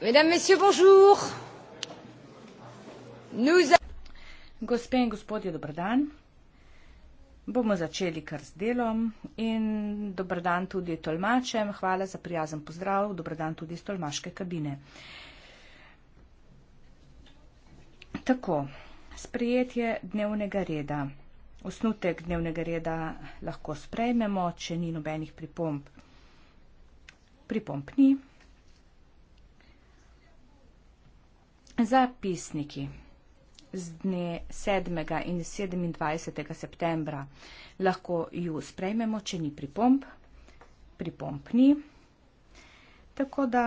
Mesdames, Messieurs, bonjour. Nous a... Gospe in gospodje, dober dan. Bomo začeli kar z delom in dober dan tudi tolmačem. Hvala za prijazen pozdrav. Dober dan tudi iz tolmaške kabine. Tako, sprejetje dnevnega reda. Osnutek dnevnega reda lahko sprejmemo, če ni nobenih pripomb pripomp ni. Zapisniki z dne 7. in 27. septembra lahko ju sprejmemo, če ni pripomp. Pripomp ni. Tako da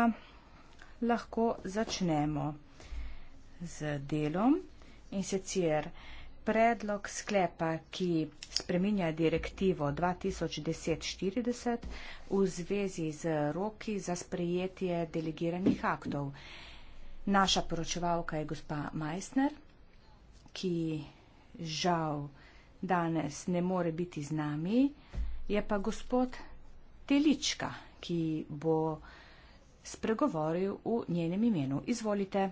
lahko začnemo z delom in sicer predlog sklepa, ki spreminja direktivo 2010-40 v zvezi z roki za sprejetje delegiranih aktov. Naša poročevalka je gospa Meissner, ki žal danes ne more biti z nami, je pa gospod Telička, ki bo spregovoril v njenem imenu. Izvolite.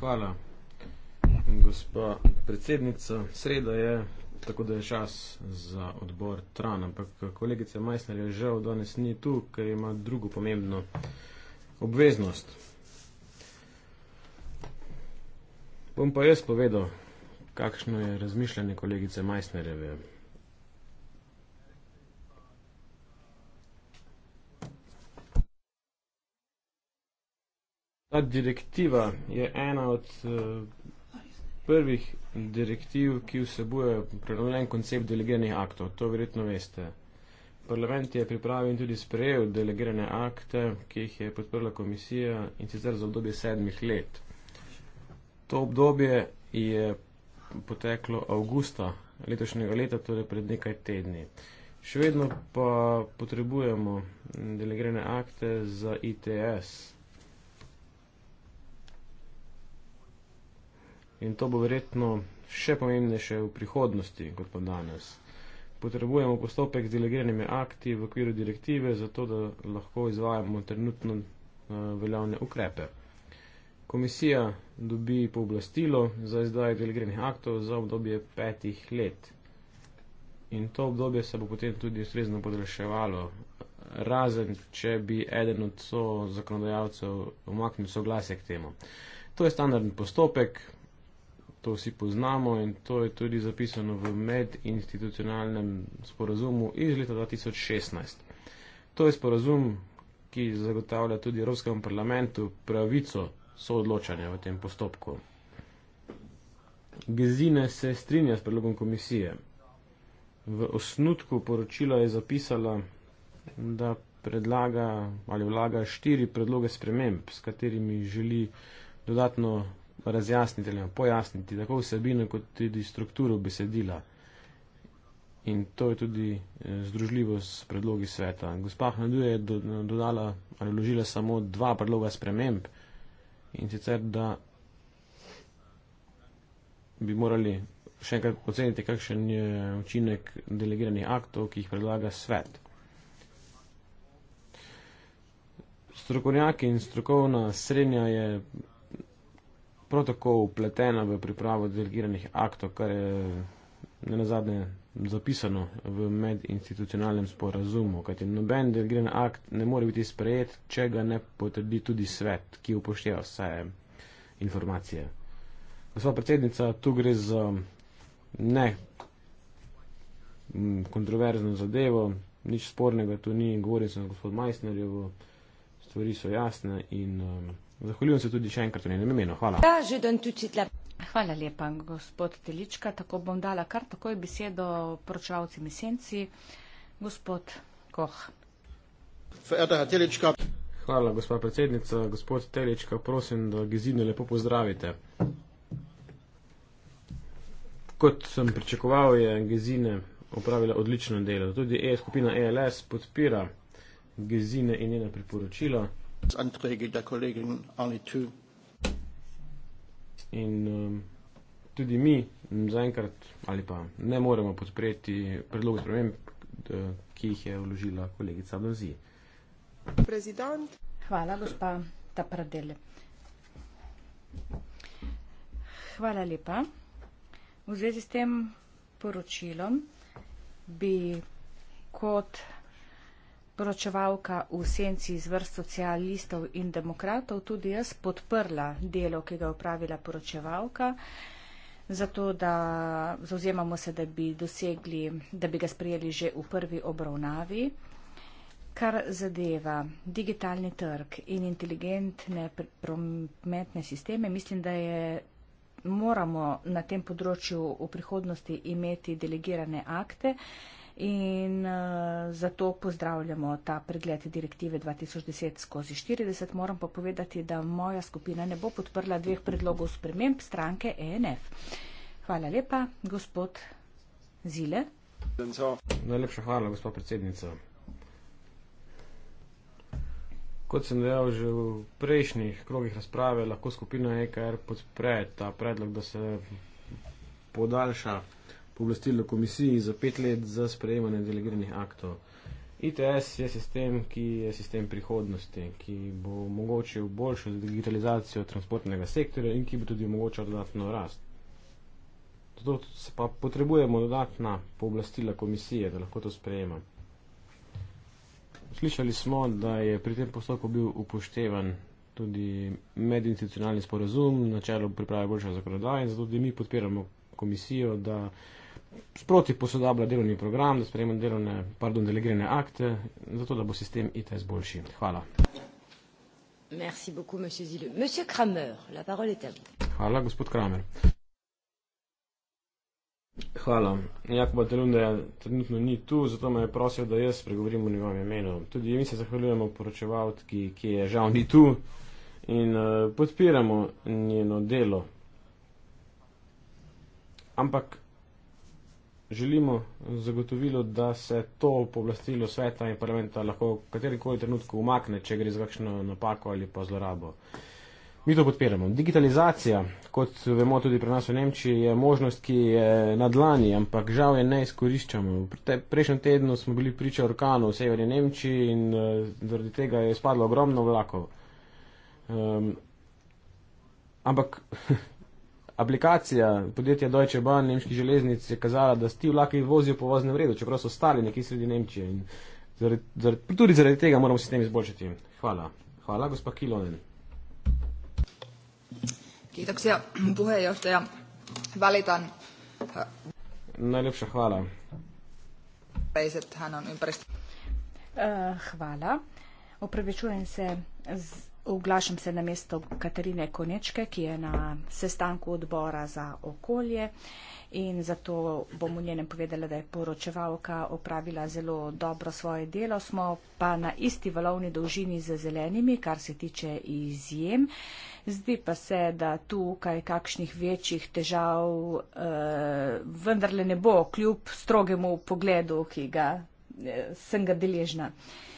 Hvala gospa predsednica, sreda je, tako da je čas za odbor TRAN, ampak kolegica Majsner je žal danes ni tu, ker ima drugo pomembno obveznost. Bom pa jaz povedal, kakšno je razmišljanje kolegice Majsnerjeve. Ta direktiva je ena od eh, prvih direktiv, ki vsebuje prenovljen koncept delegiranih aktov. To verjetno veste. Parlament je pripravil in tudi sprejel delegirane akte, ki jih je podprla komisija in sicer za obdobje sedmih let. To obdobje je poteklo avgusta letošnjega leta, torej pred nekaj tedni. Še vedno pa potrebujemo delegirane akte za ITS. in to bo verjetno še pomembnejše v prihodnosti kot pa danes. Potrebujemo postopek z delegiranimi akti v okviru direktive, zato da lahko izvajamo trenutno eh, veljavne ukrepe. Komisija dobi pooblastilo za izdaje delegiranih aktov za obdobje petih let. In to obdobje se bo potem tudi ustrezno podaljševalo, razen če bi eden od so zakonodajalcev omaknil soglasje k temu. To je standardni postopek, to vsi poznamo in to je tudi zapisano v medinstitucionalnem sporazumu iz leta 2016. To je sporazum, ki zagotavlja tudi Evropskemu parlamentu pravico soodločanja v tem postopku. Gezine se strinja s predlogom komisije. V osnutku poročila je zapisala, da predlaga ali vlaga štiri predloge sprememb, s katerimi želi dodatno razjasniti ali pojasniti tako vsebino kot tudi strukturo besedila. In to je tudi eh, združljivo s predlogi sveta. Gospa Handuje je dodala ali vložila samo dva predloga sprememb in sicer, da bi morali še enkrat oceniti, kakšen je učinek delegiranih aktov, ki jih predlaga svet. Strokovnjaki in strokovna srednja je prav tako upletena v pripravo delegiranih aktov, kar je ne nazadnje zapisano v medinstitucionalnem sporazumu, kajti noben delegiran akt ne more biti sprejet, če ga ne potrdi tudi svet, ki upošteva vse informacije. Gospod predsednica, tu gre za ne kontroverzno zadevo, nič spornega tu ni, govorim sem gospod Majsnerjevo, stvari so jasne in um, Zahvaljujem se tudi še enkrat v njenem imenu. Hvala. Ja, Hvala lepa, gospod Telička. Tako bom dala kar takoj besedo poročevalcem esenci, gospod Koh. Hvala, gospod predsednica. Gospod Telička, prosim, da gizino lepo pozdravite. Kot sem pričakoval, je gizine opravila odlično delo. Tudi e skupina ELS podpira gizine in njena priporočila. Anträge der Kollegin Arnitu. In um, tudi mi zaenkrat ali pa ne moremo podpreti predlog sprememb, ki jih je vložila kolegica Dozi. Prezident. Hvala, gospa Tapradele. Hvala lepa. V zvezi s tem poročilom bi kot poročevalka v senci iz vrst socialistov in demokratov, tudi jaz podprla delo, ki ga je upravila poročevalka, zato da zauzemamo se, da bi, dosegli, da bi ga sprejeli že v prvi obravnavi. Kar zadeva digitalni trg in inteligentne prometne sisteme, mislim, da je, moramo na tem področju v prihodnosti imeti delegirane akte, in eh, zato pozdravljamo ta pregled direktive 2010 skozi 40. Moram pa povedati, da moja skupina ne bo podprla dveh predlogov sprememb stranke ENF. Hvala lepa, gospod Zile. Najlepša hvala, gospod predsednica. Kot sem dejal že v prejšnjih krogih razprave, lahko skupina EKR podpre ta predlog, da se podaljša uh, pooblastilo komisiji za pet let za sprejemanje delegiranih aktov. ITS je sistem, ki je sistem prihodnosti, ki bo omogočil boljšo digitalizacijo transportnega sektorja in ki bo tudi omogočal dodatno rast. Zato se pa potrebujemo dodatna pooblastila komisije, da lahko to sprejema. Slišali smo, da je pri tem postopku bil upoštevan tudi medinstitucionalni sporazum, načelo priprave boljše zakonodaje in zato tudi mi podpiramo komisijo, da sproti posodablja delovni program, da sprejme delovne, pardon, delegirane akte, zato da bo sistem ITS boljši. Hvala. Merci beaucoup, monsieur Zile. Monsieur Kramer, la parole est à vous. Hvala, gospod Kramer. Hvala. Jakoba Telunde trenutno ni tu, zato me je prosil, da jaz pregovorim v njegovem imenu. Tudi mi se zahvaljujemo poročevalki, ki je žal ni tu in uh, podpiramo njeno delo. Ampak želimo zagotovilo, da se to pooblastilo sveta in parlamenta lahko v katerikoli trenutku umakne, če gre za kakšno napako ali pa zlorabo. Mi to podpiramo. Digitalizacija, kot vemo tudi pri nas v Nemčiji, je možnost, ki je na dlani, ampak žal je ne izkoriščamo. Prejšnjem tednu smo bili priča orkanu v severni Nemčiji in eh, zaradi tega je spadlo ogromno vlakov. Um, ampak aplikacija podjetja Deutsche Bahn, nemških železnic, je kazala, da ti vlaki vozijo po voznem redu, čeprav so stali nekje sredi Nemčije. Zaradi, zaradi, tudi zaradi tega moramo sistem izboljšati. Hvala. Hvala, gospa Kilonen. Kiitoksia puheenjohtaja. Valitan. Äh, Najlepša hvala. Hän on ympäristö. Uh, hvala. Opravičujem se z, Oglašam se na mesto Katarine Konečke, ki je na sestanku odbora za okolje in zato bom v njenem povedala, da je poročevalka opravila zelo dobro svoje delo. Smo pa na isti valovni dolžini z zelenimi, kar se tiče izjem. Zdi pa se, da tukaj kakšnih večjih težav eh, vendarle ne bo, kljub strogemu pogledu, ki ga eh, sem ga deležna. Eh,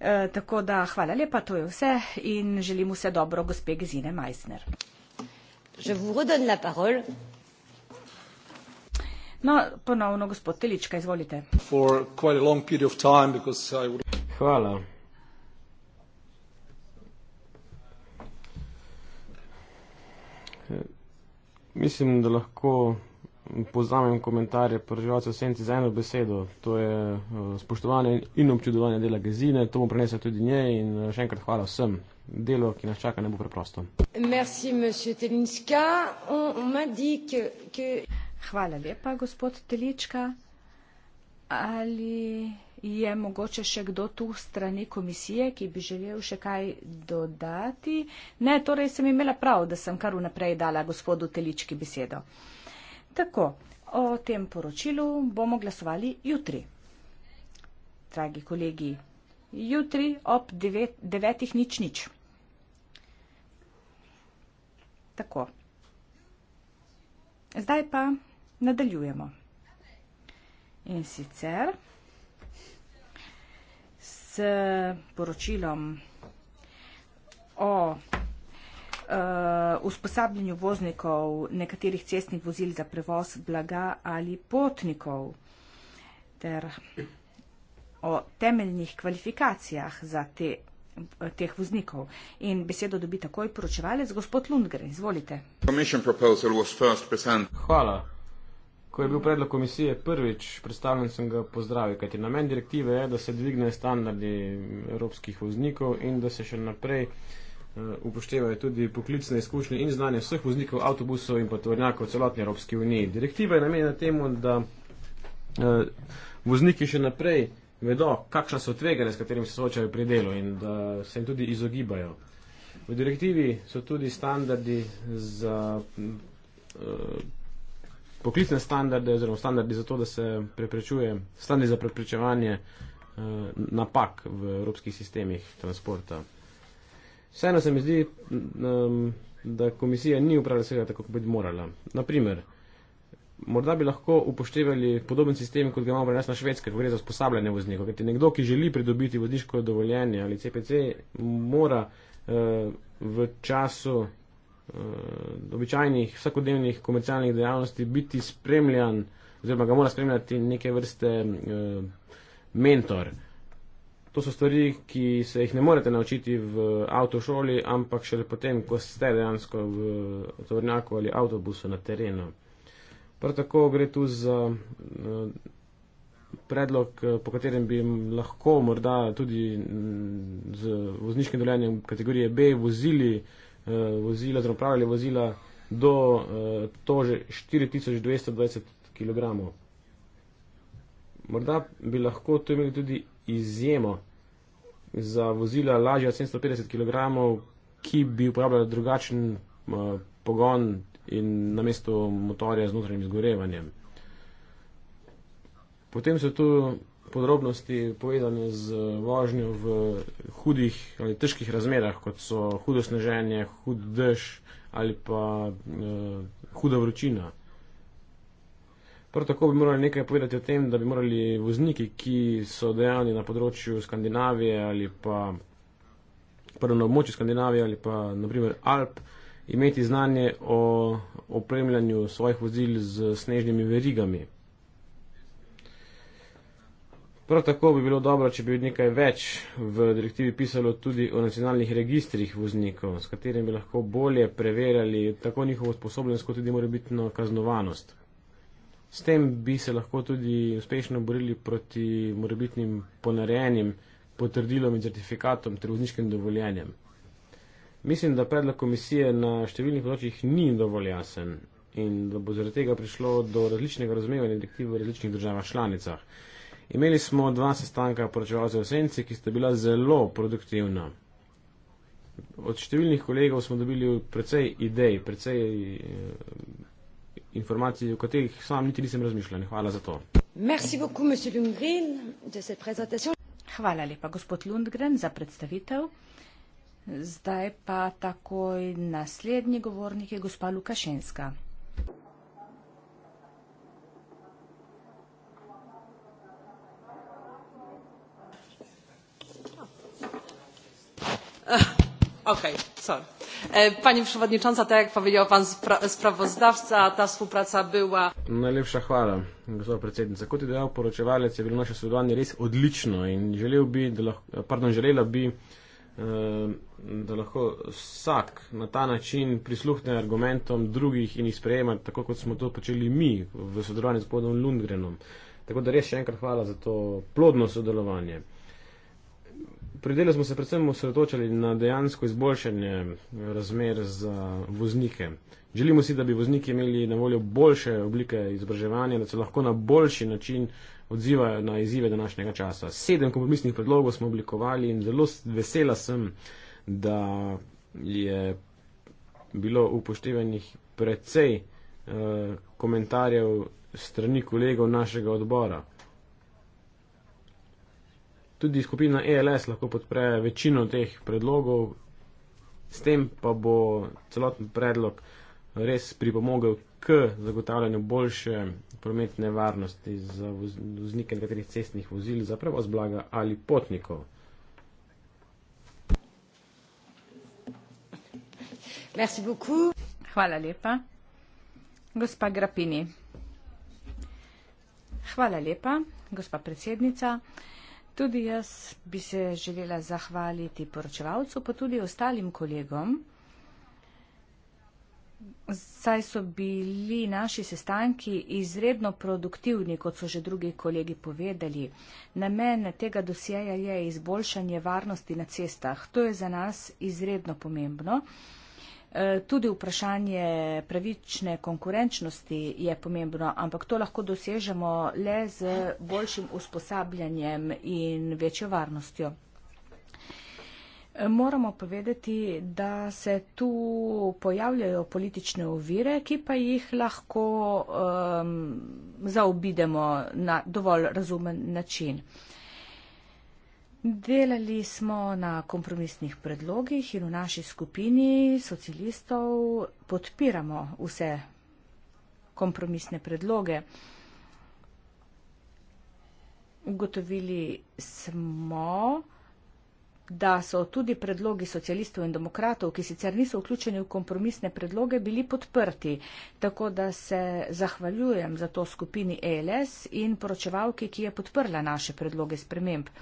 Eh, tako da hvala lepa, to je vse in želim vse dobro gospe Gesine Meissner. Je vous redonne la parole. No, ponovno gospod Telička, izvolite. For quite a long period of time because I would... Hvala. Mislim, da lahko poznam komentarje proživljavcev senci za eno besedo. To je eh, spoštovanje in občudovanje dela gezine, to bom prenesel tudi njej in eh, še enkrat hvala vsem. Delo, ki nas čaka, ne bo preprosto. Merci, monsieur Telinska. On, on m'a dit que, que... Hvala lepa, gospod Telička. Ali je mogoče še kdo tu strani komisije, ki bi želel še kaj dodati? Ne, torej sem imela prav, da sem kar vnaprej dala gospodu Telički besedo. Tako, o tem poročilu bomo glasovali jutri. Dragi kolegi, jutri ob devet, devetih nič nič. Tako. Zdaj pa nadaljujemo. In sicer s poročilom o Eh, usposabljanju voznikov nekaterih cestnih vozil za prevoz blaga ali potnikov ter o temeljnih kvalifikacijah za te, teh voznikov. In besedo dobi takoj poročevalec gospod Lundgren. Izvolite. Hvala. Ko je bil predlog komisije prvič predstavljen, sem ga pozdravil, kajti namen direktive je, da se dvigne standardi evropskih voznikov in da se še naprej uh, Eh, upoštevajo tudi poklicne izkušnje in znanje vseh voznikov avtobusov in pa tovornjakov v celotni Evropski uniji. Direktiva je namenjena temu, da eh, vozniki še naprej vedo, kakšna so tveganja, s katerimi se soočajo pri delu in da se jim tudi izogibajo. V direktivi so tudi standardi za eh, poklicne standarde oziroma standardi za to, da se preprečuje, standardi za preprečevanje napak v evropskih sistemih transporta. Vseeno se mi zdi, um, da komisija ni upravila vsega tako, kot bi morala. Naprimer, morda bi lahko upoštevali podoben sistem, kot ga imamo pri nas na švedskem, ko gre za usposabljanje voznikov. Ker ti nekdo, ki želi pridobiti vozniško dovoljenje ali CPC, mora uh, v času uh, običajnih vsakodnevnih komercialnih dejavnosti biti spremljan, oziroma ga mora spremljati neke vrste uh, mentor. Uh, To so stvari, ki se jih ne morete naučiti v avtošoli, ampak šele potem, ko ste dejansko v tovrnjaku ali avtobusu na terenu. Prav tako gre tu za eh, predlog, eh, po katerem bi lahko morda tudi mm, z vozniškim dovoljenjem kategorije B vozili eh, vozila, oziroma pravili vozila do tože 4220 kg. Morda bi lahko to imeli tudi izjemo za vozila lažje od 750 kg, ki bi uporabljali drugačen uh, pogon in namesto motorja z notranjim izgorevanjem. Potem so tu podrobnosti povezane z eh, vožnjo v hudih ali težkih razmerah, kot so hudo sneženje, hud dež ali pa uh, huda vročina. Prav tako bi morali nekaj povedati o tem, da bi morali vozniki, ki so dejavni na področju Skandinavije ali pa na območju Skandinavije ali pa naprimer Alp, imeti znanje o opremljanju svojih vozil z snežnimi verigami. Prav tako bi bilo dobro, če bi nekaj več v direktivi pisalo tudi o nacionalnih registrih voznikov, s katerimi bi lahko bolje preverjali tako njihovo sposobnost, kot tudi morebitno kaznovanost. S tem bi se lahko tudi uspešno borili proti morebitnim ponarejenim potrdilom in certifikatom ter vozniškim dovoljenjem. Mislim, da predlog komisije na številnih področjih ni dovolj jasen in da bo zaradi tega prišlo do različnega razumevanja direktive v različnih državah članicah. Imeli smo dva sestanka poročevalcev v Senci, ki sta bila zelo produktivna. Od številnih kolegov smo dobili precej idej, precej eh, informacij, o katerih sam niti nisem razmišljal. Hvala za to. Hvala lepa, gospod Lundgren, za predstavitev. Zdaj pa takoj naslednji govornik je gospa Lukašenska. Ah, okay. E, pani przewodnicząca, tak jak powiedział pan spra sprawozdawca, ta współpraca była. Najlepsza chwała, gospodin predsednica. Kot je dejal poročevalec, je bilo naše sodelovanje res odlično in želel bi, da lahko, pardon, želela bi, e, da lahko vsak na ta način prisluhne argumentom drugih in jih sprejema, tako kot smo to počeli mi v sodelovanju s gospodom Lundgrenom. Tako da res še enkrat hvala za to plodno sodelovanje. Pri delu smo se predvsem osredotočali na dejansko izboljšanje eh, razmer za voznike. Želimo si, da bi vozniki imeli na voljo boljše oblike izobraževanja, da se lahko na boljši način odzivajo na izzive današnjega časa. Sedem kompromisnih predlogov smo oblikovali in zelo vesela sem, da je bilo upoštevanih precej eh, komentarjev strani kolegov našega odbora tudi skupina ELS lahko podpre večino teh predlogov, s tem pa bo celoten predlog res pripomogel k zagotavljanju boljše prometne varnosti za voznike nekaterih cestnih vozil, za prevoz blaga ali potnikov. Hvala lepa. Gospa Grapini. Hvala lepa, gospa predsednica. Tudi jaz bi se želela zahvaliti poročevalcu, pa tudi ostalim kolegom. Saj so bili naši sestanki izredno produktivni, kot so že drugi kolegi povedali. Namen tega dosjeja je izboljšanje varnosti na cestah. To je za nas izredno pomembno. E, tudi vprašanje pravične konkurenčnosti je pomembno, ampak to lahko dosežemo le z boljšim usposabljanjem in večjo varnostjo. E, moramo povedati, da se tu pojavljajo politične ovire, ki pa jih lahko um, zaobidemo na dovolj razumen način. Uh, Delali smo na kompromisnih predlogih in v naši skupini socialistov podpiramo vse kompromisne predloge. Ugotovili smo, da so tudi predlogi socialistov in demokratov, ki sicer niso vključeni v kompromisne predloge, bili podprti. Tako da se zahvaljujem za to skupini ELS in poročevalki, ki je podprla naše predloge sprememb.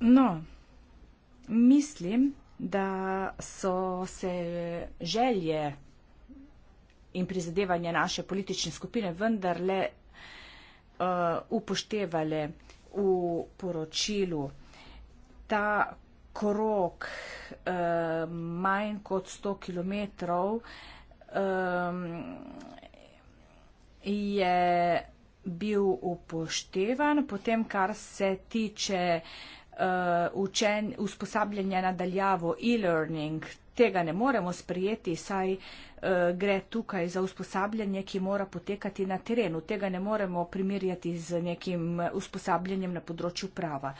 No, mislim, da so se želje in prizadevanje naše politične skupine vendarle uh, upoštevale v poročilu. Ta krok uh, manj kot 100 km um, je bil upoštevan, potem kar se tiče uh, Uh, učen, usposabljanje nadaljavo, e-learning, tega ne moremo sprijeti, saj uh, gre tukaj za usposabljanje, ki mora potekati na terenu. Tega ne moremo primerjati z nekim usposabljanjem na področju prava.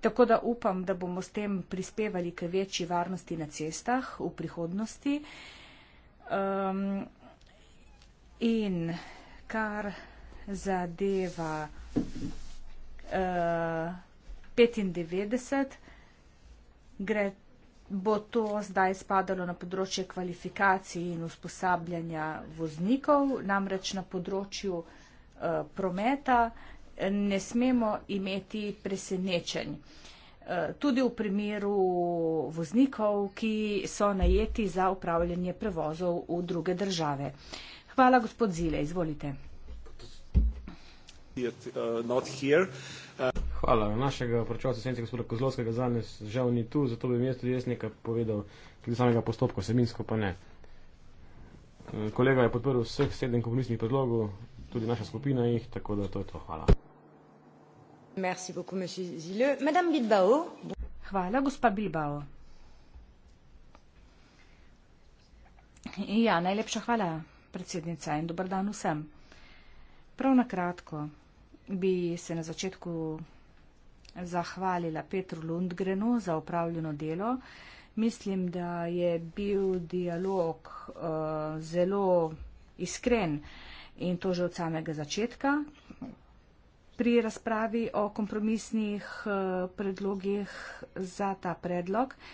Tako da upam, da bomo s tem prispevali k večji varnosti na cestah v prihodnosti. Um, in kar zadeva uh, 95, gre, bo to zdaj spadalo na področje kvalifikacij in usposabljanja voznikov, namreč na področju eh, prometa ne smemo imeti presenečenj. Eh, tudi v primeru voznikov, ki so najeti za upravljanje prevozov v druge države. Hvala, gospod Zile, izvolite. Uh, hvala. Našega vprašalca, senca gospoda Kozlovskega, danes žal ni tu, zato bi mi jaz tudi jaz nekaj povedal, tudi samega postopka, seminsko pa ne. Kolega je podprl vseh sedem komunističnih predlogov, tudi naša skupina jih, tako da to je to. Hvala. Merci beaucoup, monsieur Zileux. Madame Bilbao. Hvala, gospa Bilbao. Ja, najlepša hvala, predsednica, in dober dan vsem. Prav na kratko bi se na začetku zahvalila Petru Lundgrenu za upravljeno delo. Mislim, da je bil dialog uh, zelo iskren in to že od samega začetka. Pri razpravi o kompromisnih uh, predlogih za ta predlog uh,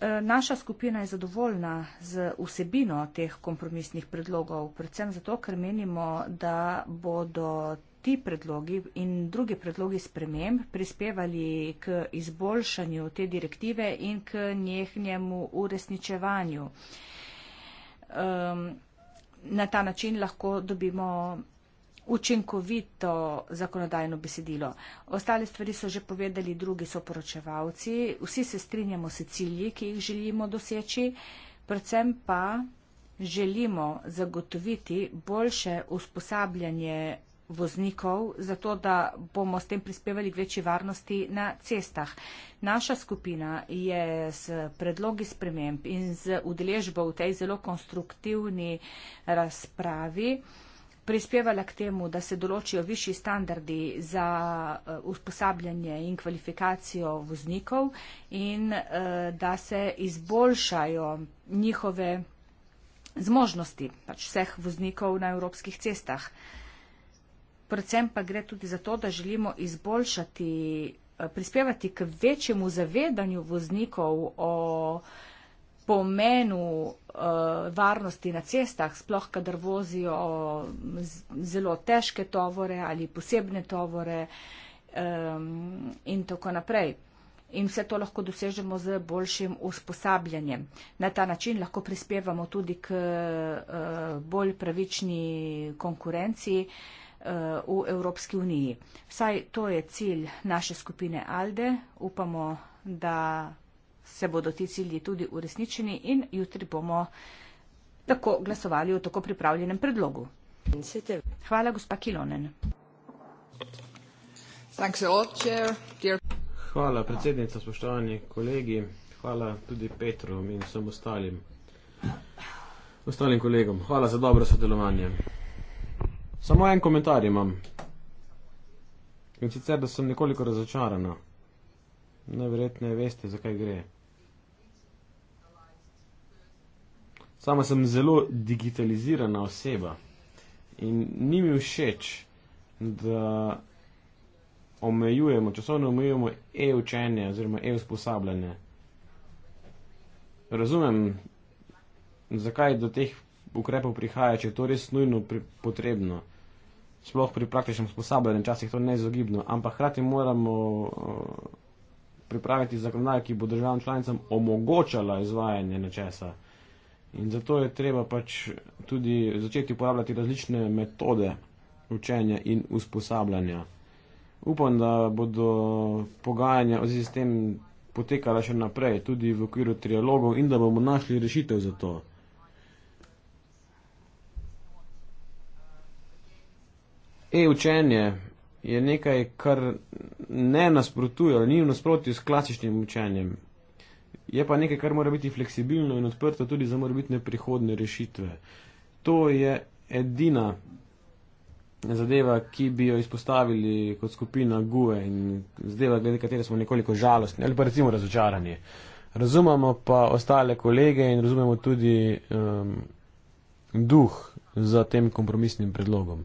Eh, naša skupina je zadovoljna z vsebino teh kompromisnih predlogov, predvsem zato, ker menimo, da bodo ti predlogi in drugi predlogi sprememb prispevali k izboljšanju te direktive in k njehnjemu uresničevanju. Na ta način lahko dobimo učinkovito zakonodajno besedilo. Ostale stvari so že povedali drugi soporočevalci, vsi se strinjamo s cilji, ki jih želimo doseči, predvsem pa želimo zagotoviti boljše usposabljanje voznikov, zato da bomo s tem prispevali k večji varnosti na cestah. Naša skupina je s predlogi sprememb in z udeležbo v tej zelo konstruktivni razpravi prispevala k temu, da se določijo višji standardi za eh, usposabljanje in kvalifikacijo voznikov in eh, da se izboljšajo njihove zmožnosti pač vseh voznikov na evropskih cestah. Predvsem pa gre tudi za to, da želimo izboljšati, eh, prispevati k večjemu zavedanju voznikov o pomenu uh, varnosti na cestah, sploh kadar vozijo zelo težke tovore ali posebne tovore um, in tako naprej. In vse to lahko dosežemo z boljšim usposabljanjem. Na ta način lahko prispevamo tudi k uh, bolj pravični konkurenci eh, v Evropski uniji. Vsaj to je cilj naše skupine Alde. Upamo, da se bodo ti cilji tudi uresničeni in jutri bomo tako glasovali o tako pripravljenem predlogu. Hvala, gospa Kilonen. Hvala, predsednica, spoštovani kolegi, hvala tudi Petru in vsem ostalim, ostalim kolegom. Hvala za dobro sodelovanje. Samo en komentar imam. In sicer, da sem nekoliko razočarana. Najverjetneje veste, zakaj gre. Sama sem zelo digitalizirana oseba in ni mi všeč, da omejujemo, časovno omejujemo e-učenje oziroma e-usposabljanje. Razumem, zakaj do teh ukrepov prihaja, če je to res nujno potrebno. Sploh pri praktičnem usposabljanju včasih to neizogibno, ampak hkrati moramo eh, pripraviti zakonodajo, ki bo državam članicam omogočala izvajanje nečesa. In zato je treba pač tudi začeti uporabljati različne metode učenja in usposabljanja. Upam, da bodo pogajanja o sistem potekala še naprej, tudi v okviru trialogov in da bomo našli rešitev za to. E-učenje je nekaj, kar ne nasprotuje ali ni v nasprotju s klasičnim učenjem. Je pa nekaj, kar mora biti fleksibilno in odprto tudi za morbitne prihodne rešitve. To je edina zadeva, ki bi jo izpostavili kot skupina GUE in zadeva, glede katere smo nekoliko žalostni ali pa recimo razočarani. Razumemo pa ostale kolege in razumemo tudi um, duh za tem kompromisnim predlogom.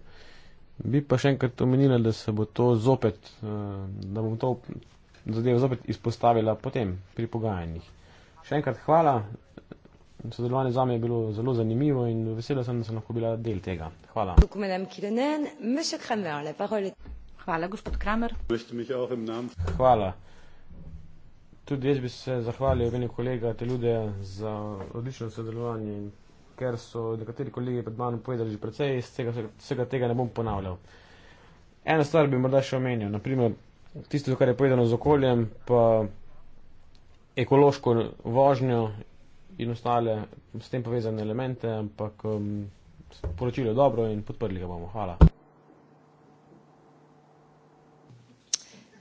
Bi pa še enkrat omenila, da se bo to zopet, um, da bom to zadevo zopet izpostavila potem pri pogajanjih. Še enkrat hvala. Sodelovanje z vami je bilo zelo zanimivo in vesela sem, da sem lahko bila del tega. Hvala. Hvala, gospod Kramer. Hvala. Tudi jaz bi se zahvalil veni kolega Telude za odlično sodelovanje, ker so nekateri kolegi pred mano povedali že precej, iz vsega tega ne bom ponavljal. Ena stvar bi morda še omenil, naprimer, tisto, kar je povedano z okoljem, pa ekološko vožnjo in ostale s tem povezane elemente, ampak um, poročilo je dobro in podprli ga bomo. Hvala.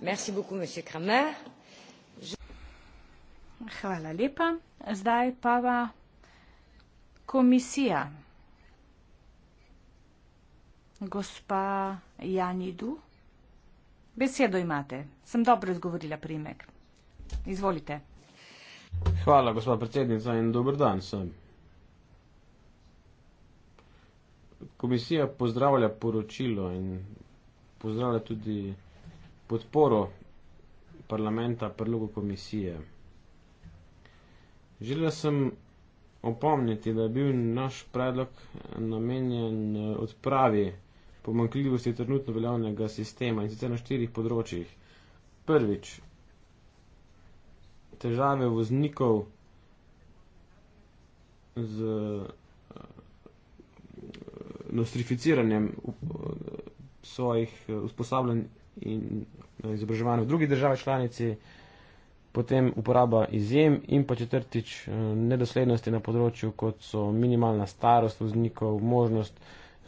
Merci beaucoup, monsieur Kramer. Je... Hvala lepa. Zdaj pa va komisija. Gospa Jani Duh. Besedo imate. Sem dobro izgovorila primek. Izvolite. Hvala, gospod predsednica, in dober dan sem. Komisija pozdravlja poročilo in pozdravlja tudi podporo parlamenta predlogu komisije. Želela sem opomniti, da je bil naš predlog namenjen odpravi pomankljivosti trenutno veljavnega sistema in sicer na štirih področjih. Prvič, težave voznikov z eh, nostrificiranjem eh, svojih eh, usposabljanj in izobraževanj v drugi državi članici, potem uporaba izjem in pa četrtič nedoslednosti na področju, kot so minimalna starost voznikov, možnost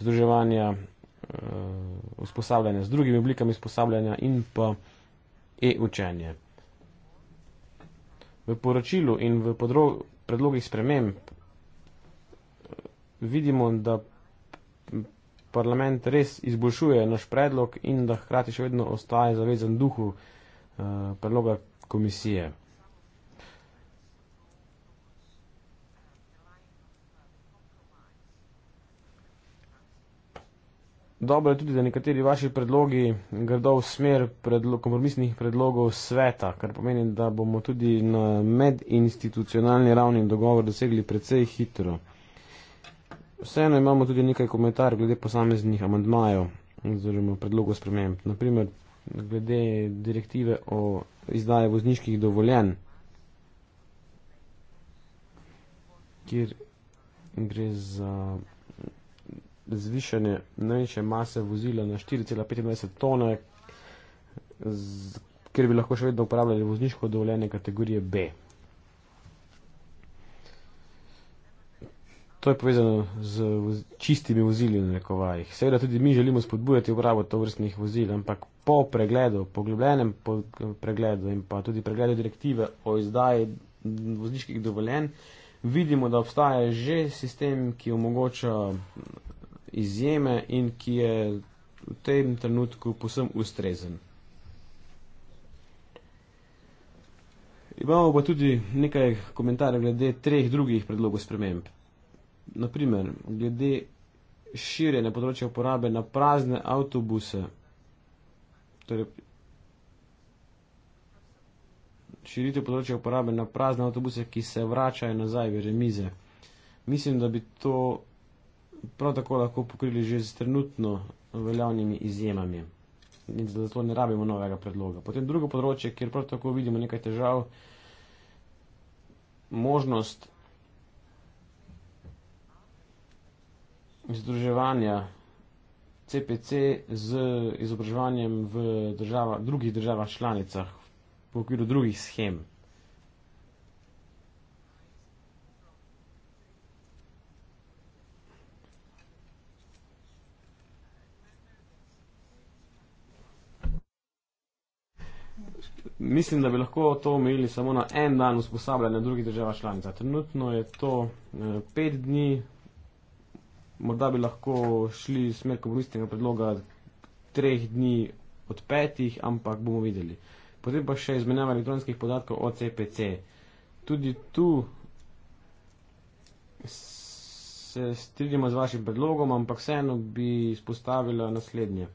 združevanja Eh, usposabljanja z drugimi oblikami usposabljanja in pa e-učenje. V poročilu in v predlogih sprememb eh, vidimo, da parlament res izboljšuje naš predlog in da hkrati še vedno ostaje zavezan duhu eh, predloga komisije. Dobro je tudi, da nekateri vaši predlogi gredo v smer predlo kompromisnih predlogov sveta, kar pomeni, da bomo tudi na medinstitucionalni ravni dogovor dosegli precej hitro. Vseeno imamo tudi nekaj komentarjev glede posameznih amandmajev oziroma predlogov sprememb. Naprimer, glede direktive o izdaje vozniških dovoljen, kjer gre za zvišanje največje mase vozila na 4,25 tone, ker bi lahko še vedno uporabljali vozniško dovoljenje kategorije B. To je povezano z čistimi vozili na nekovajih. Seveda tudi mi želimo spodbujati uporabo tovrstnih vozil, ampak po pregledu, poglobljenem pregledu in pa tudi pregledu direktive o izdaji vozniških dovoljenj, vidimo, da obstaja že sistem, ki omogoča izjeme in ki je v tem trenutku posem ustrezen. Imamo pa tudi nekaj komentarjev glede treh drugih predlogov sprememb. Naprimer, glede širjenja področja uporabe na prazne avtobuse. Torej, širitev področja uporabe na prazne avtobuse, ki se vračajo nazaj v remize. Mislim, da bi to prav tako lahko pokrili že z trenutno veljavnimi izjemami in zato ne rabimo novega predloga. Potem drugo področje, kjer prav tako vidimo nekaj težav, možnost združevanja CPC z izobraževanjem v država, drugih državah članicah v okviru drugih schem. Mislim, da bi lahko to omejili samo na en dan usposabljanja v drugih državah članica. Trenutno je to eh, pet dni, morda bi lahko šli smer komunističnega predloga treh dni od petih, ampak bomo videli. Potem pa še izmenjava elektronskih podatkov o CPC. Tudi tu se strinjamo z vašim predlogom, ampak vseeno bi izpostavila naslednje.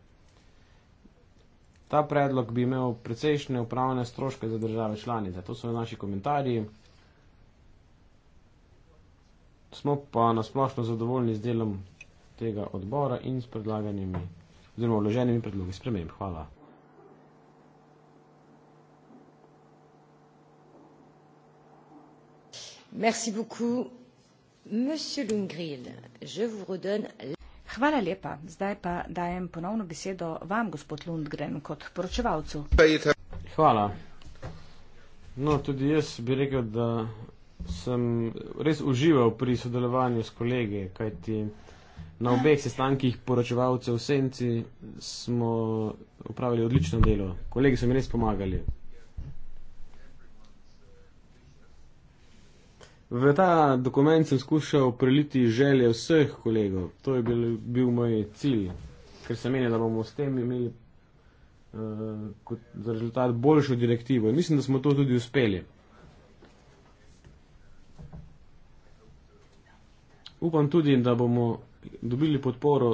Ta predlog bi imel precejšnje upravne stroške za države članice. To so naši komentarji. Smo pa nasplošno zadovoljni z delom tega odbora in s predlaganimi oziroma vloženimi predlogi sprememb. Hvala. Merci beaucoup. Monsieur Lungril, je vous redonne Hvala lepa. Zdaj pa dajem ponovno besedo vam, gospod Lundgren, kot poročevalcu. Hvala. No, tudi jaz bi rekel, da sem res užival pri sodelovanju s kolegi, kajti na obeh sestankih poročevalcev v Senci smo upravili odlično delo. Kolegi so mi res pomagali. V ta dokument sem skušal preliti želje vseh kolegov. To je bil, bil moj cilj, ker sem menil, da bomo s tem imeli uh, za rezultat boljšo direktivo. In mislim, da smo to tudi uspeli. Upam tudi, da bomo dobili podporo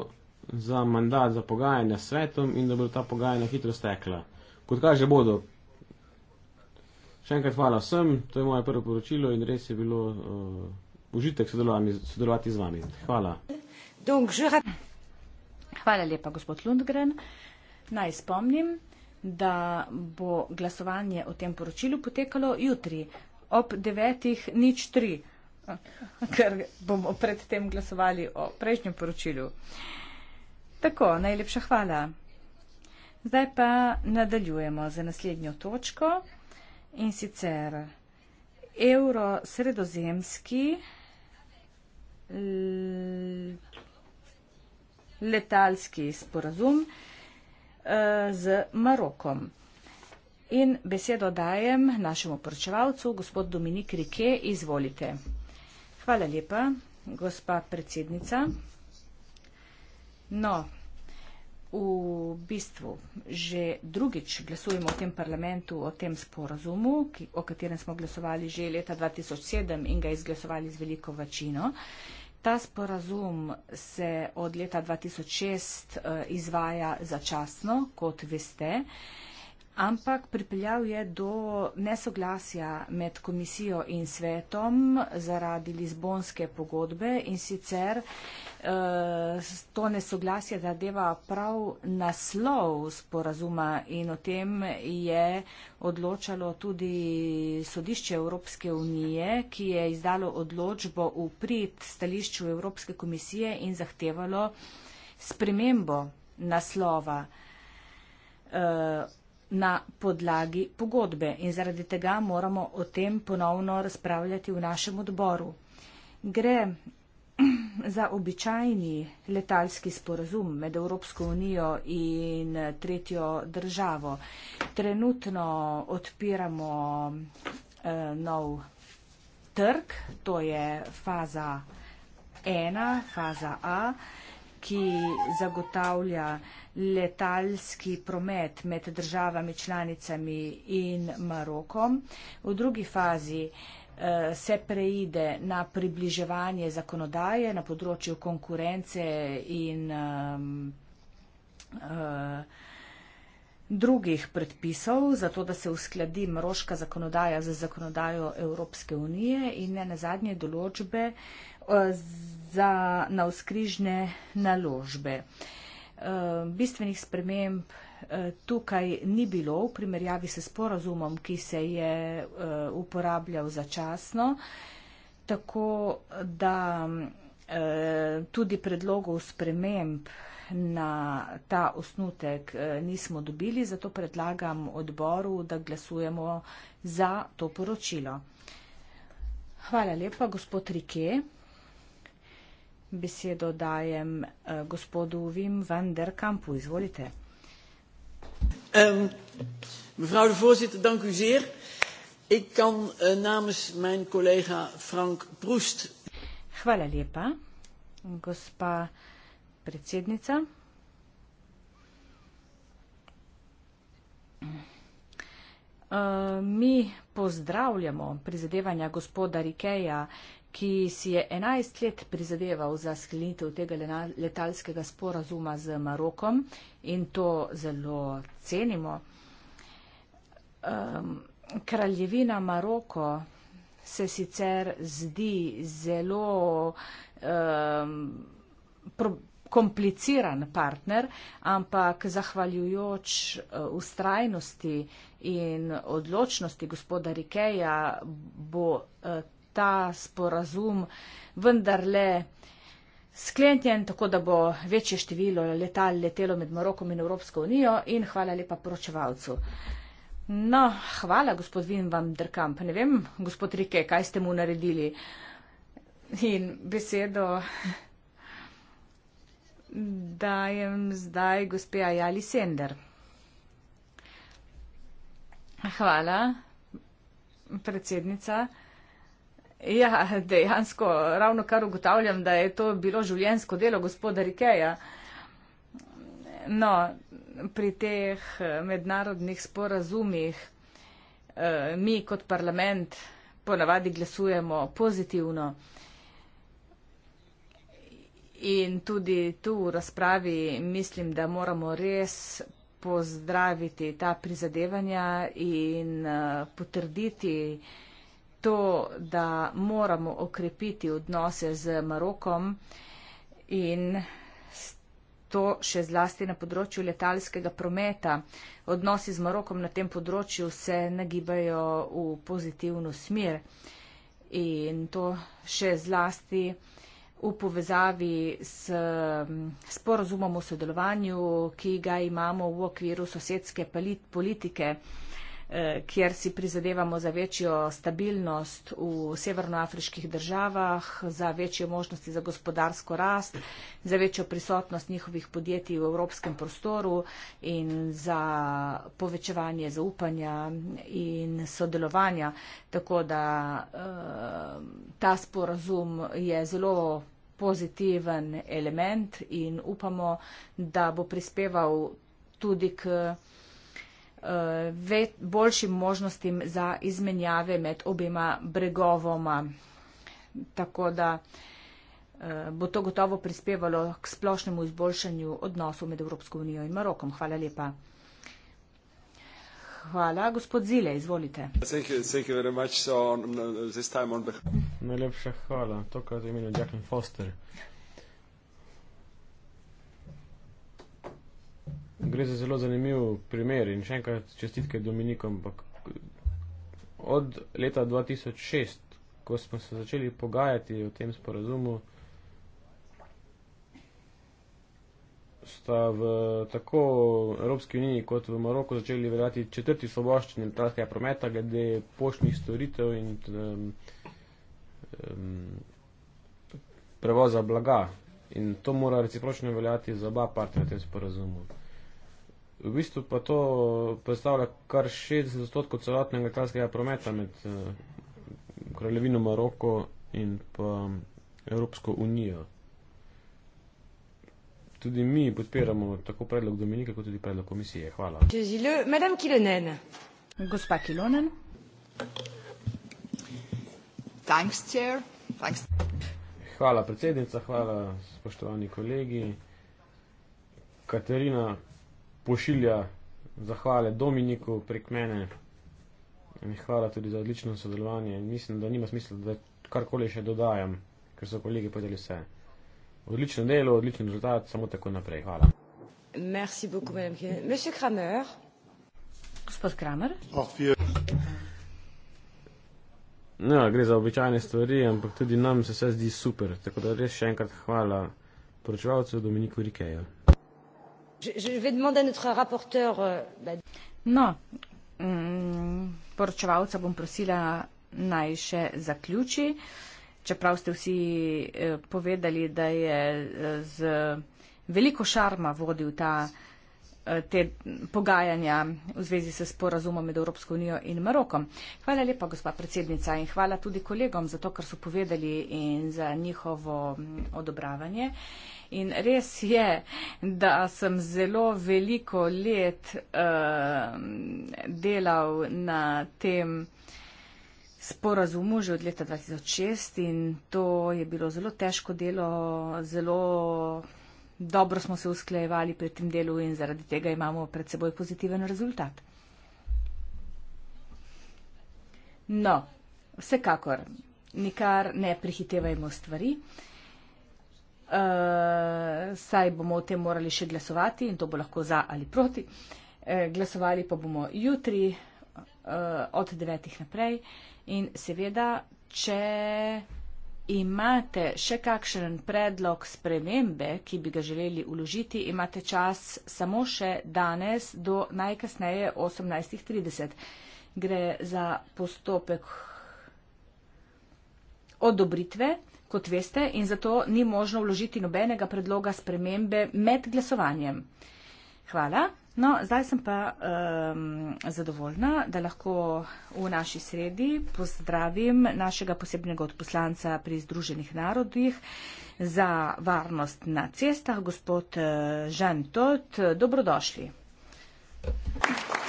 za mandat za pogajanja s svetom in da bo ta pogajanja hitro stekla. Kot kaže bodo, Še enkrat hvala vsem, to je moje prvo poročilo in res je bilo uh, užitek sodelovati, sodelovati z vami. Hvala. Hvala lepa, gospod Lundgren. Naj spomnim, da bo glasovanje o tem poročilu potekalo jutri ob 9.03, ker bomo predtem glasovali o prejšnjem poročilu. Tako, najlepša hvala. Zdaj pa nadaljujemo za naslednjo točko in sicer evro sredozemski, letalski sporazum eh, z Marokom. In besedo dajem našemu poročevalcu, gospod Dominik Rike, izvolite. Hvala lepa, gospa predsednica. No, v bistvu že drugič glasujemo v tem parlamentu o tem sporazumu, ki, o katerem smo glasovali že leta 2007 in ga izglasovali z veliko večino. Ta sporazum se od leta 2006 uh, eh, izvaja začasno, kot veste, ampak pripeljal je do nesoglasja med komisijo in svetom zaradi Lizbonske pogodbe in sicer to nesoglasje zadeva prav naslov sporazuma in o tem je odločalo tudi sodišče Evropske unije, ki je izdalo odločbo v prid stališču Evropske komisije in zahtevalo spremembo naslova eh, na podlagi pogodbe in zaradi tega moramo o tem ponovno razpravljati v našem odboru. Gre Za običajni letalski sporazum med Evropsko unijo in tretjo državo trenutno odpiramo eh, nov trg, to je faza 1, faza A, ki zagotavlja letalski promet med državami članicami in Marokom. V drugi fazi eh, Eh, se preide na približevanje zakonodaje na področju konkurence in eh, drugih predpisov, zato da se uskladi moroška zakonodaja za zakonodajo Evropske unije in ne na zadnje določbe eh, za navskrižne naložbe. Bistvenih sprememb Eh, tukaj ni bilo v primerjavi s sporazumom, ki se je eh, uporabljal začasno, tako da eh, tudi predlogov sprememb na ta osnutek nismo dobili, zato predlagam odboru, da glasujemo za to poročilo. Hvala lepa, gospod Rike. Besedo dajem gospodu Vim van der Kampu. Izvolite. Ehm, mevrouw de voorzitter, dank u zeer. Ik kan uh, namens mijn collega Frank Proest. Hvala lepa, gospa predsednica. Uh, mi pozdravljamo prizadevanja gospoda Rikeja ki si je 11 let prizadeval za sklenitev tega letalskega sporazuma z Marokom in to zelo cenimo. Kraljevina Maroko se sicer zdi zelo um, pro, kompliciran partner, ampak zahvaljujoč ustrajnosti e, in odločnosti gospoda Rikeja bo uh, ta sporazum vendarle sklenjen, tako da bo večje število letal letelo med Morokom in Evropsko unijo in hvala lepa poročevalcu. No, hvala, gospod Vin van der Kamp. Ne vem, gospod Rike, kaj ste mu naredili. In besedo dajem zdaj gospe Ajali Sender. Hvala, predsednica. Ja, dejansko ravno kar ugotavljam, da je to bilo življensko delo gospoda Rikeja. No, pri teh eh, mednarodnih sporazumih eh, mi kot parlament ponavadi glasujemo pozitivno. In tudi tu v razpravi mislim, da moramo res pozdraviti ta prizadevanja in eh, potrditi, to, da moramo okrepiti odnose z Marokom in to še zlasti na področju letalskega prometa. Odnosi z Marokom na tem področju se nagibajo v pozitivno smer in to še zlasti v povezavi s sporozumom o sodelovanju, ki ga imamo v okviru sosedske politike. Eh, kjer si prizadevamo za večjo stabilnost v severnoafriških državah, za večje možnosti za gospodarsko rast, za večjo prisotnost njihovih podjetij v evropskem prostoru in za povečevanje zaupanja in sodelovanja. Tako da eh, ta sporazum je zelo pozitiven element in upamo, da bo prispeval tudi k Eh, ve, boljšim možnostim za izmenjave med obema bregovoma. Tako da eh, bo to gotovo prispevalo k splošnemu izboljšanju odnosov med Evropsko unijo in Marokom. Hvala lepa. Hvala. Gospod Zile, izvolite. Um, Najlepša hvala. To, kar je imel Jacqueline Foster. gre za zelo zanimiv primer in še enkrat čestitke Dominikom. Od leta 2006, ko smo se začeli pogajati o tem sporazumu, sta v tako Evropski uniji kot v Maroku začeli veljati četrti svoboščenje letalskega prometa glede poštnih storitev in um, um, prevoza blaga. In to mora recipročno veljati za oba partnerja v tem sporazumu. V bistvu pa to predstavlja kar 60% celotnega letalskega prometa med eh, kraljevino Maroko in pa mm, Evropsko unijo. Tudi mi podpiramo tako predlog Dominika, kot tudi predlog komisije. Hvala. Gospa Kilonen. Thanks, chair. Thanks. Hvala predsednica, hvala spoštovani kolegi. Katerina, pošilja zahvale Dominiku prek mene. In hvala tudi za odlično sodelovanje. Mislim, da nima smisla, da karkoli še dodajam, ker so kolegi povedali vse. Odlično delo, odličen rezultat, samo tako naprej. Hvala. Merci beaucoup, madame. Monsieur Kramer. Gospod Kramer. No, gre za običajne stvari, ampak tudi nam se vse zdi super. Tako da res še enkrat hvala poročevalcu Dominiku Rikeju. Je, je vais demander à notre rapporteur. Euh, bah... Non. Mm, poročevalca bom prosila naj še zaključi. Čeprav ste vsi eh, povedali, da je eh, z veliko šarma vodil ta, eh, te pogajanja v zvezi s sporazumom med Evropsko unijo in Marokom. Hvala lepa, gospa predsednica, in hvala tudi kolegom za to, kar so povedali in za njihovo mm, odobravanje. Eh, In res je, da sem zelo veliko let uh, delal na tem sporazumu že od leta 2006 in to je bilo zelo težko delo, zelo dobro smo se usklejevali pri tem delu in zaradi tega imamo pred seboj pozitiven rezultat. No, vsekakor, nikar ne prihitevajmo stvari. Uh, uh, saj bomo o tem morali še glasovati in to bo lahko za ali proti. Uh, glasovali pa bomo jutri uh, od devetih naprej in seveda, če imate še kakšen predlog spremembe, ki bi ga želeli uložiti, imate čas samo še danes do najkasneje 18.30. Gre za postopek odobritve kot veste, in zato ni možno vložiti nobenega predloga spremembe med glasovanjem. Hvala. No, zdaj sem pa um, zadovoljna, da lahko v naši sredi pozdravim našega posebnega odposlanca pri Združenih narodih za varnost na cestah, gospod eh, Žan Tot. Dobrodošli. Thank you.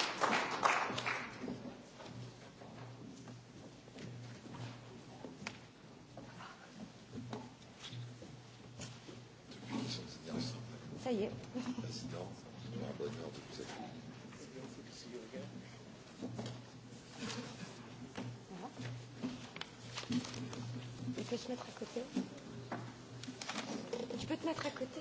travailler. Je peux te mettre à côté. Je peux te mettre à côté.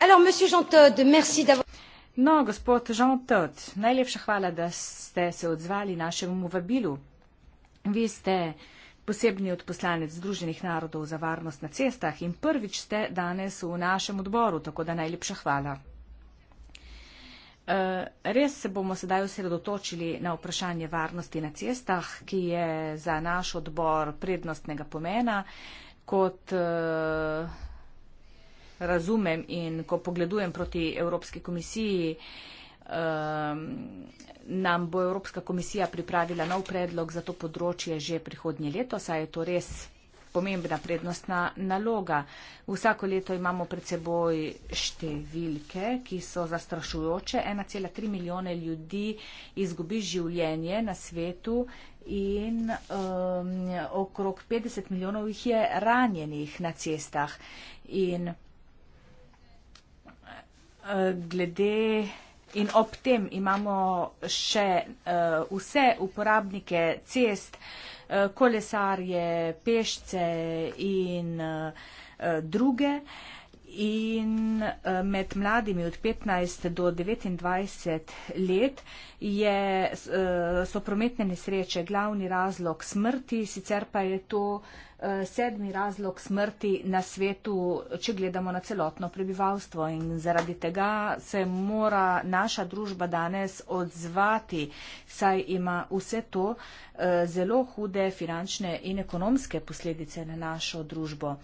Alors, Monsieur Jean Todd, merci d'avoir. No, gospod Jean Todt, najlepša hvala, da ste se odzvali našemu vabilu. Vi ste posebni odposlanec Združenih narodov za varnost na cestah in prvič ste danes v našem odboru, tako da najlepša hvala. Eh, res se bomo sedaj osredotočili na vprašanje varnosti na cestah, ki je za naš odbor prednostnega pomena kot eh, razumem in ko pogledujem proti Evropski komisiji, um, nam bo Evropska komisija pripravila nov predlog za to področje že prihodnje leto, saj je to res pomembna prednostna naloga. Vsako leto imamo pred seboj številke, ki so zastrašujoče. 1,3 milijone ljudi izgubi življenje na svetu in um, okrog 50 milijonov jih je ranjenih na cestah. In glede in ob tem imamo še uh, vse uporabnike cest, uh, kolesarje, pešce in uh, druge. Uh, in eh, med mladimi od 15 do 29 let je, eh, so prometne nesreče glavni razlog smrti, sicer pa je to eh, sedmi razlog smrti na svetu, če gledamo na celotno prebivalstvo. In zaradi tega se mora naša družba danes odzvati, saj ima vse to zelo hude finančne in ekonomske posledice na našo družbo.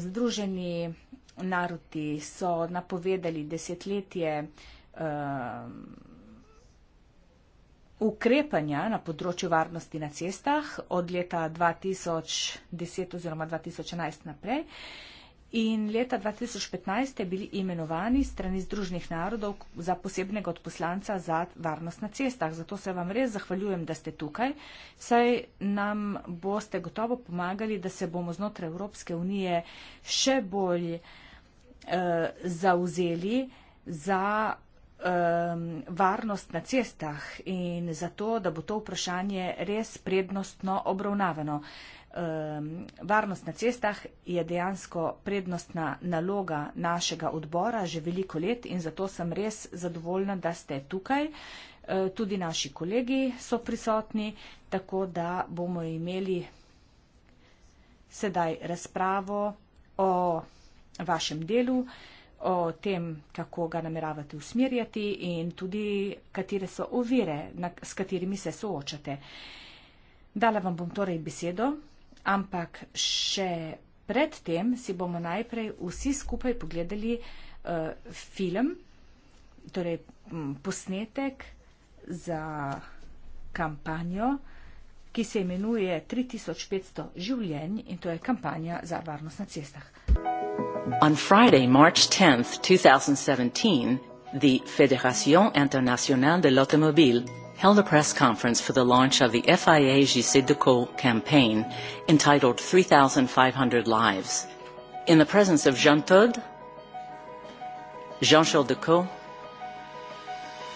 Združeni naroti so napovedali desetletje uh, ukrepanja na področju varnosti na cestah od leta 2010 oziroma 2011 naprej. In leta 2015 ste bili imenovani strani Združenih narodov za posebnega odposlanca za varnost na cestah. Zato se vam res zahvaljujem, da ste tukaj, saj nam boste gotovo pomagali, da se bomo znotraj Evropske unije še bolj uh, eh, zauzeli za eh, varnost na cestah in za to, da bo to vprašanje res prednostno obravnavano. Eh, varnost na cestah je dejansko prednostna naloga našega odbora že veliko let in zato sem res zadovoljna, da ste tukaj. Eh, tudi naši kolegi so prisotni, tako da bomo imeli. Sedaj razpravo o vašem delu, o tem, kako ga nameravate usmerjati in tudi katere so ovire, na, s katerimi se soočate. Dala vam bom torej besedo, ampak še predtem si bomo najprej vsi skupaj pogledali uh, film, torej m, posnetek za kampanjo, ki se imenuje 3500 življenj in to je kampanja za varnost na cestah. Hvala. On Friday, March 10th, 2017, the Fédération Internationale de l'Automobile held a press conference for the launch of the FIA Gisedeco campaign entitled 3,500 Lives. In the presence of Jean Todd, Jean-Charles Decaux,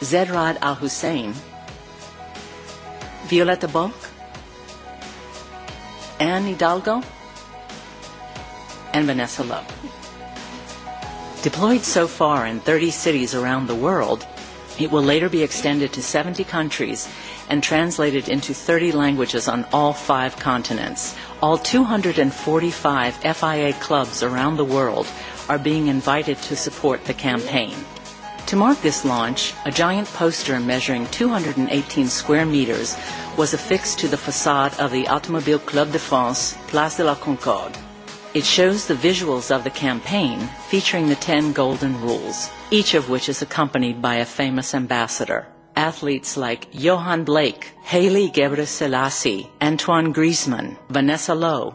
Zedrad Al-Hussein, Violetta Bulk, Anne Hidalgo, and Vanessa Lowe. Deployed so far in 30 cities around the world, it will later be extended to 70 countries and translated into 30 languages on all five continents. All 245 FIA clubs around the world are being invited to support the campaign. To mark this launch, a giant poster measuring 218 square meters was affixed to the facade of the Automobile Club de France, Place de la Concorde. It shows the visuals of the campaign featuring the 10 golden rules, each of which is accompanied by a famous ambassador. Athletes like Johan Blake, Haley Gebre Selassie, Antoine Griezmann, Vanessa Lowe,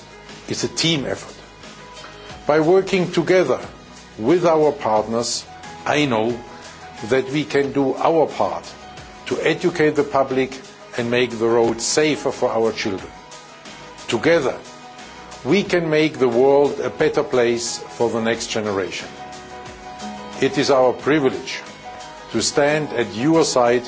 is a team effort. By working together with our partners, I know that we can do our part to educate the public and make the road safer for our children. Together, we can make the world a better place for the next generation. It is our privilege to stand at your side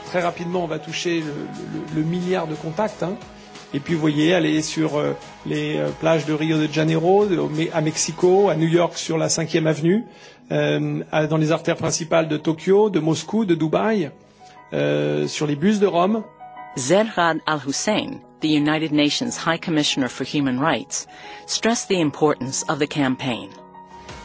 très rapidement, on va toucher le, le, le milliard de contacts. Hein. Et puis, vous voyez, aller sur euh, les euh, plages de Rio de Janeiro, de, à Mexico, à New York, sur la 5e avenue, euh, à, dans les artères principales de Tokyo, de Moscou, de Dubaï, euh, sur les bus de Rome. Zerhad al-Hussein, the United Nations High Commissioner for Human Rights, stressed the importance of the campaign.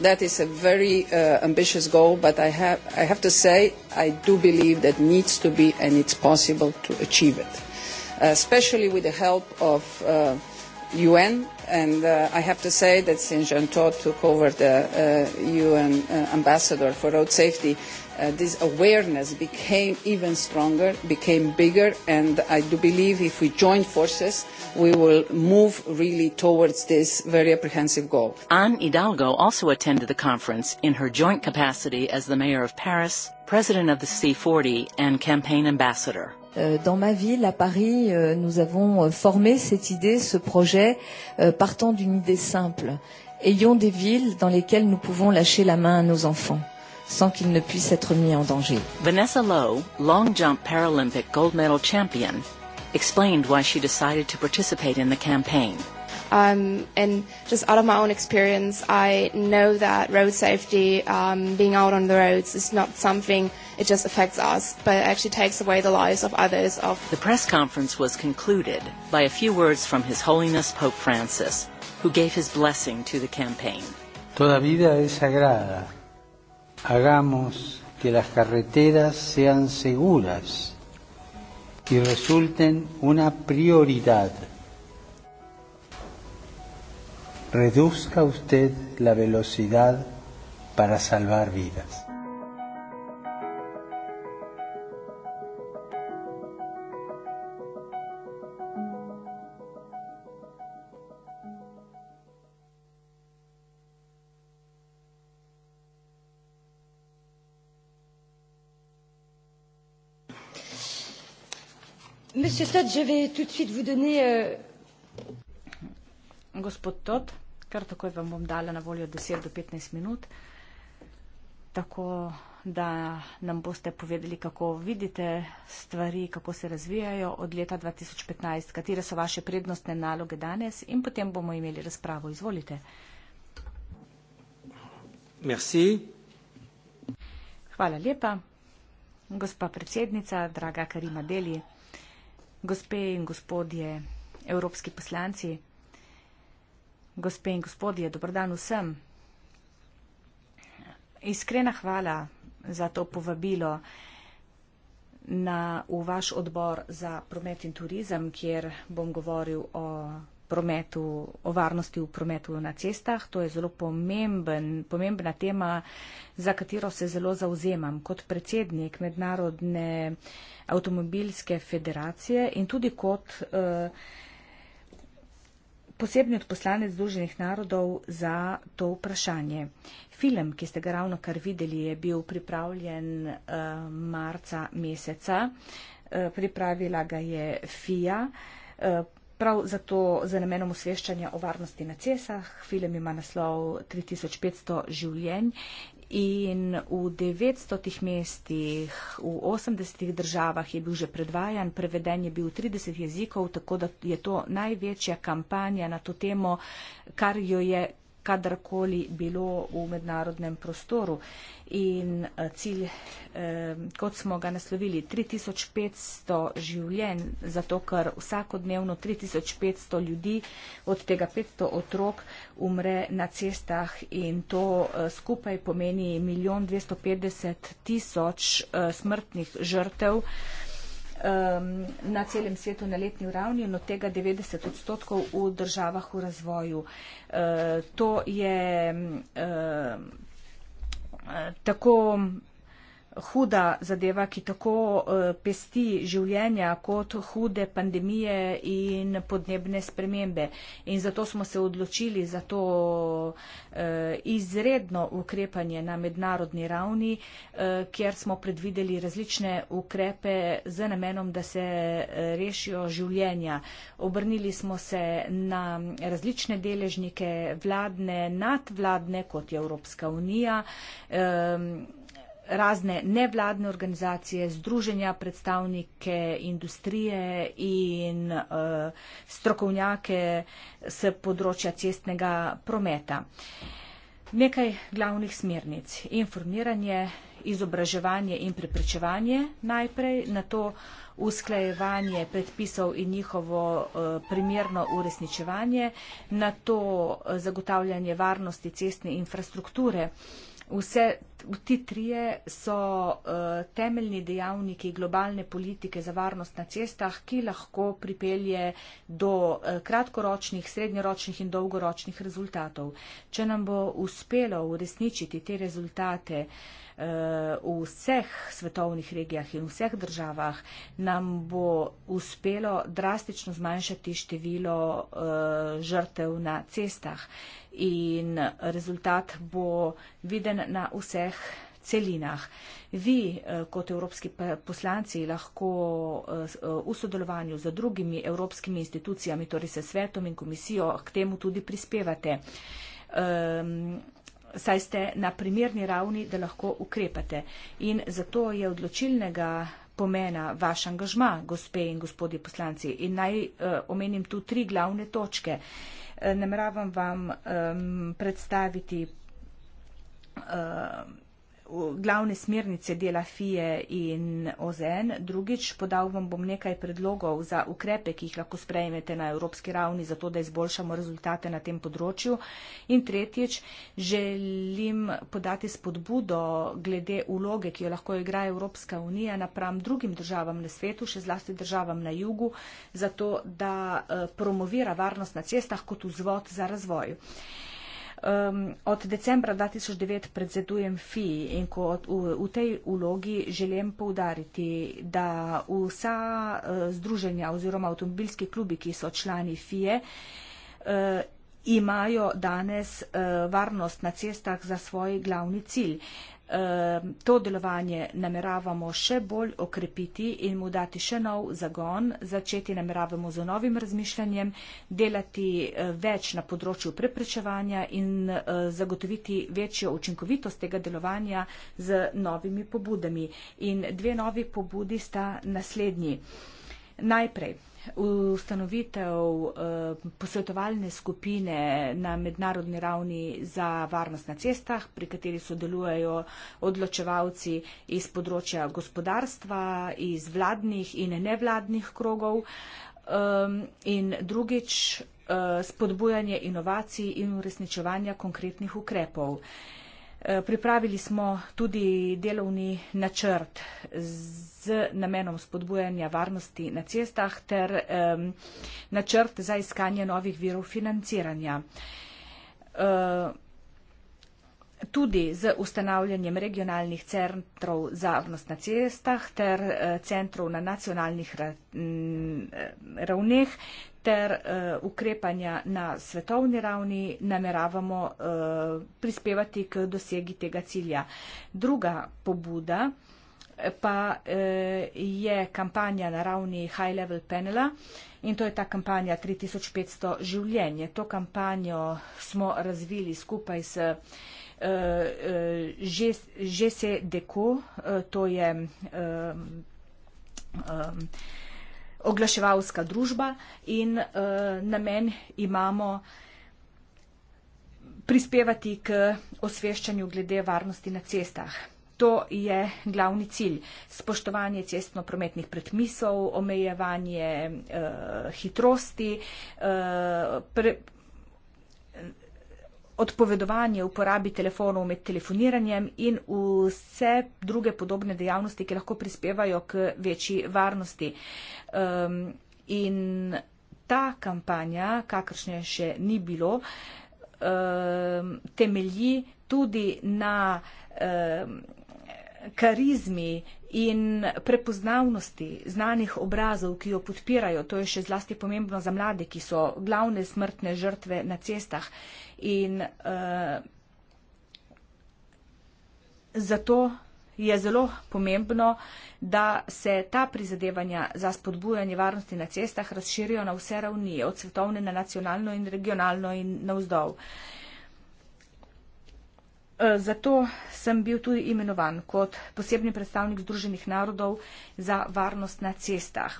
That is a very uh, ambitious goal, but I have, I have to say I do believe that needs to be and it's possible to achieve it, uh, especially with the help of uh, UN. And uh, I have to say that since Jean-Claude took over the uh, UN uh, ambassador for road safety, uh, this awareness became even stronger, became bigger, and I do believe if we join forces, we will move really towards this very apprehensive goal. Anne Hidalgo also attended the conference in her joint capacity as the mayor of Paris, president of the C40, and campaign ambassador. Euh, dans ma ville, à Paris, euh, nous avons euh, formé cette idée, ce projet, partant d'une idée simple. Ayons des villes dans lesquelles nous pouvons lâcher la main à nos enfants sans qu'il ne puisse être mis en danger. Vanessa Lowe, long jump Paralympic gold medal champion, explained why she decided to participate in the campaign. Um, and just out of my own experience, I know that road safety, um, being out on the roads, is not something it just affects us, but it actually takes away the lives of others. Of the press conference was concluded by a few words from His Holiness Pope Francis, who gave his blessing to the campaign. Toda vida es sagrada hagamos que las carreteras sean seguras y resulten una prioridad. Reduzca usted la velocidad para salvar vidas. Monsieur Todd, je vais tout de suite vous donner. Euh... Gospod Todd, kar takoj vam bom dala na voljo 10 do 15 minut, tako da nam boste povedali, kako vidite stvari, kako se razvijajo od leta 2015, katere so vaše prednostne naloge danes in potem bomo imeli razpravo. Izvolite. Merci. Hvala lepa. Gospa predsednica, draga Karima Deli gospe in gospodje evropski poslanci, gospe in gospodje, dobrodan vsem. Iskrena hvala za to povabilo na, v vaš odbor za promet in turizem, kjer bom govoril o prometu, o varnosti v prometu na cestah. To je zelo pomemben, pomembna tema, za katero se zelo zauzemam kot predsednik Mednarodne avtomobilske federacije in tudi kot eh, posebni odposlanec Združenih narodov za to vprašanje. Film, ki ste ga ravno kar videli, je bil pripravljen eh, marca meseca. Eh, pripravila ga je FIA. Prav zato za namenom osveščanja o varnosti na cesah, film ima naslov 3500 življenj in v 900 mestih v 80 državah je bil že predvajan, preveden je bil v 30 jezikov, tako da je to največja kampanja na to temo, kar jo je kadarkoli bilo v mednarodnem prostoru. In eh, cilj, eh, kot smo ga naslovili, 3500 življenj, zato ker vsakodnevno 3500 ljudi, od tega 500 otrok, umre na cestah in to eh, skupaj pomeni milijon 250 tisoč smrtnih žrtev um, na celem svetu na letni ravni in no od tega 90 odstotkov v državah v razvoju. Uh, to je um, uh, tako huda zadeva, ki tako eh, pesti življenja kot hude pandemije in podnebne spremembe. In zato smo se odločili za to eh, izredno ukrepanje na mednarodni ravni, eh, kjer smo predvideli različne ukrepe z namenom, da se rešijo življenja. Obrnili smo se na različne deležnike, vladne, nadvladne, kot je Evropska unija razne nevladne organizacije, združenja, predstavnike industrije in uh, strokovnjake s področja cestnega prometa. Nekaj glavnih smernic. Informiranje, izobraževanje in preprečevanje najprej, na to usklajevanje predpisov in njihovo eh, primerno uresničevanje, na to eh, zagotavljanje varnosti cestne infrastrukture. Vse ti trije so uh, temeljni dejavniki globalne politike za varnost na cestah, ki lahko pripelje do uh, kratkoročnih, srednjeročnih in dolgoročnih rezultatov. Če nam bo uspelo uresničiti te rezultate uh, v vseh svetovnih regijah in v vseh državah, nam bo uspelo drastično zmanjšati število uh, žrtev na cestah. Uh, in rezultat bo viden na vseh celinah. Vi eh, kot evropski poslanci lahko eh, v sodelovanju z drugimi evropskimi institucijami, torej s svetom in komisijo, k temu tudi prispevate. Um, saj ste na primerni ravni, da lahko ukrepate. In zato je odločilnega pomena vaš angažma, gospe in gospodje poslanci. In naj eh, omenim tu tri glavne točke. Eh, nameravam vam ehm, predstaviti ehm, glavne smernice dela FIE in OZN. Drugič, podal vam bom nekaj predlogov za ukrepe, ki jih lahko sprejmete na evropski ravni, zato da izboljšamo rezultate na tem področju. In tretjič, želim podati spodbudo glede uloge, ki jo lahko igra Evropska unija napram drugim državam na svetu, še zlasti državam na jugu, zato da eh, promovira varnost na cestah kot vzvod za razvoj. Um, od decembra 2009 predsedujem FIJ in ko, v, v tej ulogi želim poudariti, da vsa uh, združenja oziroma avtomobilski klubi, ki so člani FIJ, uh, eh, imajo danes eh, varnost na cestah za svoj glavni cilj. Eh, to delovanje nameravamo še bolj okrepiti in mu dati še nov zagon. Začeti nameravamo z novim razmišljanjem, delati eh, več na področju preprečevanja in zagotoviti večjo učinkovitost tega delovanja z novimi pobudami. In dve novi pobudi sta naslednji. Najprej ustanovitev eh, posvetovalne skupine na mednarodni ravni za varnost na cestah, pri kateri sodelujejo odločevalci iz področja gospodarstva, iz vladnih in nevladnih krogov in drugič eh, spodbujanje inovacij in uresničevanja konkretnih ukrepov. Eh, pripravili smo tudi delovni načrt z namenom spodbujanja varnosti na cestah ter načrt za iskanje novih virov financiranja. Eh, tudi z ustanavljanjem regionalnih centrov za varnost na cestah ter eh, centrov na nacionalnih ravneh ter uh, ukrepanja na svetovni ravni nameravamo uh, prispevati k dosegi tega cilja. Druga pobuda eh, pa uh, je kampanja na ravni High Level Panela in to je ta kampanja 3500 življenje. To kampanjo smo razvili skupaj s uh, uh, GSDK, uh, to je. Uh, um, oglaševalska družba in uh, namen imamo prispevati k osveščanju glede varnosti na cestah. To je glavni cilj. Spoštovanje cestno-prometnih predpisov, omejevanje uh, hitrosti, uh, pre, odpovedovanje uporabi telefonov med telefoniranjem in vse druge podobne dejavnosti, ki lahko prispevajo k večji varnosti. Um, in ta kampanja, kakršne še ni bilo, um, temelji tudi na um, karizmi in prepoznavnosti znanih obrazov, ki jo podpirajo. To je še zlasti pomembno za mlade, ki so glavne smrtne žrtve na cestah. In uh, zato je zelo pomembno, da se ta prizadevanja za spodbujanje varnosti na cestah razširijo na vse ravni, od svetovne na nacionalno in regionalno in navzdol. Eh, zato sem bil tudi imenovan kot posebni predstavnik Združenih narodov za varnost na cestah.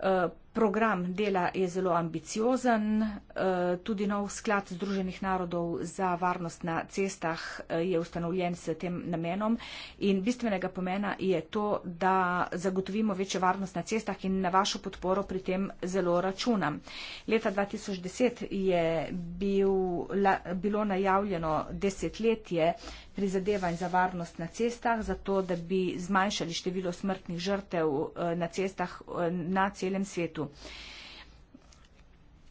Eh, Program dela je zelo ambiciozen, eh, tudi nov sklad Združenih narodov za varnost na cestah eh, je ustanovljen s tem namenom in bistvenega pomena je to, da zagotovimo večjo varnost na cestah in na vašo podporo pri tem zelo računam. Leta 2010 je bil, la, bilo najavljeno desetletje prizadevanj za varnost na cestah, zato da bi zmanjšali število smrtnih žrtev eh, na cestah na celem svetu svetu.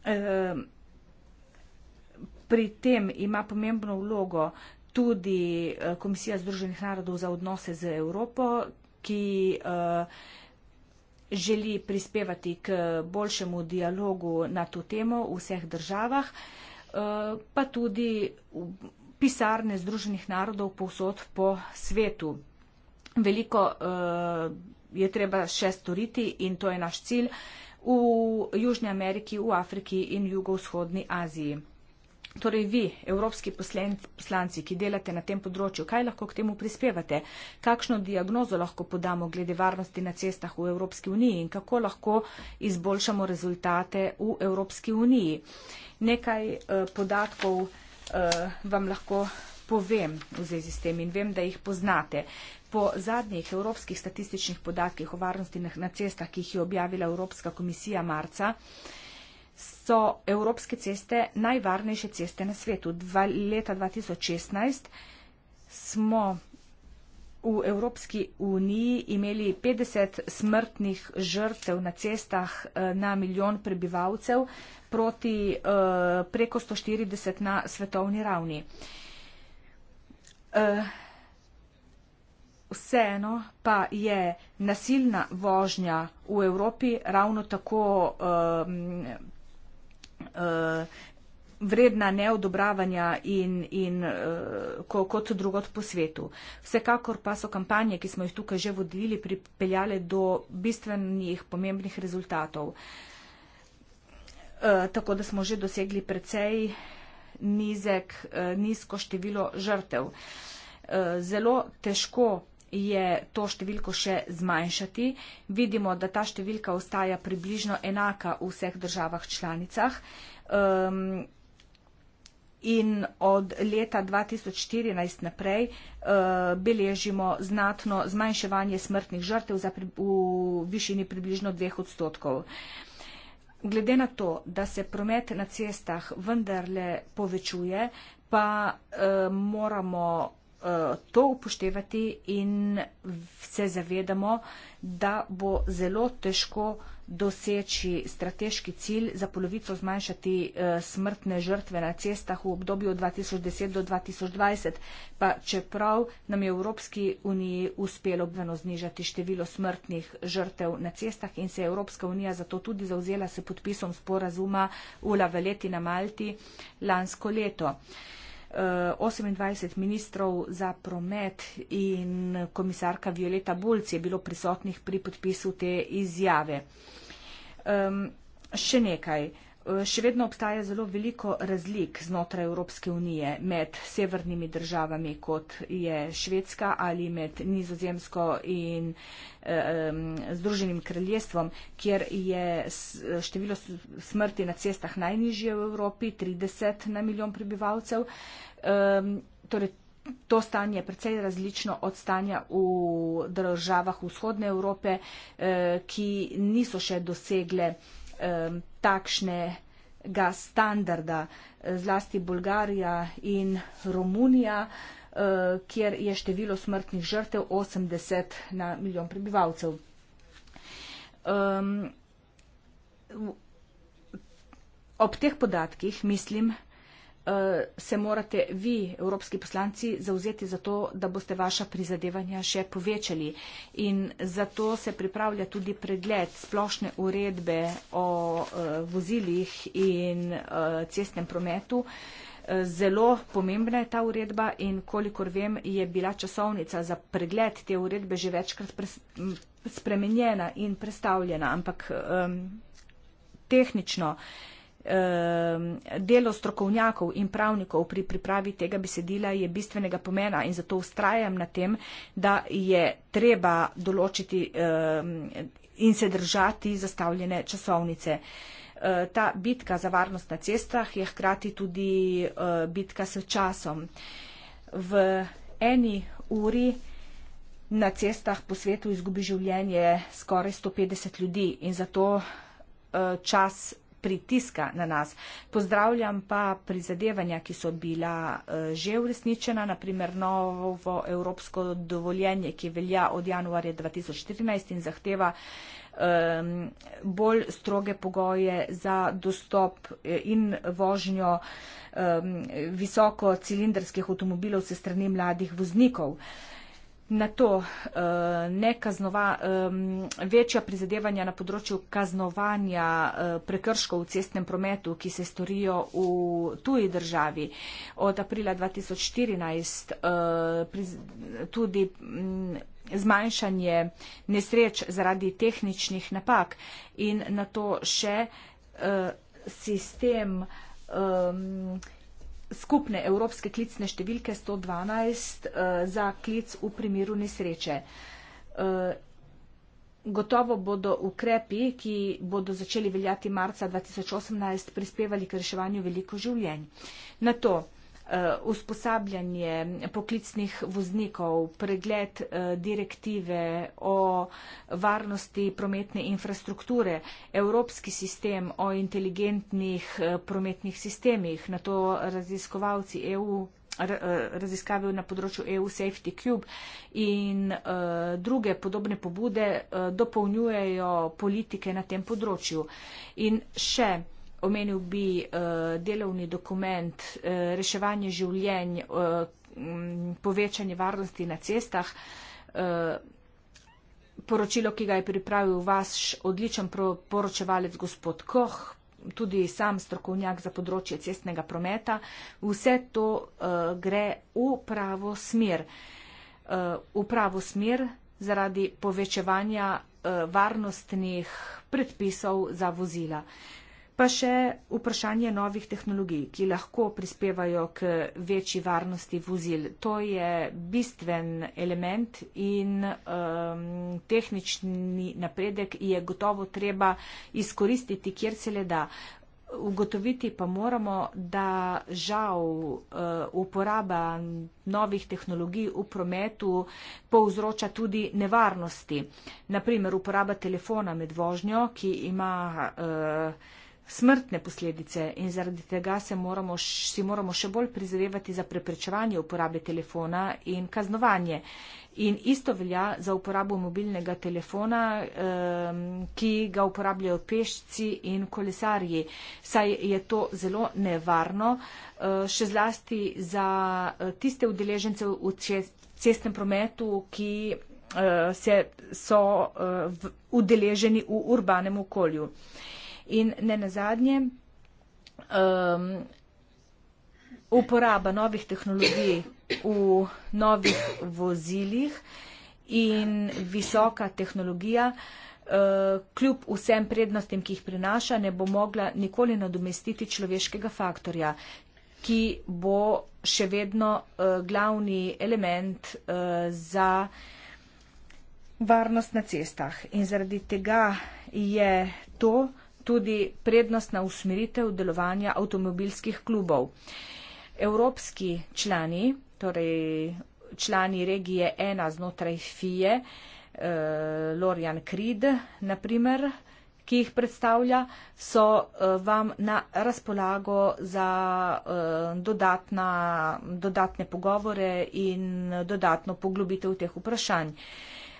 E, pri tem ima pomembno vlogo tudi e, Komisija Združenih narodov za odnose z Evropo, ki e, želi prispevati k boljšemu dialogu na to temo v vseh državah, pa tudi pisarne Združenih narodov povsod po svetu. Veliko je treba še storiti in to je naš cilj, v Južni Ameriki, v Afriki in jugovzhodni Aziji. Torej vi, evropski poslanci, ki delate na tem področju, kaj lahko k temu prispevate? Kakšno diagnozo lahko podamo glede varnosti na cestah v Evropski uniji in kako lahko izboljšamo rezultate v Evropski uniji? Nekaj eh, podatkov eh, vam lahko povem v zvezi s tem in vem, da jih poznate. Po zadnjih evropskih statističnih podatkih o varnosti na, na cestah, ki jih je objavila Evropska komisija marca, so evropske ceste najvarnejše ceste na svetu. Dva, leta 2016 smo v Evropski uniji imeli 50 smrtnih žrtev na cestah eh, na milijon prebivalcev proti uh, preko 140 na svetovni ravni. Uh, Eh, vseeno pa je nasilna vožnja v Evropi ravno tako uh, uh, vredna neodobravanja in, in, uh, ko, kot drugot po svetu. Vsekakor pa so kampanje, ki smo jih tukaj že vodili, pripeljale do bistvenih pomembnih rezultatov. Uh, tako da smo že dosegli precej uh, nizek, eh, nizko število žrtev. Eh, zelo težko je to številko še zmanjšati. Vidimo, da ta številka ostaja približno enaka v vseh državah članicah. In od leta 2014 naprej eh, beležimo znatno zmanjševanje smrtnih žrtev v višini približno dveh odstotkov glede na to, da se promet na cestah vendarle povečuje, pa uh, moramo uh, to upoštevati in se zavedamo, da bo zelo težko uh, doseči strateški cilj za polovico zmanjšati uh, smrtne žrtve na cestah v obdobju 2010 do 2020, pa čeprav nam je v Evropski uniji uspelo obveno znižati število smrtnih žrtev na cestah in se je Evropska unija zato tudi zauzela s podpisom sporazuma Ula Veleti na Malti lansko leto. Uh, 28 eh, ministrov za promet in komisarka Violeta Bulc je bilo prisotnih pri podpisu te izjave. Um, še nekaj. Uh, Eh, še vedno obstaja zelo veliko razlik znotraj Evropske unije med severnimi državami, kot je Švedska ali med Nizozemsko in Združenim kraljestvom, kjer je število smrti na cestah najnižje v Evropi, 30 na milijon prebivalcev. Torej, To stanje je precej različno od stanja v državah vzhodne Evrope, eh, ki niso še dosegle um, takšnega standarda. Zlasti Bolgarija in Romunija, uh, kjer je število smrtnih žrtev 80 na milijon prebivalcev. Um, ob teh podatkih mislim, Eh, se morate vi, evropski poslanci, zauzeti za to, da boste vaša prizadevanja še povečali. In zato se pripravlja tudi pregled splošne uredbe o uh, vozilih in uh, cestnem prometu. Zelo pomembna je ta uredba in kolikor vem, je bila časovnica za pregled te uredbe že večkrat spremenjena in predstavljena, ampak um, tehnično uh, Ehm, delo strokovnjakov in pravnikov pri pripravi tega besedila je bistvenega pomena in zato ustrajam na tem, da je treba določiti ehm, in se držati zastavljene časovnice. E, ta bitka za varnost na cestah je hkrati tudi e, bitka s časom. V eni uri na cestah po svetu izgubi življenje skoraj 150 ljudi in zato e, čas pritiska na nas. Pozdravljam pa prizadevanja, ki so bila eh, že uresničena, naprimer novo evropsko dovoljenje, ki velja od januarja 2014 in zahteva um, bolj stroge pogoje za dostop eh, in vožnjo um, ehm, visokocilindrskih avtomobilov se strani mladih voznikov. Um, na to eh, nekaznova, večja prizadevanja na področju kaznovanja eh, prekrškov v cestnem prometu, ki se storijo v tuji državi. Od aprila 2014 eh, tudi mm, zmanjšanje nesreč zaradi tehničnih napak in na to še sistem skupne evropske klicne številke 112 eh, za klic v primeru nesreče. Eh, gotovo bodo ukrepi, ki bodo začeli veljati marca 2018, prispevali k reševanju veliko življenj. Na to Eh, usposabljanje poklicnih voznikov, pregled eh, direktive o varnosti prometne infrastrukture, evropski sistem o inteligentnih eh, prometnih sistemih, na to raziskovalci EU raziskave na področju EU Safety Cube in uh, druge podobne pobude uh, dopolnjujejo politike na tem področju. In še Omenil bi uh, delovni dokument, uh, reševanje življenj, uh, povečanje varnosti na cestah, uh, poročilo, ki ga je pripravil vaš odličen poročevalec gospod Koh, tudi sam strokovnjak za področje cestnega prometa. Vse to uh, gre v pravo smer. Uh, v pravo smer zaradi povečevanja uh, varnostnih predpisov za vozila. Uh, Pa še vprašanje novih tehnologij, ki lahko prispevajo k večji varnosti vozil. To je bistven element in um, tehnični napredek je gotovo treba izkoristiti, kjer se le da. Ugotoviti pa moramo, da žal uh, uporaba novih tehnologij v prometu povzroča tudi nevarnosti. Naprimer, uporaba telefona med vožnjo, ki ima. Uh, smrtne posledice in zaradi tega moramo, si moramo še bolj prizadevati za preprečevanje uporabe telefona in kaznovanje. In isto velja za uporabo mobilnega telefona, ki ga uporabljajo pešci in kolesarji, saj je to zelo nevarno, e, še zlasti za e, tiste udeležence v cestnem prometu, ki e, se so udeleženi v urbanem okolju. In ne nazadnje, um, uporaba novih tehnologij v novih vozilih in visoka tehnologija uh, kljub vsem prednostim, ki jih prinaša, ne bo mogla nikoli nadomestiti človeškega faktorja, ki bo še vedno uh, glavni element uh, za varnost na cestah. In zaradi tega je to, tudi prednostna usmeritev delovanja avtomobilskih klubov. Evropski člani, torej člani regije ena znotraj FIE, eh, Lorian Creed, naprimer, ki jih predstavlja, so eh, vam na razpolago za eh, dodatna, dodatne pogovore in dodatno poglobitev teh vprašanj.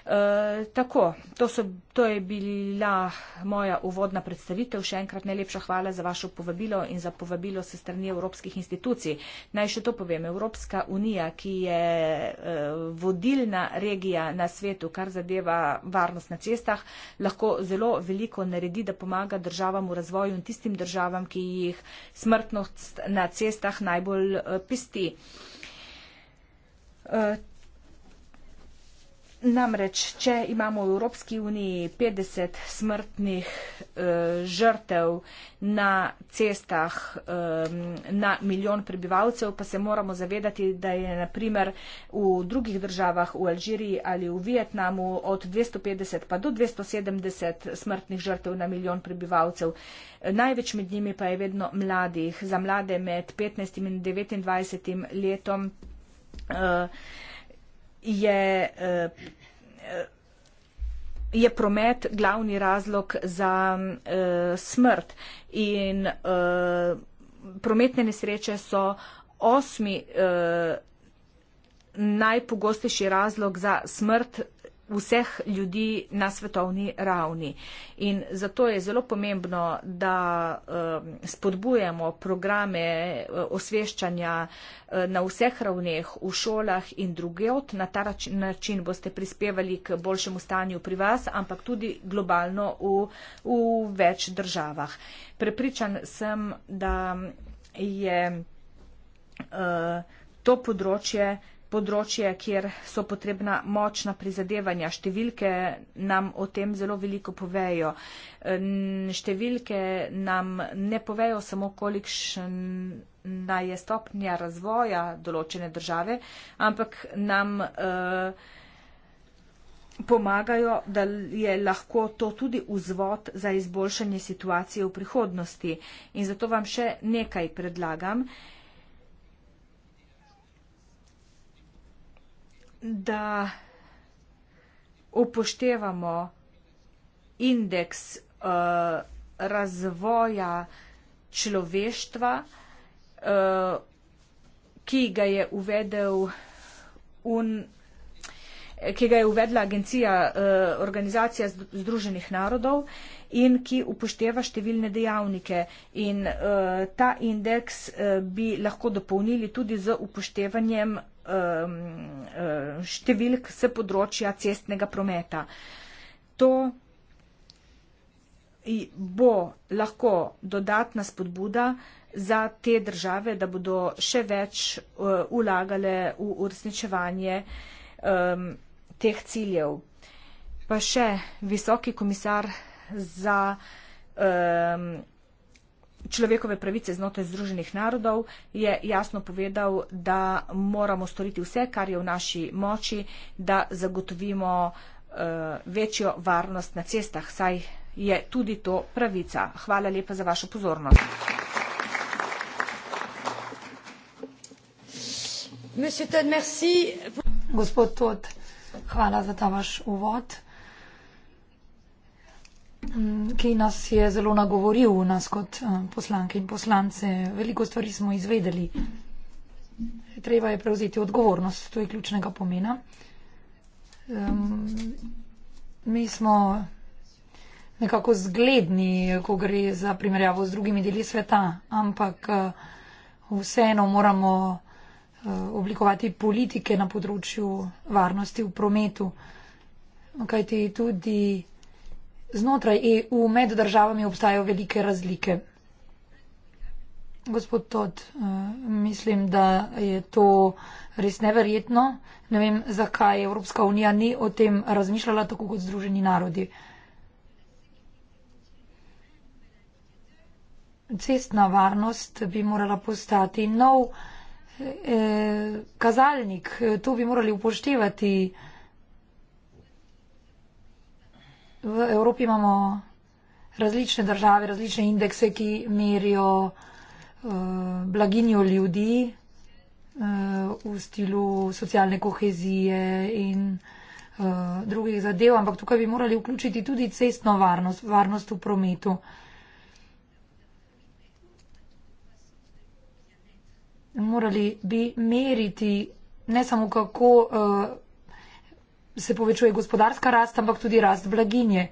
E, tako, to, so, to je bila moja uvodna predstavitev. Še enkrat najlepša hvala za vašo povabilo in za povabilo se strani evropskih institucij. Naj še to povem. Evropska unija, ki je uh, vodilna regija na svetu, kar zadeva varnost na cestah, lahko zelo veliko naredi, da pomaga državam v razvoju in tistim državam, ki jih smrtnost na cestah najbolj uh, pesti. Uh, Namreč, če imamo v Evropski uniji 50 smrtnih e, žrtev na cestah e, na milijon prebivalcev, pa se moramo zavedati, da je naprimer v drugih državah, v Alžiriji ali v Vietnamu, od 250 pa do 270 smrtnih žrtev na milijon prebivalcev. Največ med njimi pa je vedno mladih. Za mlade med 15 in 29 letom. E, je, eh, je promet glavni razlog za eh, smrt. In eh, prometne nesreče so osmi najpogostejši razlog za smrt vseh ljudi na svetovni ravni. In zato je zelo pomembno, da um, spodbujemo programe uh, osveščanja uh, na vseh ravneh, v šolah in drugot. Na ta način boste prispevali k boljšemu stanju pri vas, ampak tudi globalno v, v več državah. Prepričan sem, da je uh, to področje področje, kjer so potrebna močna prizadevanja. Številke nam o tem zelo veliko povejo. Številke nam ne povejo samo, kolikšna je stopnja razvoja določene države, ampak nam eh, pomagajo, da je lahko to tudi vzvod za izboljšanje situacije v prihodnosti. In zato vam še nekaj predlagam. da upoštevamo indeks uh, razvoja človeštva, uh, ki ga je uvedel un ki ga je uvedla agencija eh, Organizacija Združenih narodov in ki upošteva številne dejavnike. In eh, ta indeks eh, bi lahko dopolnili tudi z upoštevanjem Um, um, številk se področja cestnega prometa. To bo lahko dodatna spodbuda za te države, da bodo še več uh, ulagale v uresničevanje um, teh ciljev. Pa še visoki komisar za um, človekove pravice znotraj Združenih narodov je jasno povedal, da moramo storiti vse, kar je v naši moči, da zagotovimo eh, večjo varnost na cestah, saj je tudi to pravica. Hvala lepa za vašo pozornost. Gospod Todd, hvala za ta vaš uvod. Mm, ki nas je zelo nagovoril, nas kot eh, poslanke in poslance. Veliko stvari smo izvedeli. Treba je prevzeti odgovornost, to je ključnega pomena. Mi smo nekako zgledni, ko gre za primerjavo z drugimi deli sveta, ampak eh, vseeno moramo eh, oblikovati politike na področju varnosti v prometu. Kajti tudi znotraj EU med državami obstajajo velike razlike. Gospod Todd, eh, mislim, da je to res neverjetno. Ne vem, zakaj Evropska unija ni o tem razmišljala tako kot Združeni narodi. Cestna varnost bi morala postati nov eh, kazalnik. To bi morali upoštevati eh, v Evropi imamo različne države, različne indekse, ki merijo uh, blaginjo ljudi uh, v stilu socialne kohezije in uh, drugih zadev, ampak tukaj bi morali vključiti tudi cestno varnost, varnost v prometu. Morali bi meriti ne samo kako. Uh, se povečuje gospodarska rast, ampak tudi rast blaginje.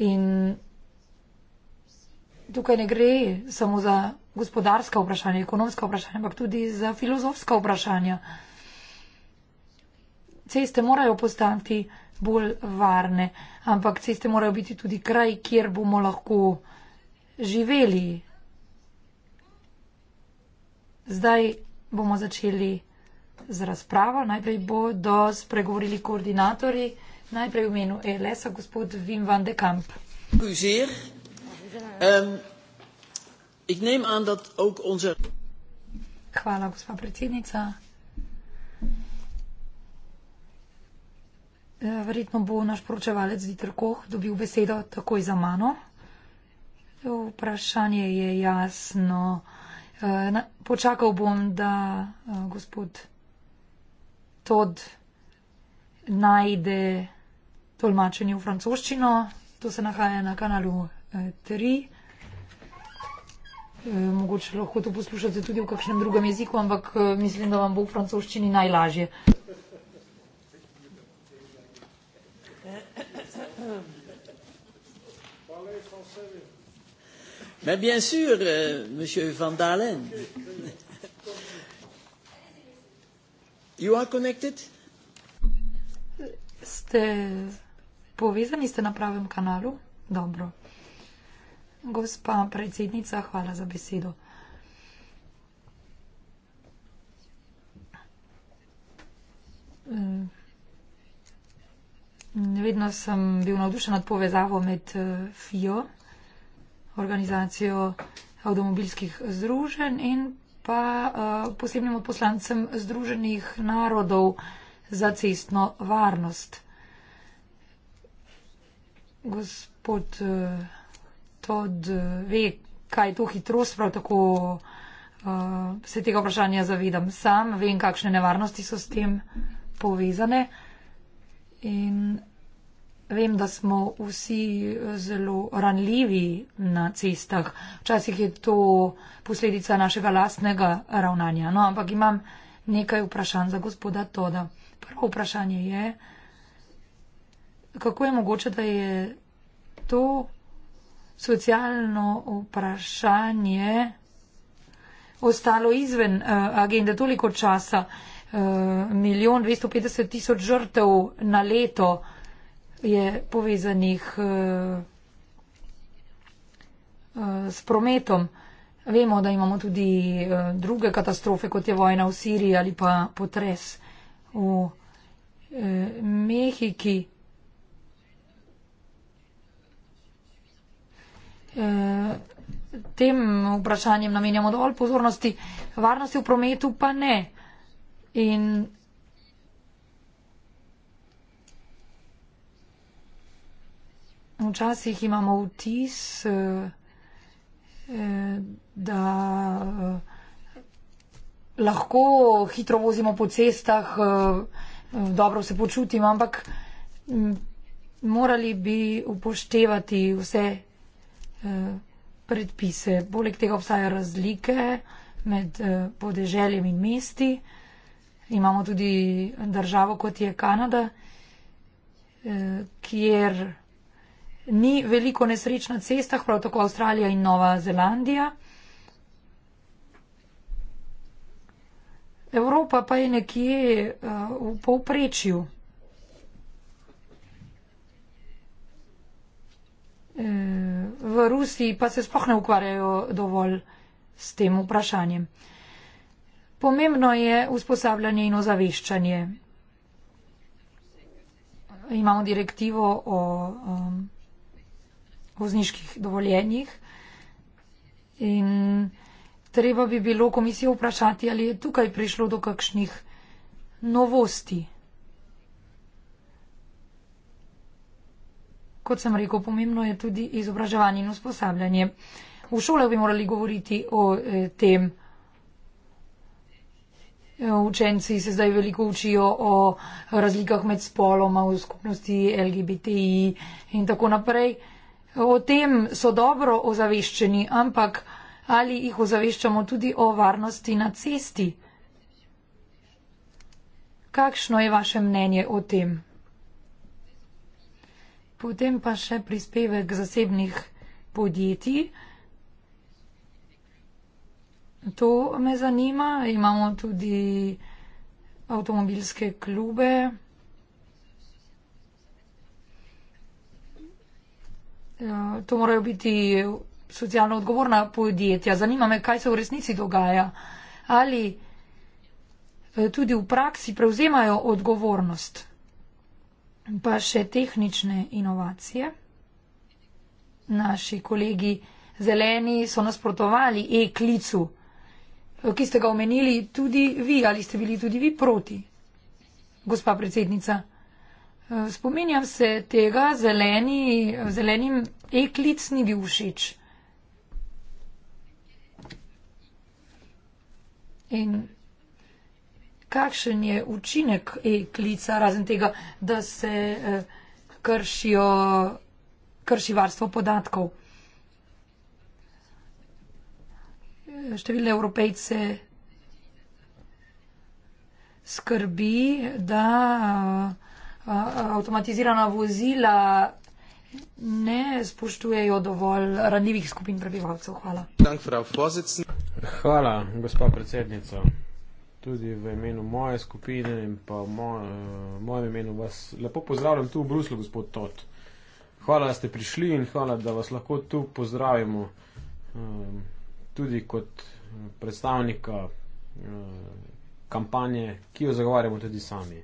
In tukaj ne gre samo za gospodarska vprašanja, ekonomska vprašanja, ampak tudi za filozofska vprašanja. Ceste morajo postati bolj varne, ampak ceste morajo biti tudi kraj, kjer bomo lahko živeli. Zdaj bomo začeli z razpravo. Najprej bodo spregovorili koordinatorji, najprej v imenu ELS-a, gospod Wim van de Kamp. Ehm, Hvala, gospod predsednica. Eh, verjetno bo naš poročevalec Dieter Koh dobil besedo takoj za mano. Vprašanje je jasno. Eh, počakal bom, da eh, gospod. Todd najde tolmačenje v francoščino. To se nahaja na kanalu 3. Eh, eh, mogoče lahko to poslušate tudi v kakšnem drugem jeziku, ampak eh, mislim, da vam bo v francoščini najlažje. Mais bien sûr, euh, monsieur Van Dalen. Ste povezani, ste na pravem kanalu? Dobro. Gospa predsednica, hvala za besedo. Mm. Vedno sem bil navdušen nad povezavo med eh, FIO, organizacijo avtomobilskih združenj in pa uh, posebnim odposlancem Združenih narodov za cestno varnost. Gospod uh, Todd uh, ve, kaj je to hitrost, prav tako uh, se tega vprašanja zavedam sam, vem, kakšne nevarnosti so s tem povezane. In Vem, da smo vsi zelo ranljivi na cestah. Včasih je to posledica našega lastnega ravnanja. No, ampak imam nekaj vprašanj za gospoda Toda. Prvo vprašanje je, kako je mogoče, da je to socialno vprašanje ostalo izven uh, agende toliko časa. Uh, milijon 250 tisoč žrtev na leto je povezanih eh, eh, s prometom. Vemo, da imamo tudi eh, druge katastrofe, kot je vojna v Siriji ali pa potres v Mehiki. Tem vprašanjem namenjamo dovolj pozornosti, varnosti v prometu pa ne. In včasih imamo vtis, eh, eh, da eh, lahko hitro vozimo po cestah, dobro se počutimo, ampak mm, morali bi upoštevati vse predpise. Poleg tega obstajajo razlike med podeželjem in mesti. Imamo tudi državo, kot je Kanada, kjer ni veliko nesreč na cestah, prav tako Avstralija in Nova Zelandija. Evropa pa je nekje uh, v povprečju. Eh, v Rusiji pa se sploh ne ukvarjajo dovolj s tem vprašanjem. Pomembno je usposabljanje in ozaveščanje. Imamo direktivo o um, vozniških dovoljenjih. In treba bi bilo komisijo vprašati, ali je tukaj prišlo do kakšnih novosti. Kot sem rekel, pomembno je tudi izobraževanje in usposabljanje. V šolah bi morali govoriti o eh, tem. E, učenci se zdaj veliko učijo o razlikah med spoloma v skupnosti LGBTI in tako naprej. O tem so dobro ozaveščeni, ampak ali jih ozaveščamo tudi o varnosti na cesti? Kakšno je vaše mnenje o tem? Potem pa še prispevek zasebnih podjetij. To me zanima. Imamo tudi avtomobilske klube. Eh, to morajo biti socialno odgovorna podjetja. Zanima me, kaj se v resnici dogaja. Ali eh, tudi v praksi prevzemajo odgovornost. Pa še tehnične inovacije. Naši kolegi zeleni so nasprotovali e-klicu, eh, ki ste ga omenili tudi vi. Ali ste bili tudi vi proti, gospa predsednica? Spominjam se tega, zeleni, zelenim e-klic ni bil všeč. In kakšen je učinek e-klica, razen tega, da se eh, kršijo, krši varstvo podatkov? Številne Evropejce skrbi, da avtomatizirana vozila ne spoštujejo dovolj ranljivih skupin prebivalcev. Hvala. Hvala, gospa predsednica. Tudi v imenu moje skupine in pa v moj, mojem imenu vas lepo pozdravljam tu v Bruslu, gospod Tot. Hvala, da ste prišli in hvala, da vas lahko tu pozdravimo um, tudi kot predstavnika uh, kampanje, ki jo zagovarjamo tudi sami.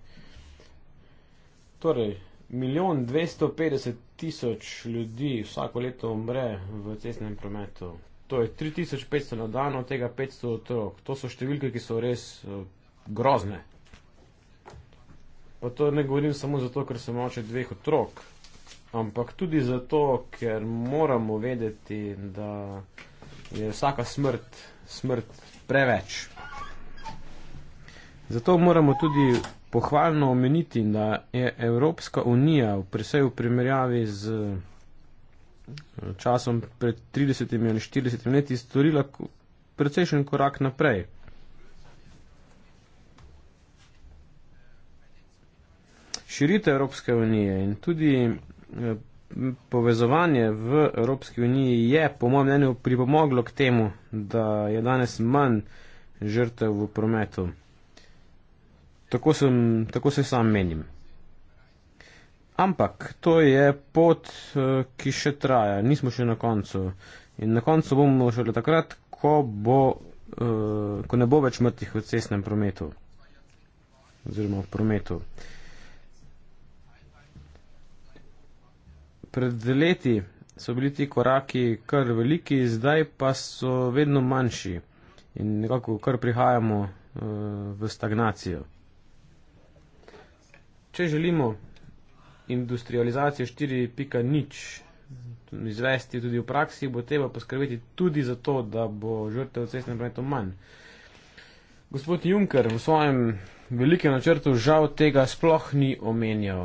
Torej, milijon 250 tisoč ljudi vsako leto umre v cestnem prometu. To je 3500 na dan, od tega 500 otrok. To so številke, ki so res uh, grozne. Pa to ne govorim samo zato, ker sem oče dveh otrok, ampak tudi zato, ker moramo vedeti, da je vsaka smrt, smrt preveč. Zato moramo tudi pohvalno omeniti, da je Evropska unija v presej v primerjavi z eh, časom pred 30 ali 40 leti storila precejšen korak naprej. Širite Evropske unije in tudi eh, povezovanje v Evropski uniji je, po mojem mnenju, pripomoglo k temu, da je danes manj žrtev v prometu. Tako, sem, tako se sam menim. Ampak to je pot, eh, ki še traja, nismo še na koncu. In na koncu bomo šele takrat, ko, bo, eh, ko ne bo več mrtvih v cestnem prometu. Oziroma v prometu. Pred leti so bili ti koraki kar veliki, zdaj pa so vedno manjši. In nekako kar prihajamo eh, v stagnacijo če želimo industrializacijo 4.0 izvesti tudi v praksi, bo treba poskrbeti tudi za to, da bo žrtev cestnem prometu manj. Gospod Juncker v svojem velikem načrtu žal tega sploh ni omenjal.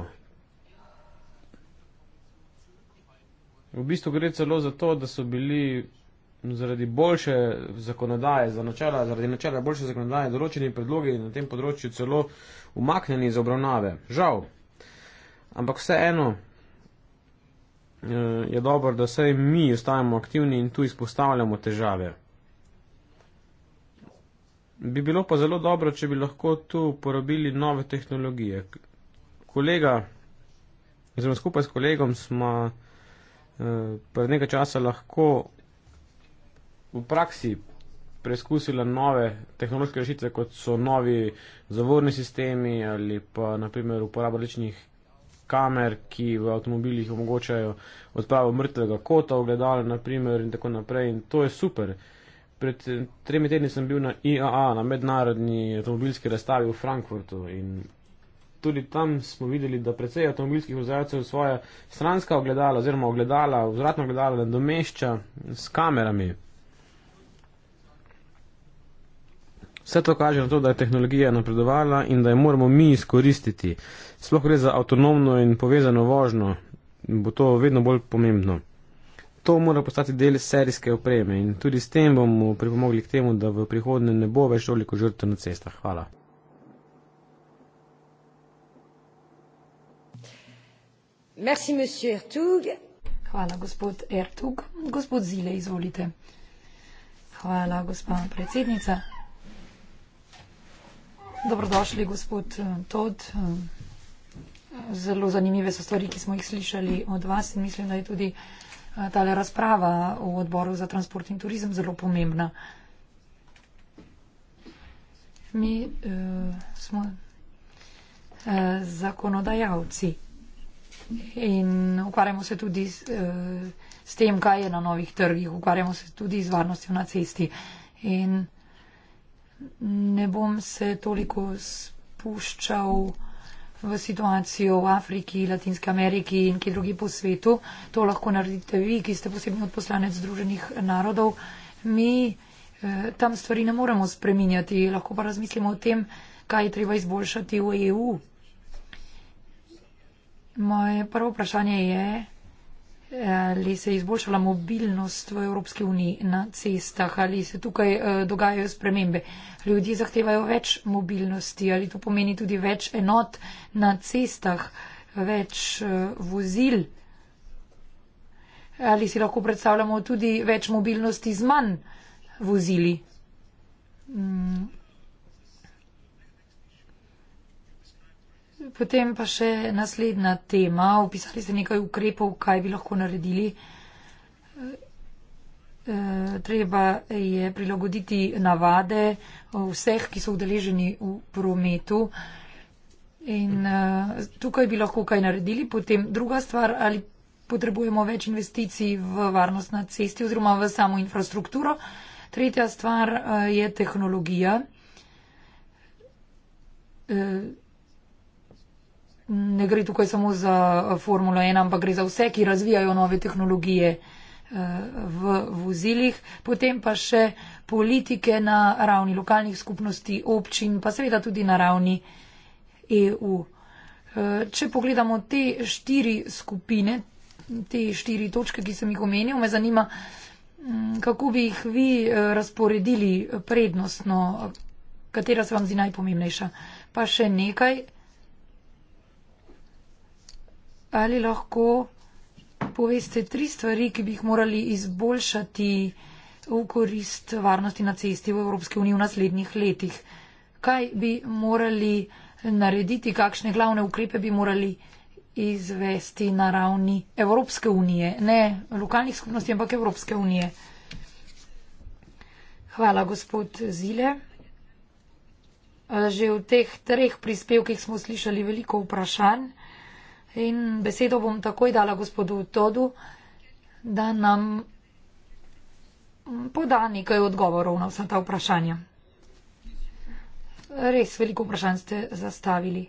V bistvu gre celo za to, da so bili zaradi boljše zakonodaje, za načela, zaradi načela boljše zakonodaje, določeni predlogi na tem področju celo umaknjeni iz obravnave. Žal. Ampak vseeno eh, je dobro, da vsaj mi ostajamo aktivni in tu izpostavljamo težave. Bi bilo pa zelo dobro, če bi lahko tu uporabili nove tehnologije. Kolega, oziroma skupaj s kolegom smo eh, pred nekaj časa lahko v praksi preizkusila nove tehnološke rešitve, kot so novi zavorni sistemi ali pa naprimer uporaba ličnih kamer, ki v avtomobilih omogočajo odpravo mrtvega kota, ogledala naprimer in tako naprej. In to je super. Pred tremi tedni sem bil na IAA, na mednarodni avtomobilski razstavi v Frankfurtu in tudi tam smo videli, da precej avtomobilskih vzajacev svoja stranska ogledala oziroma ogledala, vzratno ogledala, da domešča s kamerami. Vse to kaže na to, da je tehnologija napredovala in da jo moramo mi izkoristiti. Sploh gre za avtonomno in povezano vožnjo, bo to vedno bolj pomembno. To mora postati del serijske opreme in tudi s tem bomo pripomogli k temu, da v prihodnje ne bo več toliko žrtev na cestah. Hvala. Merci, Hvala, gospod Ertug. Gospod Zile, izvolite. Hvala, gospod predsednica. Dobrodošli, gospod eh, Todd. Eh, zelo zanimive so stvari, ki smo jih slišali od vas in mislim, da je tudi eh, tale razprava v odboru za transport in turizem zelo pomembna. Mi uh, smo uh, zakonodajalci in ukvarjamo se tudi s, uh, s tem, kaj je na novih trgih, ukvarjamo se tudi z varnostjo na cesti. In ne bom se toliko spuščal v situacijo v Afriki, Latinske Ameriki in ki drugi po svetu. To lahko naredite vi, ki ste posebni odposlanec Združenih narodov. Mi eh, tam stvari ne moremo spreminjati, lahko pa razmislimo o tem, kaj je treba izboljšati v EU. Moje prvo vprašanje je, ali se je izboljšala mobilnost v Evropski uniji na cestah, ali se tukaj eh, dogajajo spremembe. Ljudje zahtevajo več mobilnosti, ali to pomeni tudi več enot na cestah, več eh, vozil. Ali si lahko predstavljamo tudi več mobilnosti z manj vozili? Mm, Potem pa še naslednja tema. Opisali ste nekaj ukrepov, kaj bi lahko naredili. E, treba je prilagoditi navade vseh, ki so udeleženi v prometu. In e, tukaj bi lahko kaj naredili. Potem druga stvar, ali potrebujemo več investicij v varnost na cesti oziroma v samo infrastrukturo. Tretja stvar e, je tehnologija ne gre tukaj samo za eh, Formula 1, ampak gre za vse, ki razvijajo nove tehnologije eh, v vozilih, potem pa še politike na ravni lokalnih skupnosti, občin, pa seveda tudi na ravni EU. Eh, če pogledamo te štiri skupine, te štiri točke, ki sem jih omenil, me zanima, mm, kako bi jih vi razporedili prednostno, katera se vam zdi najpomembnejša. Pa še nekaj ali lahko poveste tri stvari, ki bi jih morali izboljšati v korist varnosti na cesti v Evropski uniji v naslednjih letih. Kaj bi morali narediti, kakšne glavne ukrepe bi morali izvesti na ravni Evropske unije, ne lokalnih skupnosti, ampak Evropske unije. Hvala, gospod Zile. Že v teh treh prispevkih smo slišali veliko vprašanj. In besedo bom takoj dala gospodu Todu, da nam poda nekaj odgovorov na vsa ta vprašanja. Res veliko vprašanj ste zastavili.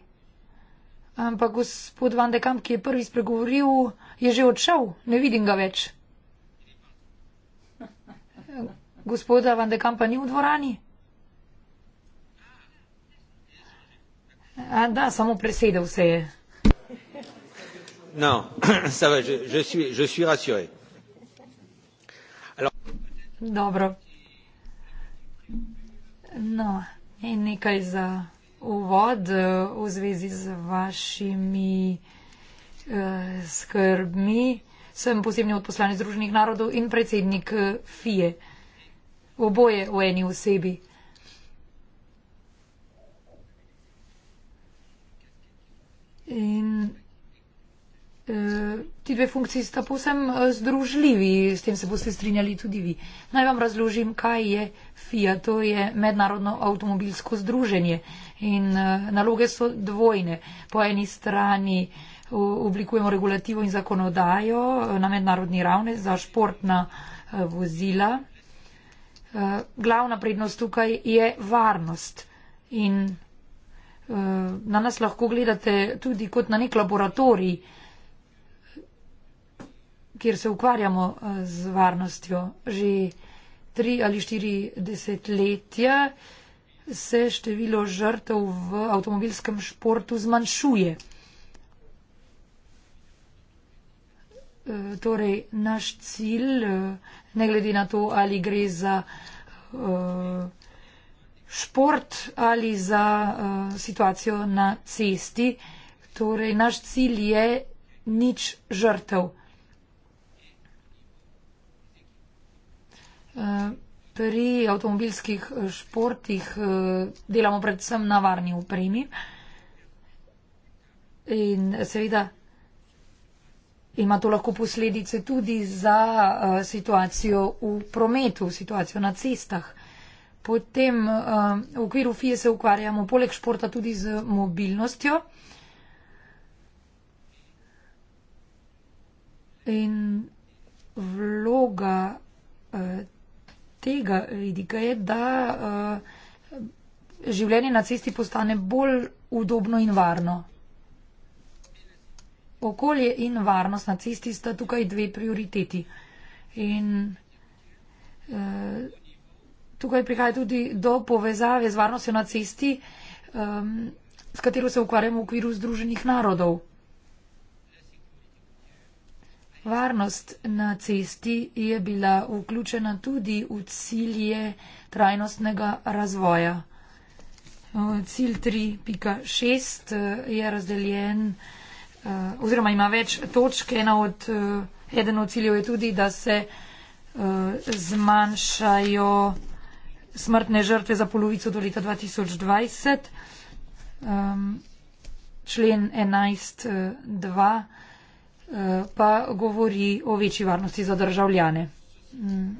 Ampak gospod Van de Kamp, ki je prvi spregovoril, je že odšel, ne vidim ga več. Gospoda Van de Kampa ni v dvorani? A, da, samo presedel se je non ça va, je, je, suis, je suis rassuré. Alors... Dobro. No, in nekaj za uvod eh, v zvezi z vašimi uh, skrbmi. Sem posebni odposlanec Združenih narodov in predsednik eh, FIE. Oboje v eni osebi. In Eh, ti dve funkciji sta posem eh, združljivi, s tem se boste strinjali tudi vi. Naj vam razložim, kaj je FIA. To je mednarodno avtomobilsko združenje in eh, naloge so dvojne. Po eni strani oblikujemo regulativo in zakonodajo na mednarodni ravni za športna vozila. Glavna prednost tukaj je varnost in na nas lahko gledate tudi kot na nek laboratorij, kjer se ukvarjamo eh, z varnostjo. Že tri ali štiri desetletja se število žrtev v avtomobilskem športu zmanjšuje. Eh, torej, naš cilj, eh, ne glede na to, ali gre za uh, šport ali za uh, situacijo na cesti, torej, naš cilj je nič žrtev. Pri avtomobilskih eh, športih eh, delamo predvsem na varni upremi. In seveda ima to lahko posledice tudi za eh, situacijo v prometu, situacijo na cestah. Potem v okviru FIE se ukvarjamo poleg športa tudi z mobilnostjo. In vloga tega vidika je, da eh, življenje na cesti postane bolj udobno in varno. Okolje in varnost na cesti sta tukaj dve prioriteti. In eh, tukaj prihaja tudi do povezave z varnostjo na cesti, eh, s katero se ukvarjamo v okviru Združenih narodov. Varnost na cesti je bila vključena tudi v cilje trajnostnega razvoja. Eh, cilj 3.6 eh, je razdeljen eh, oziroma ima več točk. Od, eden od ciljev je tudi, da se zmanjšajo smrtne žrtve za polovico do leta 2020. Ehm, člen 11.2 pa govori o večji varnosti za državljane. Mm.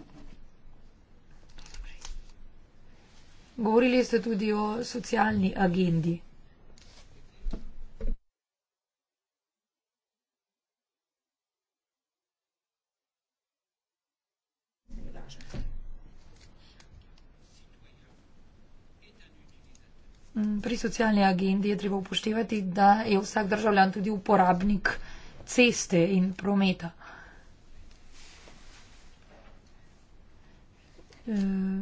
Govorili ste tudi o socialni agendi. Mm, pri socialni agendi je treba upoštevati, da je vsak državljan tudi uporabnik ceste in prometa. Eh,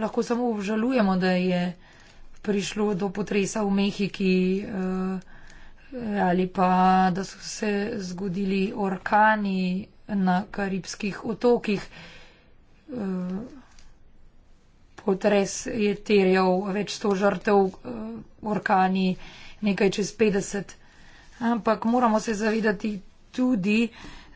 lahko samo obžalujemo, da je prišlo do potresa v Mehiki eh, ali pa da so se zgodili orkani na karibskih otokih. Eh, potres je terjal več sto žrtev, eh, orkani nekaj čez 50 ampak moramo se zavedati tudi,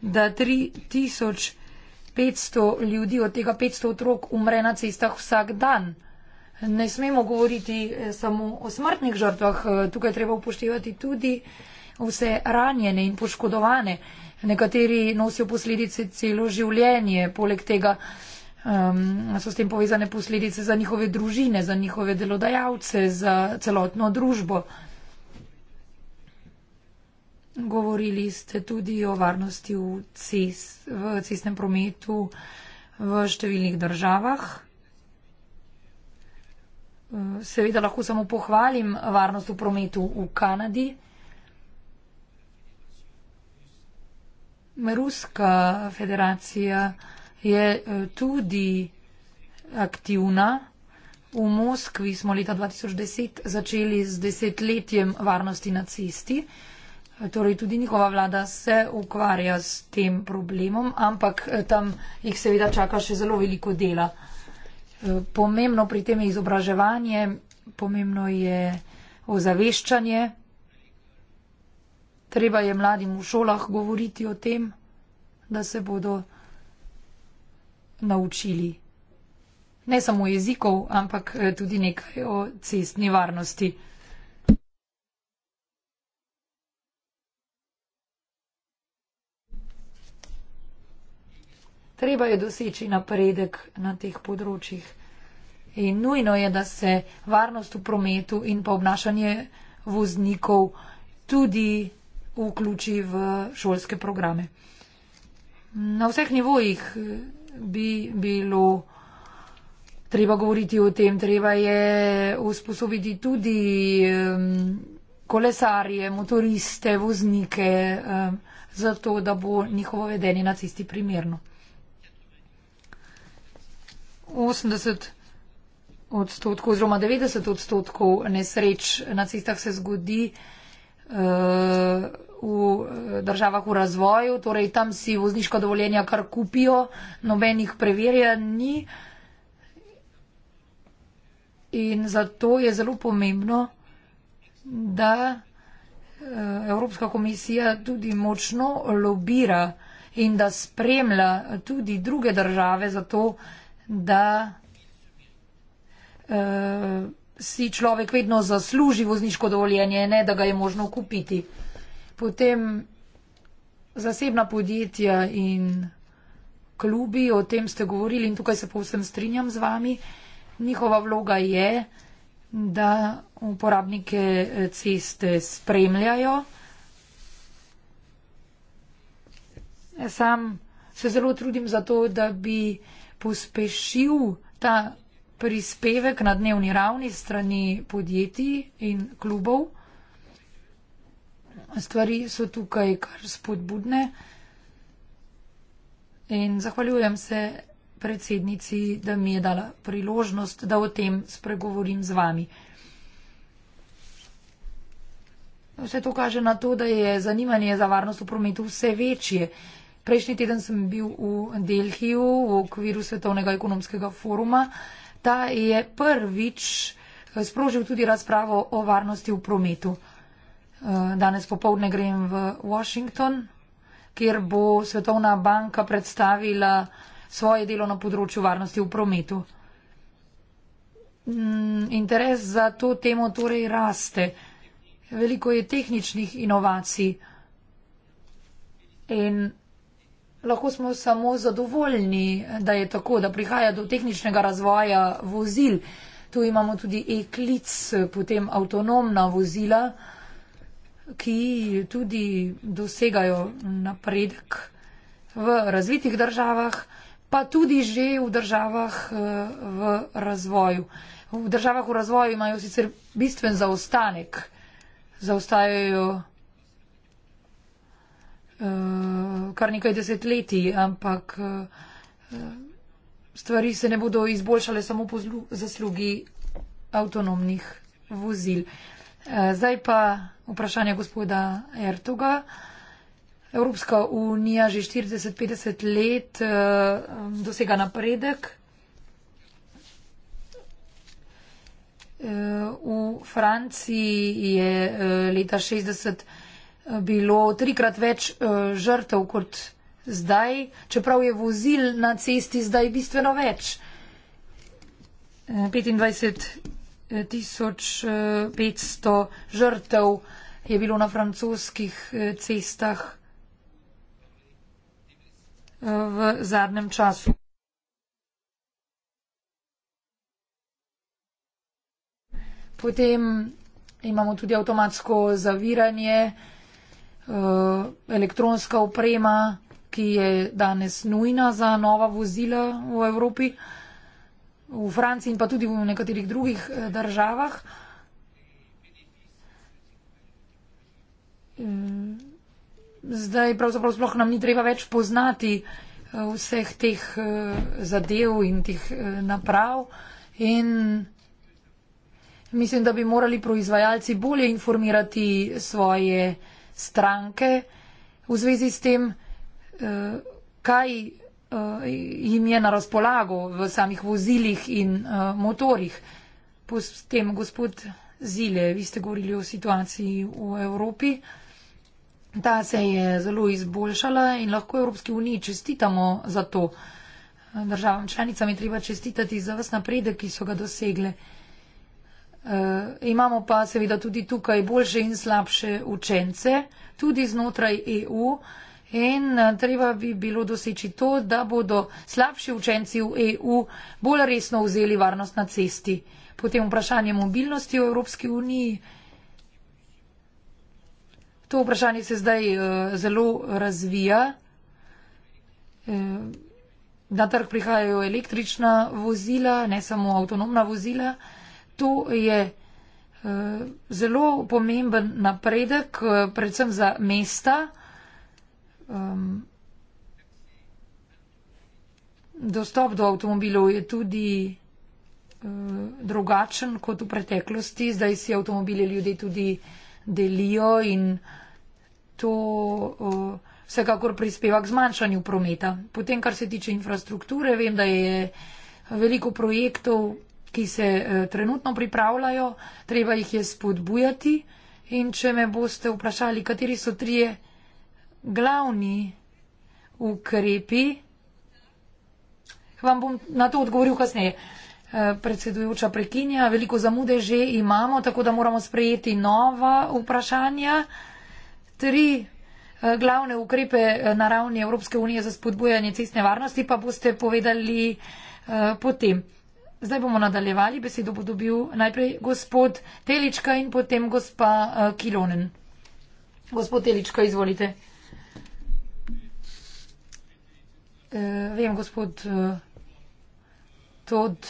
da 3500 ljudi, od tega 500 otrok, umre na cestah vsak dan. Ne smemo govoriti eh, samo o smrtnih žrtvah, eh, tukaj treba upoštevati tudi vse ranjene in poškodovane. Nekateri nosijo posledice celo življenje, poleg tega um, so s tem povezane posledice za njihove družine, za njihove delodajalce, za celotno družbo. Govorili ste tudi o varnosti v, cest, v cestnem prometu v številnih državah. Seveda lahko samo pohvalim varnost v prometu v Kanadi. Ruska federacija je eh, tudi aktivna. V Moskvi smo leta 2010 začeli z desetletjem varnosti na cesti. Torej, tudi njihova vlada se ukvarja s tem problemom, ampak eh, tam jih seveda čaka še zelo veliko dela. Eh, pomembno pri tem je izobraževanje, pomembno je ozaveščanje. Treba je mladim v šolah govoriti o tem, da se bodo naučili ne samo jezikov, ampak eh, tudi nekaj o cestni varnosti. treba je doseči napredek na teh področjih. In nujno je, da se varnost v prometu in pa obnašanje voznikov tudi vključi v šolske programe. Na vseh nivojih eh, bi bilo treba govoriti o tem, treba je usposobiti tudi kolesarje, motoriste, voznike, zato da bo njihovo vedenje na cesti primerno. 80 odstotkov oziroma 90 odstotkov nesreč na cestah se zgodi eh, v eh, državah v razvoju, torej tam si vozniško dovoljenje kar kupijo, nobenih preverjanj ni. In zato je zelo pomembno, da eh, Evropska komisija tudi močno lobira in da spremlja tudi druge države za to, da uh, si človek vedno zasluži vozniško dovoljenje, ne da ga je možno kupiti. Potem zasebna podjetja in klubi, o tem ste govorili in tukaj se povsem strinjam z vami. Njihova vloga je, da uporabnike eh, ceste spremljajo. Sam se zelo trudim za to, da bi uh, pospešil ta prispevek na dnevni ravni strani podjetij in klubov. Stvari so tukaj kar spodbudne in zahvaljujem se predsednici, da mi je dala priložnost, da o tem spregovorim z vami. Vse to kaže na to, da je zanimanje za varnost v prometu vse večje. Prejšnji teden sem bil v Delhiju v okviru Svetovnega ekonomskega foruma. Ta je prvič eh, sprožil tudi razpravo o varnosti v prometu. Eh, danes popovdne grem v Washington, kjer bo Svetovna banka predstavila svoje delo na področju varnosti v prometu. Mm, interes za to temo torej raste. Veliko je tehničnih inovacij. In lahko smo samo zadovoljni, da je tako, da prihaja do tehničnega razvoja vozil. Tu imamo tudi e-klic, potem avtonomna vozila, ki tudi dosegajo napredek v razvitih državah, pa tudi že v državah eh, v razvoju. V državah v razvoju imajo sicer bistven zaostanek, zaostajajo Eh, kar nekaj desetletij, ampak eh, stvari se ne bodo izboljšale samo po zaslugi avtonomnih vozil. Eh, zdaj pa vprašanje gospoda Ertoga. Evropska unija že 40-50 let dosega napredek. V Franciji je leta 60 bilo trikrat več eh, žrtev kot zdaj, čeprav je vozil na cesti zdaj bistveno več. 25 eh, eh, tisoč 500 žrtev je bilo na francoskih cestah v zadnjem času. Potem imamo tudi avtomatsko zaviranje. Eh, elektronska oprema, ki je danes nujna za nova vozila v Evropi, v Franciji in pa tudi v nekaterih drugih eh, državah. Eh, zdaj pravzaprav sploh nam ni treba več poznati vseh teh zadev in teh naprav in mislim, da bi morali proizvajalci bolje informirati svoje uh, stranke v zvezi s tem, eh, kaj eh, jim je na razpolago v samih vozilih in eh, motorjih. Potem, gospod Zile, vi ste govorili o situaciji v Evropi. Ta se je zelo izboljšala in lahko Evropski uniji čestitamo za to. Državam članicam je treba čestitati za vas napredek, ki so ga dosegle. Eh, imamo pa seveda tudi tukaj boljše in slabše učence, tudi znotraj EU. In eh, treba bi bilo doseči to, da bodo slabši učenci v EU bolj resno vzeli varnost na cesti. Potem vprašanje mobilnosti v Evropski uniji. To vprašanje se zdaj eh, zelo razvija. Na trg prihajajo električna vozila, ne samo avtonomna vozila to je eh, zelo pomemben napredek, eh, predvsem za mesta. Ehm, dostop do avtomobilov je tudi eh, drugačen kot v preteklosti. Zdaj si avtomobile ljudje tudi delijo in to vsekakor prispeva k zmanjšanju prometa. Potem, kar se tiče infrastrukture, vem, da je veliko projektov ki se eh, trenutno pripravljajo, treba jih je spodbujati. In če me boste vprašali, kateri so trije glavni ukrepi, vam bom na to odgovoril kasneje. Eh, predsedujoča prekinja, veliko zamude že imamo, tako da moramo sprejeti nova vprašanja. Tri eh, glavne ukrepe na ravni Evropske unije za spodbujanje cestne varnosti pa boste povedali potem. Zdaj bomo nadaljevali. Besedo bo dobil najprej gospod Telička in potem gospa uh, Kilonen. Gospod Telička, izvolite. Uh, vem, gospod uh, Todd,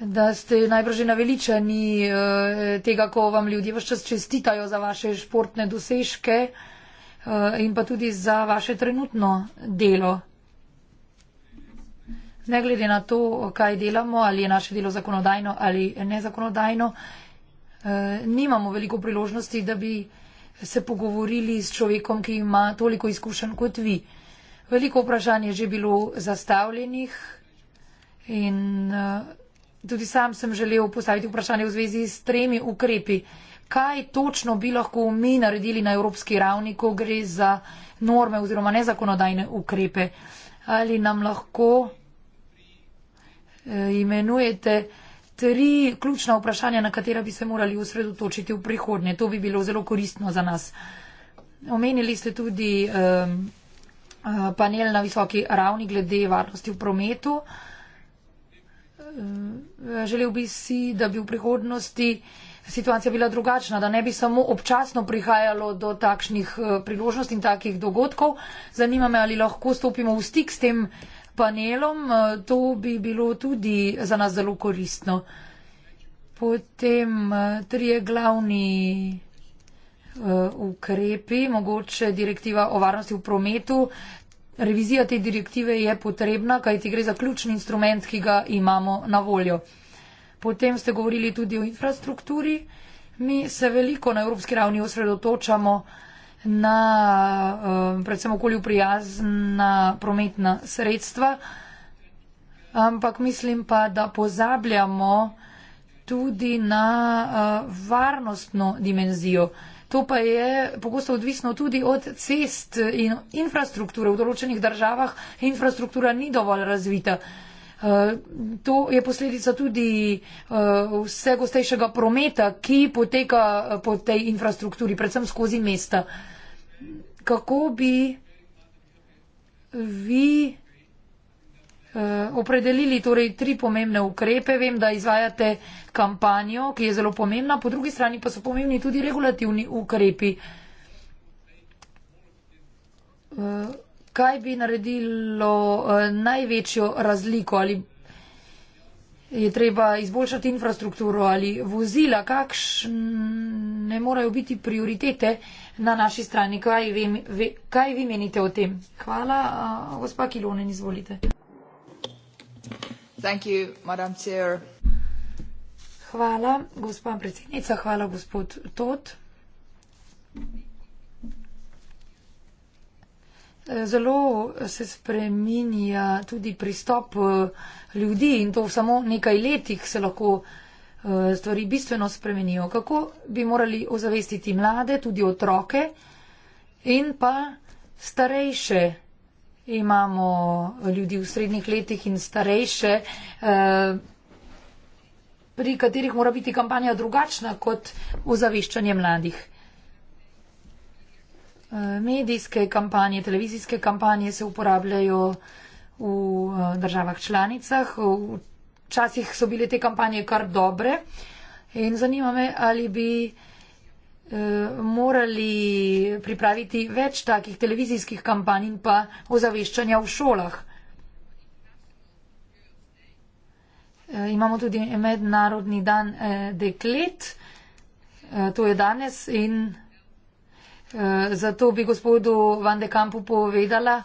da ste najbrž naveličani uh, tega, ko vam ljudje vse čas čestitajo za vaše športne dosežke uh, in pa tudi za vaše trenutno delo. Ne glede na to, kaj delamo, ali je naše delo zakonodajno ali nezakonodajno, eh, nimamo veliko priložnosti, da bi se pogovorili s človekom, ki ima toliko izkušenj kot vi. Veliko vprašanj je že bilo zastavljenih in eh, tudi sam sem želel postaviti vprašanje v zvezi s tremi ukrepi. Kaj točno bi lahko mi naredili na evropski ravni, ko gre za norme oziroma nezakonodajne ukrepe? Ali nam lahko Eh, imenujete tri ključna vprašanja, na katera bi se morali usredotočiti v prihodnje. To bi bilo zelo koristno za nas. Omenili ste tudi ehm, eh, panel na visoki ravni glede varnosti v prometu. Eh, želel bi si, da bi v prihodnosti situacija bila drugačna, da ne bi samo občasno prihajalo do takšnih priložnosti in takih dogodkov. Zanima me, ali lahko stopimo v stik s tem panelom, eh, to bi bilo tudi za nas zelo koristno. Potem eh, trije glavni eh, ukrepi, mogoče direktiva o varnosti v prometu. Revizija te direktive je potrebna, kajti gre za ključni instrument, ki ga imamo na voljo. Potem ste govorili tudi o infrastrukturi. Mi se veliko na evropski ravni osredotočamo na eh, predvsem okolju prijazna prometna sredstva, ampak mislim pa, da pozabljamo tudi na eh, varnostno dimenzijo. To pa je pogosto odvisno tudi od cest in infrastrukture. V določenih državah infrastruktura ni dovolj razvita. Eh, to je posledica tudi vse gostejšega prometa, ki poteka po tej infrastrukturi, predvsem skozi mesta kako bi vi eh, opredelili torej tri pomembne ukrepe. Vem, da izvajate kampanjo, ki je zelo pomembna, po drugi strani pa so pomembni tudi regulativni ukrepi. Eh, kaj bi naredilo eh, največjo razliko ali je treba izboljšati infrastrukturo ali vozila, kakšne morajo biti prioritete, kakšne morajo biti prioritete, na naši strani. Kaj vi, vi, kaj vi menite o tem? Hvala, uh, gospa Kilonen, izvolite. You, hvala, gospa predsednica, hvala, gospod Tod. Zelo se spreminja tudi pristop eh, ljudi in to v samo nekaj letih se lahko uh, Eh, stvari bistveno spremenijo, kako bi morali ozavestiti mlade, tudi otroke in pa starejše. Imamo ljudi v srednjih letih in starejše, eh, pri katerih mora biti kampanja drugačna kot ozaveščanje mladih. Eh, medijske kampanje, televizijske kampanje se uporabljajo v državah članicah, v Včasih so bile te kampanje kar dobre in zanima me, ali bi eh, morali pripraviti več takih televizijskih kampanj in pa ozaveščanja v šolah. Eh, imamo tudi mednarodni dan eh, deklet, eh, to je danes in eh, zato bi gospodu Van de Kampu povedala,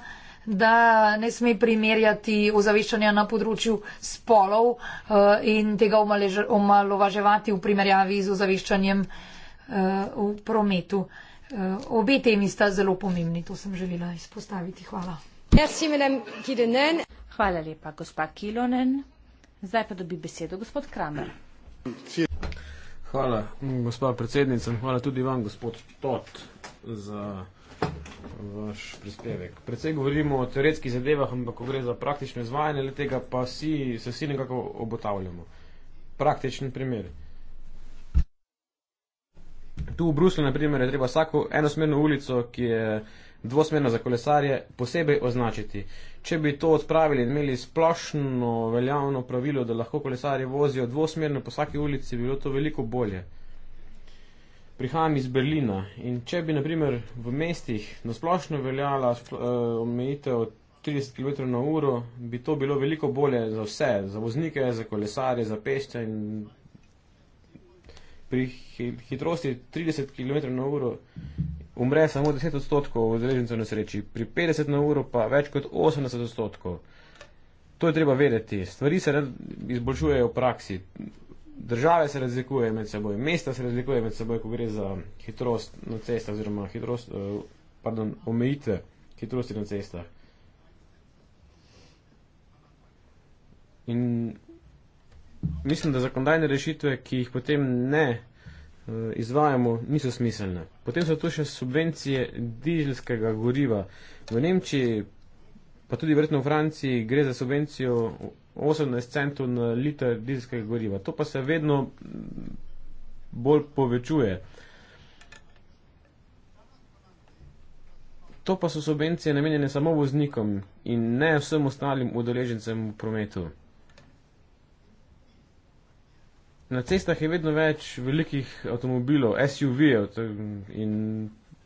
da ne sme primerjati ozaveščanja na področju spolov uh, in tega omalovaževati v primerjavi z ozaveščanjem uh, v prometu. Uh, obe temi sta zelo pomembni, to sem želela izpostaviti. Hvala. Hvala lepa, gospa Kilonen. Zdaj pa dobi besedo gospod Kramer. Hvala, gospa predsednica. Hvala tudi vam, gospod Tot, za vaš prispevek. Predvsej govorimo o teoretskih zadevah, ampak ko gre za praktično izvajanje le tega, pa si, se vsi nekako obotavljamo. Praktičen primer. Tu v Bruslu, na primer, je treba vsako enosmerno ulico, ki je dvosmerna za kolesarje, posebej označiti. Če bi to odpravili in imeli splošno veljavno pravilo, da lahko kolesarje vozijo dvosmerno po vsaki ulici, bi bilo to veliko bolje prihajam iz Berlina in če bi naprimer v mestih nasplošno veljala eh, omejitev 30 km na uro, bi to bilo veliko bolje za vse, za voznike, za kolesarje, za pešce in pri hitrosti 30 km na uro umre samo 10 odstotkov odrežencev nesreči, pri 50 na uro pa več kot 80 odstotkov. To je treba vedeti. Stvari se izboljšujejo v praksi države se razlikujejo med seboj, mesta se razlikujejo med seboj, ko gre za hitrost na cestah oziroma hitrost, eh, pardon, omejitve hitrosti na cestah. In mislim, da zakonodajne rešitve, ki jih potem ne eh, izvajamo, niso smiselne. Potem so tu še subvencije dizelskega goriva. V Nemčiji, pa tudi verjetno v Franciji, gre za subvencijo 18 centov na liter dizelskega goriva. To pa se vedno bolj povečuje. To pa so subvencije namenjene samo voznikom in ne vsem ostalim udeležencem v prometu. Na cestah je vedno več velikih avtomobilov, SUV-jev, in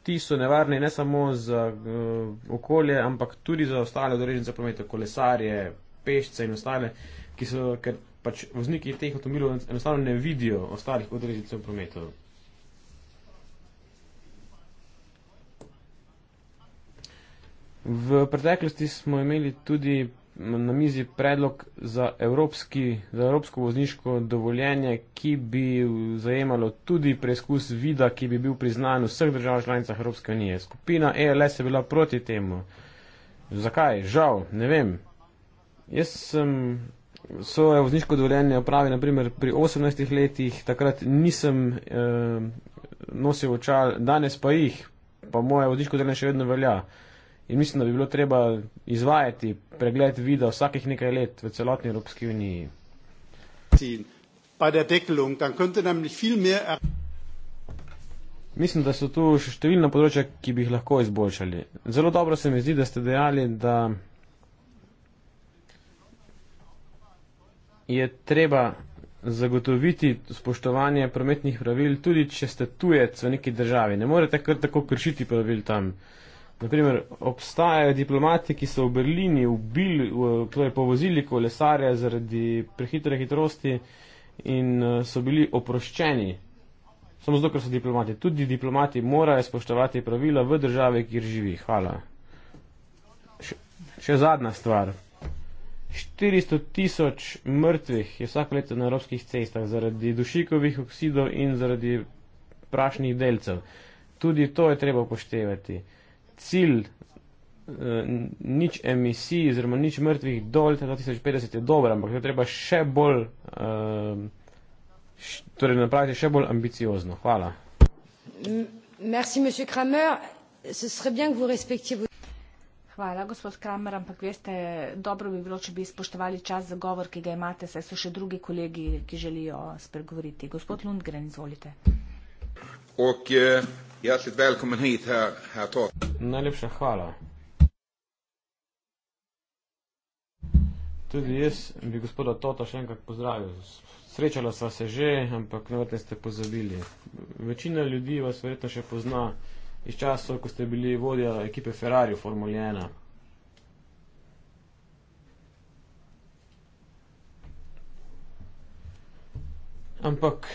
ti so nevarni ne samo za uh, okolje, ampak tudi za ostale udeležence prometa, kolesarje, pešce in ostale, ki so, ker pač vozniki teh avtomobilov enostavno ne vidijo ostalih udeležitev v prometu. V preteklosti smo imeli tudi na mizi predlog za, evropski, za evropsko vozniško dovoljenje, ki bi zajemalo tudi preizkus vida, ki bi bil priznan v vseh državah članicah Evropske unije. Skupina ELS je bila proti temu. Zakaj? Žal, ne vem. Jaz sem svoje vozniško dovoljenje opravil, naprimer pri 18 letih, takrat nisem eh, nosil očal, danes pa jih, pa moje vozniško dovoljenje še vedno velja. In mislim, da bi bilo treba izvajati pregled vida vsakih nekaj let v celotni Evropski uniji. Er- mislim, da so tu številna področja, ki bi jih lahko izboljšali. Zelo dobro se mi zdi, da ste dejali, da je treba zagotoviti spoštovanje prometnih pravil, tudi če ste tujec v neki državi. Ne morete kar tako kršiti pravil tam. Naprimer, obstajajo diplomati, ki so v Berlini ubili, to torej je povozili kolesarja zaradi prehitre hitrosti in eh, so bili oproščeni. Samo zato, ker so diplomati. Tudi diplomati morajo spoštovati pravila v državi, kjer živi. Hvala. Še, še zadnja stvar. 400 tisoč mrtvih je vsako leto na evropskih cestah zaradi dušikovih oksidov in zaradi prašnih delcev. Tudi to je treba upoštevati. Cilj eh, nič emisij oziroma nič mrtvih do leta 2050 je dober, ampak je treba še bolj, eh, torej napraviti še bolj ambiciozno. Hvala. Merci, monsieur Kramer. Ce serait bien que vous respectiez vos... Hvala, gospod Kramer, ampak veste, dobro bi bilo, če bi spoštovali čas za govor, ki ga imate, saj so še drugi kolegi, ki želijo spregovoriti. Gospod Lundgren, izvolite. Ok, ja se veliko menite, a to. Najlepša hvala. Tudi jaz bi gospoda Tota še enkrat pozdravil. Srečala sva se že, ampak ne ste pozabili. Večina ljudi vas verjetno še pozna iz časov, ko ste bili vodja ekipe Ferrari v Formuli 1. Ampak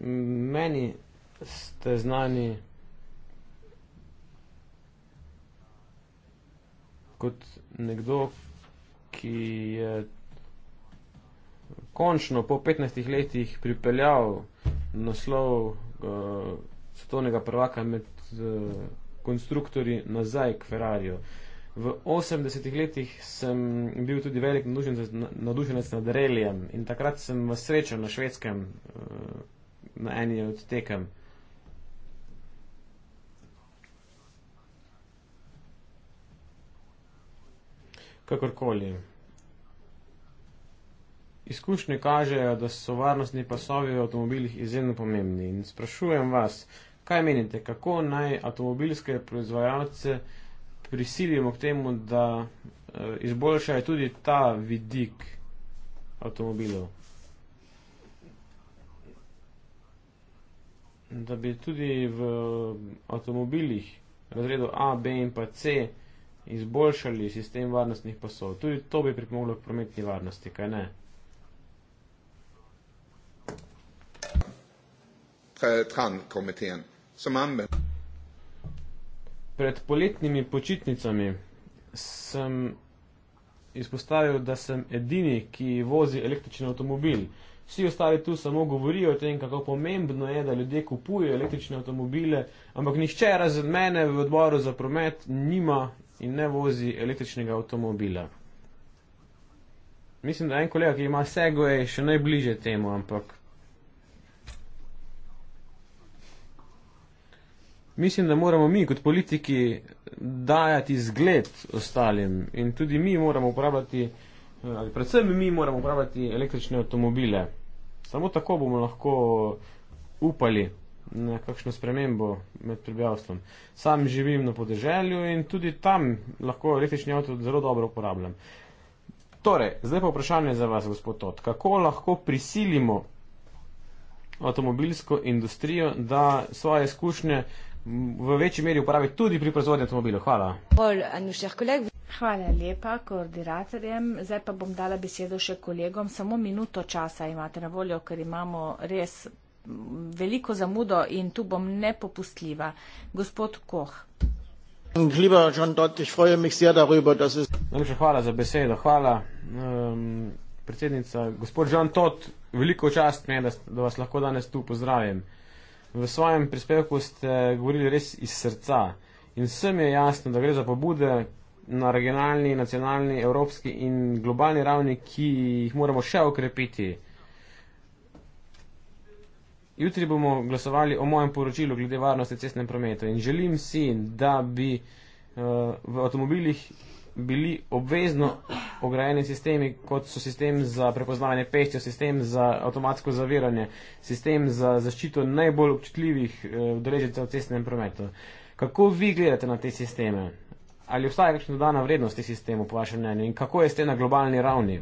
meni ste znani kot nekdo, ki je končno po 15 letih pripeljal naslov uh, svetovnega prvaka med uh, eh, konstruktori nazaj k Ferrariju. V 80-ih letih sem bil tudi velik nadušenec nad Relijem in takrat sem v srečo na švedskem uh, na eni od tekem. Kakorkoli. Izkušnje kažejo, da so varnostni pasovi v avtomobilih izjemno pomembni in sprašujem vas, uh, Kaj menite, kako naj avtomobilske proizvajalce prisilimo k temu, da eh, izboljšajo tudi ta vidik avtomobilov? Da bi tudi v avtomobilih razredu A, B in pa C izboljšali sistem varnostnih pasov. Tudi to bi pripomoglo k prometni varnosti, kaj ne? Trankomiteen sem Amber. Pred poletnimi počitnicami sem izpostavil, da sem edini, ki vozi električni avtomobil. Vsi ostali tu samo govorijo o tem, kako pomembno je, da ljudje kupujejo električne avtomobile, ampak nihče razen mene v odboru za promet nima in ne vozi električnega avtomobila. Mislim, da en kolega, ki ima Segway, je še najbliže temu, ampak mislim, da moramo mi kot politiki dajati zgled ostalim in tudi mi moramo uporabljati, eh, ali predvsem mi moramo uporabljati električne avtomobile. Samo tako bomo lahko upali na kakšno spremembo med prebivalstvom. Sam živim na podeželju in tudi tam lahko električni avto zelo dobro uporabljam. Torej, zdaj pa vprašanje za vas, gospod Tot. Kako lahko prisilimo avtomobilsko industrijo, da svoje izkušnje v večji meri uporabiti tudi pri proizvodnji avtomobilov. Hvala. Eh, hvala lepa koordinatorjem. Zdaj pa bom dala besedo še kolegom. Samo minuto časa imate na voljo, ker imamo res mm, veliko zamudo in tu bom nepopustljiva. Gospod Koh. Najlepša hvala za besedo. Hvala, um, predsednica. Gospod Žan Tot, veliko čast mi je, da, da vas lahko danes tu pozdravim. V svojem prispevku ste govorili res iz srca in vsem je jasno, da gre za pobude na regionalni, nacionalni, evropski in globalni ravni, ki jih moramo še okrepiti. Jutri bomo glasovali o mojem poročilu glede varnosti cestnem prometu in želim si, da bi uh, v avtomobilih bili obvezno ograjeni sistemi, kot so sistem za prepoznavanje pešcev, sistem za avtomatsko zaviranje, sistem za zaščito najbolj občutljivih eh, udeležencev v cestnem prometu. Kako vi gledate na te sisteme? Ali obstaja kakšna dodana vrednost te sistemu, po vašem mnenju, in kako je s tem na globalni ravni?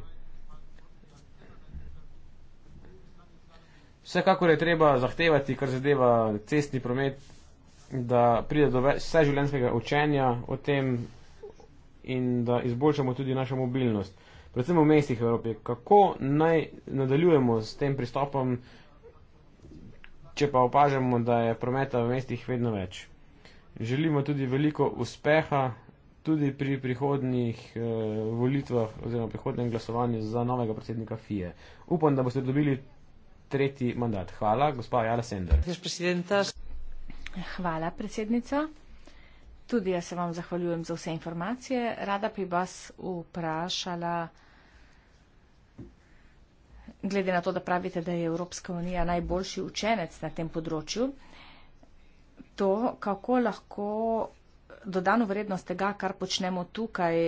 Vsekakor je treba zahtevati, kar zadeva cestni promet, da pride do vse življenjskega učenja o tem, in da izboljšamo tudi našo mobilnost, predvsem v mestih Evrope. Kako naj nadaljujemo s tem pristopom, če pa opažamo, da je prometa v mestih vedno več? Želimo tudi veliko uspeha tudi pri prihodnih eh, volitvah oziroma prihodnem glasovanju za novega predsednika FIE. Upam, da boste dobili tretji mandat. Hvala, gospa Jara Sender. Hvala, predsednica. Tudi jaz se vam zahvaljujem za vse informacije. Rada bi vas vprašala, glede na to, da pravite, da je Evropska unija najboljši učenec na tem področju, to, kako lahko dodano vrednost tega, kar počnemo tukaj,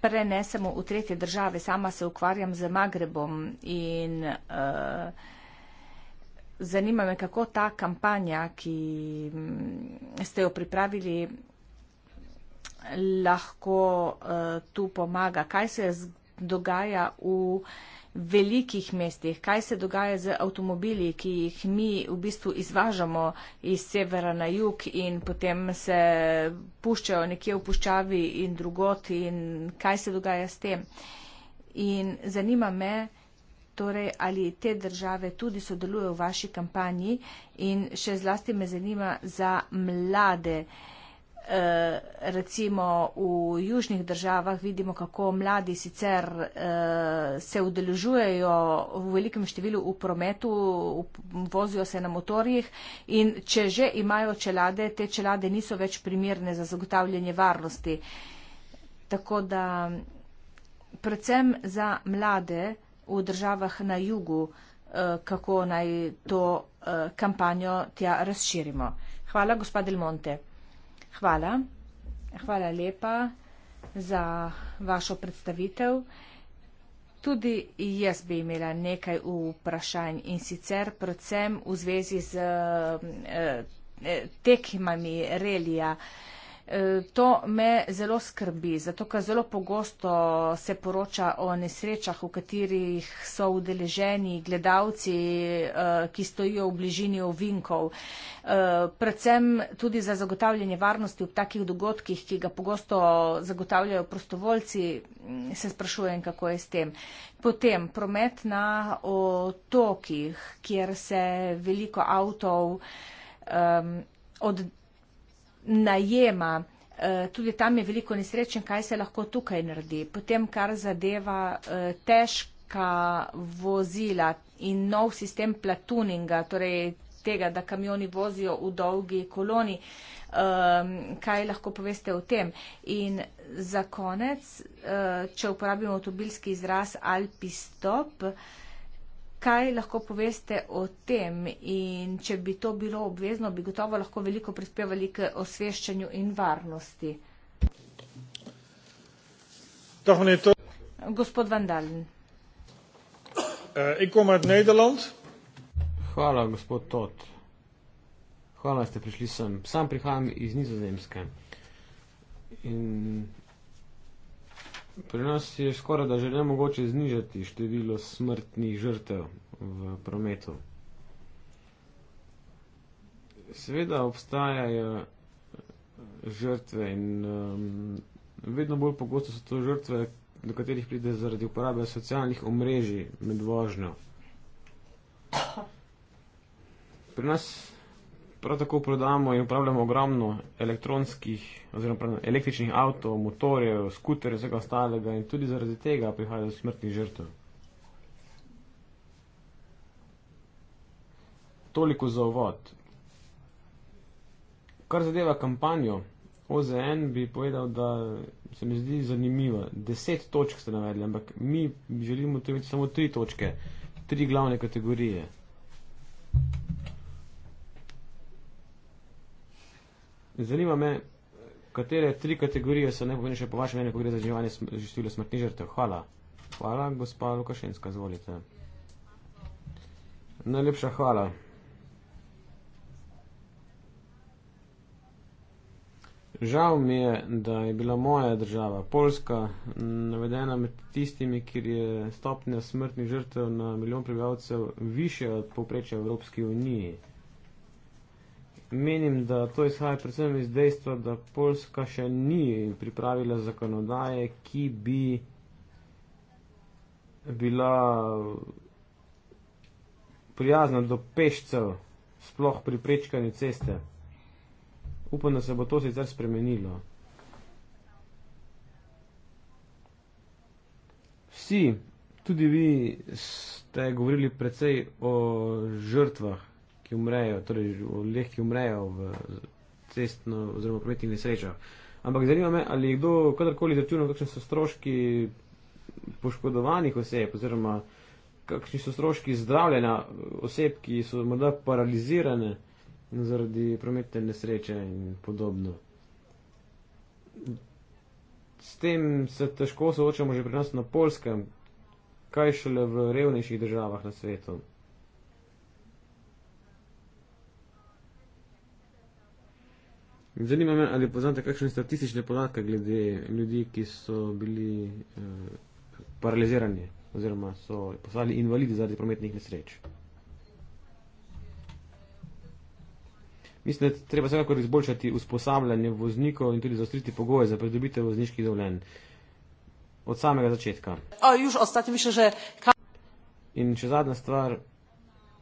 prenesemo v tretje države. Sama se ukvarjam z Magrebom in uh, zanima me, kako ta kampanja, ki ste jo pripravili, lahko eh, tu pomaga, kaj se dogaja v velikih mestih, kaj se dogaja z avtomobili, ki jih mi v bistvu izvažamo iz severa na jug in potem se puščajo nekje v puščavi in drugot in kaj se dogaja s tem. In zanima me, torej, ali te države tudi sodelujo v vaši kampanji in še zlasti me zanima za mlade. Uh, Eh, recimo v južnih državah vidimo, kako mladi sicer eh, se udeležujejo v velikem številu v prometu, vozijo se na motorjih in če že imajo čelade, te čelade niso več primirne za zagotavljanje varnosti. Tako da predvsem za mlade v državah na jugu, eh, kako naj to kampanjo tja razširimo. Hvala, gospod Del Monte. Hvala. Hvala lepa za vašo predstavitev. Tudi jaz bi imela nekaj vprašanj in sicer predvsem v zvezi z eh, eh tekmami relija. Eh, E, to me zelo skrbi, zato ker zelo pogosto se poroča o nesrečah, v katerih so udeleženi gledalci, e, ki stojijo v bližini ovinkov. E, predvsem tudi za zagotavljanje varnosti v takih dogodkih, ki ga pogosto zagotavljajo prostovoljci, se sprašujem, kako je s tem. Potem promet na otokih, kjer se veliko avtov. Um, od, najema. Eh, tudi tam je veliko nesrečen, kaj se lahko tukaj naredi. Potem, kar zadeva eh, težka vozila in nov sistem platuninga, torej tega, da kamioni vozijo v dolgi koloni, ehm, kaj lahko poveste o tem. In za konec, eh, če uporabimo avtobilski izraz Alpi Stop, Kaj lahko poveste o tem in če bi to bilo obvezno, bi gotovo lahko veliko prispevali k osveščanju in varnosti? Gospod Vandalen. Eh, ik kom uit Nederland. Hvala, gospod Todd. Hvala, da ste prišli sem. Sam prihajam iz Nizozemske. In Pri nas je skoraj da že ne mogoče znižati število smrtnih žrtev v prometu. Seveda obstajajo žrtve in um, vedno bolj pogosto so to žrtve, do katerih pride zaradi uporabe socialnih omrežij med vožnjo. Pri nas Prav tako prodajamo in upravljamo ogromno elektronskih oziroma pravno, električnih avto, motorjev, skuterjev, vsega ostalega in tudi zaradi tega prihaja do smrtnih žrtev. Toliko za ovod. Kar zadeva kampanjo OZN, bi povedal, da se mi zdi zanimiva. Deset točk ste navedli, ampak mi želimo to imeti samo tri točke, tri glavne kategorije. Zanima me, katere tri kategorije so najpomembnejše po vašem mnenju, ko gre za zniževanje števila smrtnih žrtev? Hvala. Hvala, gospa Lukašenska, izvolite. Najlepša hvala. Žal mi je, da je bila moja država, Poljska, navedena med tistimi, kjer je stopnja smrtnih žrtev na milijon prebivalcev više od povprečja Evropske unije. Menim, da to izhaja predvsem iz dejstva, da Poljska še ni pripravila zakonodaje, ki bi bila prijazna do pešcev, sploh pri prečkanju ceste. Upam, da se bo to sicer spremenilo. Vsi, tudi vi, ste govorili precej o žrtvah ki umrejo, torej v ljudeh, ki umrejo v cestno oziroma prometnih nesrečah. Ampak zanima me, ali je kdo kadarkoli izračunal, kakšni so stroški poškodovanih oseb oziroma kakšni so stroški zdravljena oseb, ki so morda paralizirane zaradi prometne nesreče in podobno. S tem se težko soočamo že pri nas na polskem, kaj šele v revnejših državah na svetu. Zanima me, ali poznate kakšne statistične podatke glede ljudi, ki so bili eh, paralizirani oziroma so postali invalidi zaradi prometnih nesreč. Mislim, da treba vsekako izboljšati usposabljanje voznikov in tudi zaostriti pogoje za pridobitev vozniških dovoljenj. Od samega začetka. In še zadnja stvar.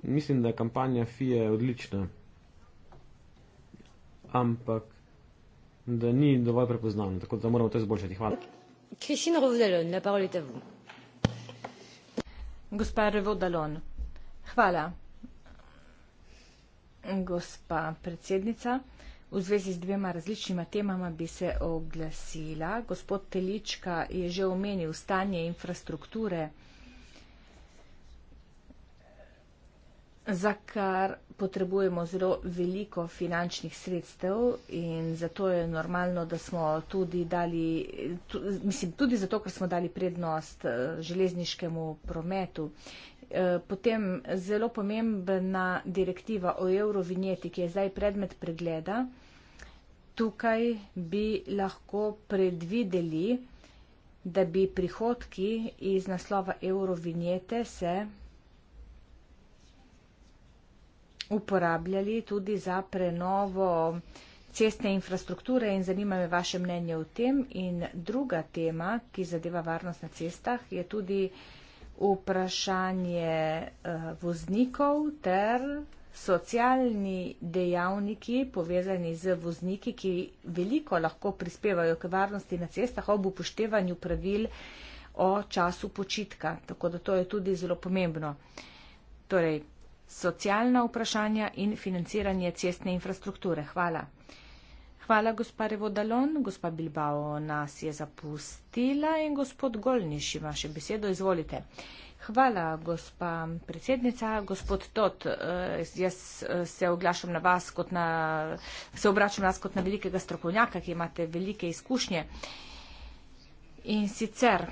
Mislim, da je kampanja FIA e odlična ampak da ni dovolj prepoznano, tako da moramo to izboljšati. Hvala. Kristina Rovdalon, na parole te vam. Gospa Rovdalon, hvala. Gospa predsednica, v zvezi s dvema različnima temama bi se oglasila. Gospod Telička je že omenil stanje infrastrukture. za kar potrebujemo zelo veliko finančnih sredstev in zato je normalno, da smo tudi dali, tu, mislim, tudi zato, ker smo dali prednost eh, železniškemu prometu. Eh, potem zelo pomembna direktiva o eurovinjeti, ki je zdaj predmet pregleda, tukaj bi lahko predvideli, da bi prihodki iz naslova eurovinjete se uporabljali tudi za prenovo cestne infrastrukture in zanima me vaše mnenje o tem. In druga tema, ki zadeva varnost na cestah, je tudi vprašanje eh, voznikov ter socialni dejavniki povezani z vozniki, ki veliko lahko prispevajo k varnosti na cestah ob upoštevanju pravil o času počitka. Tako da to je tudi zelo pomembno. Torej, socialna vprašanja in financiranje cestne infrastrukture. Hvala. Hvala, gospa Revodalon. Gospa Bilbao nas je zapustila in gospod Golniš ima še besedo. Izvolite. Hvala, gospa predsednica. Gospod Tot, eh, jaz eh, se oglašam na vas kot na, se obračam na vas kot na velikega strokovnjaka, ki imate velike izkušnje. In sicer,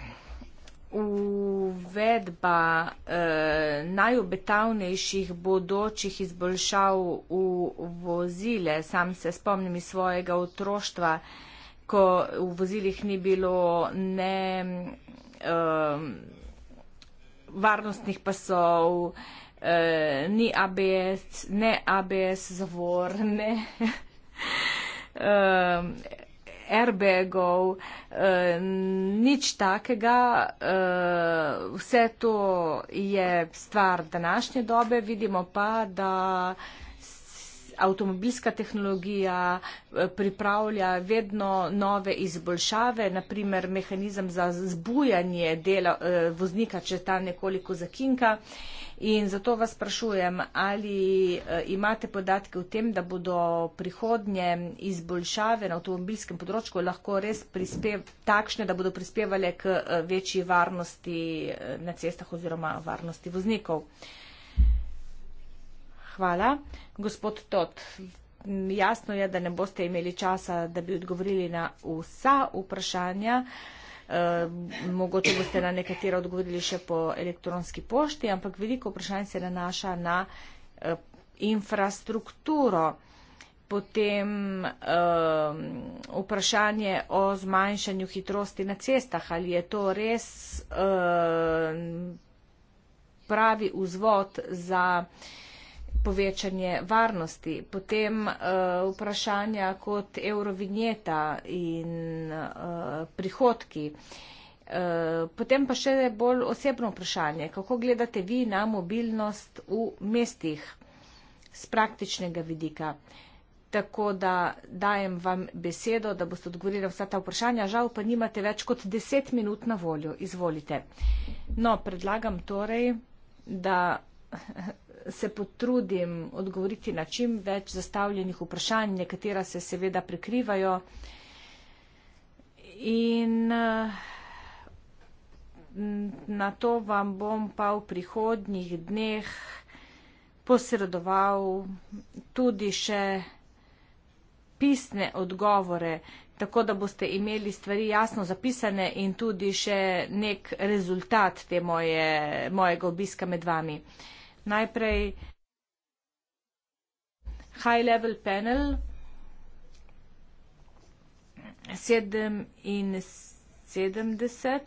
uvedba eh, najobetavnejših bodočih izboljšav v vozile. Sam se spomnim iz svojega otroštva, ko v vozilih ni bilo ne eh, varnostnih pasov, eh, ni ABS, ne ABS zvor, ne. eh, airbagov, eh, nič takega. Eh, vse to je stvar današnje dobe, vidimo pa, da avtomobilska tehnologija eh, pripravlja vedno nove izboljšave, naprimer mehanizem za zbujanje dela eh, voznika, če ta nekoliko zakinka. In zato vas sprašujem, ali eh, imate podatke o tem, da bodo prihodnje izboljšave na avtomobilskem področju lahko res takšne, da bodo prispevale k večji varnosti na cestah oziroma varnosti voznikov. Hvala. Gospod Tot, jasno je, da ne boste imeli časa, da bi odgovorili na vsa vprašanja. Eh, mogoče boste na nekatera odgovorili še po elektronski pošti, ampak veliko vprašanj se nanaša na eh, infrastrukturo. Potem um, vprašanje o zmanjšanju hitrosti na cestah, ali je to res um, pravi vzvod za uh, povečanje varnosti, potem uh, vprašanja kot eurovinjeta in uh, prihodki, uh, potem pa še bolj osebno vprašanje, kako gledate vi na mobilnost v mestih z praktičnega vidika. Tako da dajem vam besedo, da boste odgovorili vsa ta vprašanja. Žal pa nimate več kot deset minut na voljo. Izvolite. No, predlagam torej, da se potrudim odgovoriti na čim več zastavljenih vprašanj, nekatera se seveda prekrivajo. In eh, na to vam bom pa v prihodnjih dneh posredoval tudi še pisne odgovore, tako da boste imeli stvari jasno zapisane in tudi še nek rezultat te moje, mojega obiska med vami. Uh, najprej high level panel sedem in sedemdeset.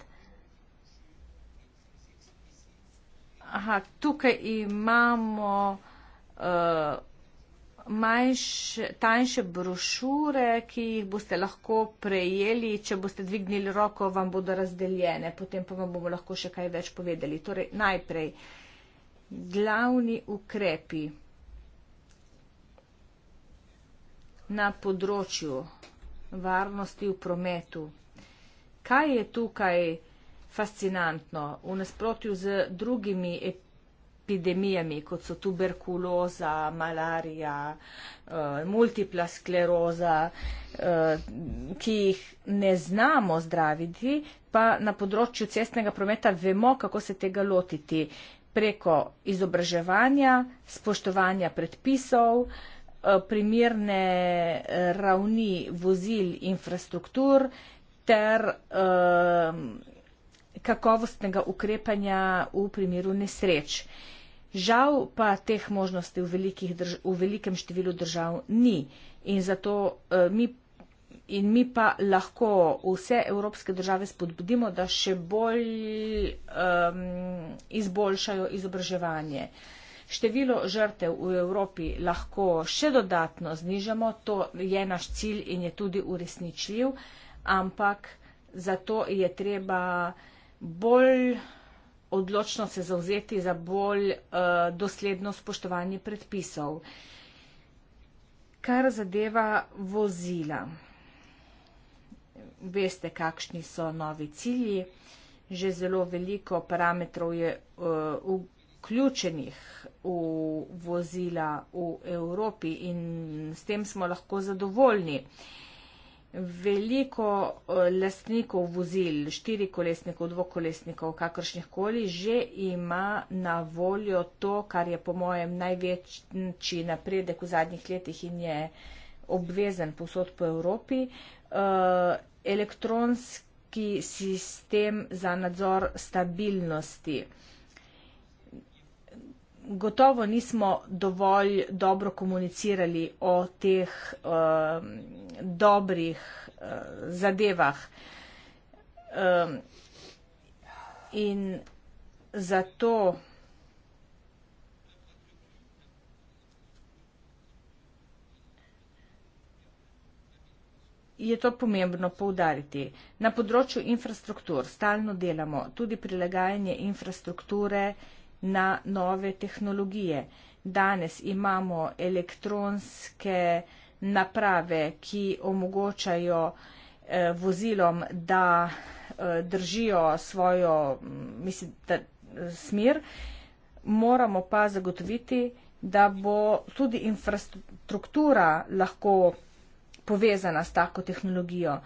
Aha, tukaj imamo uh, manjše, tanjše brošure, ki jih boste lahko prejeli, če boste dvignili roko, vam bodo razdeljene, potem pa vam bomo lahko še kaj več povedali. Torej, najprej uh, glavni ukrepi na področju varnosti v prometu. Kaj je tukaj fascinantno v nasprotju z drugimi epidemijami, kot so tuberkuloza, malarija, eh, multipla skleroza, eh, ki jih ne znamo zdraviti, pa na področju cestnega prometa vemo, kako se tega lotiti preko izobraževanja, spoštovanja predpisov, eh, primerne eh, ravni vozil infrastruktur ter eh, kakovostnega ukrepanja v primeru nesreč. Žal pa teh možnosti v, velikih, v velikem številu držav ni in zato mi in mi pa lahko vse evropske države spodbudimo, da še bolj um, izboljšajo izobraževanje. Število žrtev v Evropi lahko še dodatno znižamo, to je naš cilj in je tudi uresničljiv, ampak zato je treba bolj odločno se zauzeti za bolj uh, dosledno spoštovanje predpisov. Kar zadeva vozila veste, kakšni so novi cilji. Že zelo veliko parametrov je uh, vključenih v vozila v Evropi in s tem smo lahko zadovoljni. Veliko uh, lastnikov vozil, štirikolesnikov, dvokolesnikov, kakršnih koli, že ima na voljo to, kar je po mojem največji napredek v zadnjih letih in je obvezen posod po Evropi, Eh, elektronski sistem za nadzor stabilnosti. Gotovo nismo dovolj dobro komunicirali o teh uh, dobrih uh, zadevah. Uh, in zato je to pomembno poudariti. Na področju infrastruktur stalno delamo tudi prilagajanje infrastrukture na nove tehnologije. Danes imamo elektronske naprave, ki omogočajo eh, vozilom, da eh, držijo svojo mislim, da, smer. Moramo pa zagotoviti, da bo tudi infrastruktura lahko povezana s tako tehnologijo.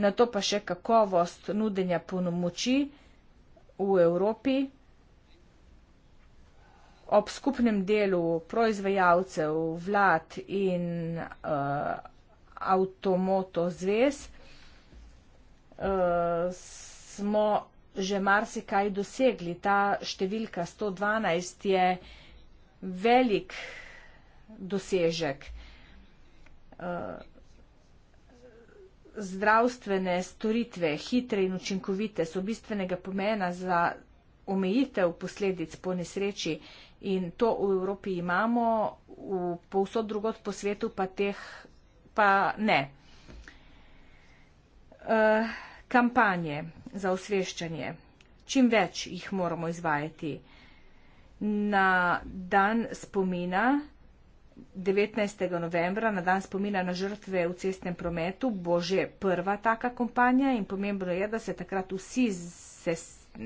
Na to pa še kakovost nudenja pomoči v Evropi ob skupnem delu proizvajalcev, vlad in uh, avtomoto zvez uh, smo že marsikaj dosegli. Ta številka 112 je velik dosežek. Uh, zdravstvene storitve, hitre in učinkovite, so bistvenega pomena za omejitev posledic po nesreči in to v Evropi imamo, v povsod drugot po svetu pa teh pa ne. E, kampanje za osveščanje. Čim več jih moramo izvajati. Na dan spomina 19. novembra, na dan spomina na žrtve v cestnem prometu, bo že prva taka kampanja in pomembno je, da se takrat vsi se, eh,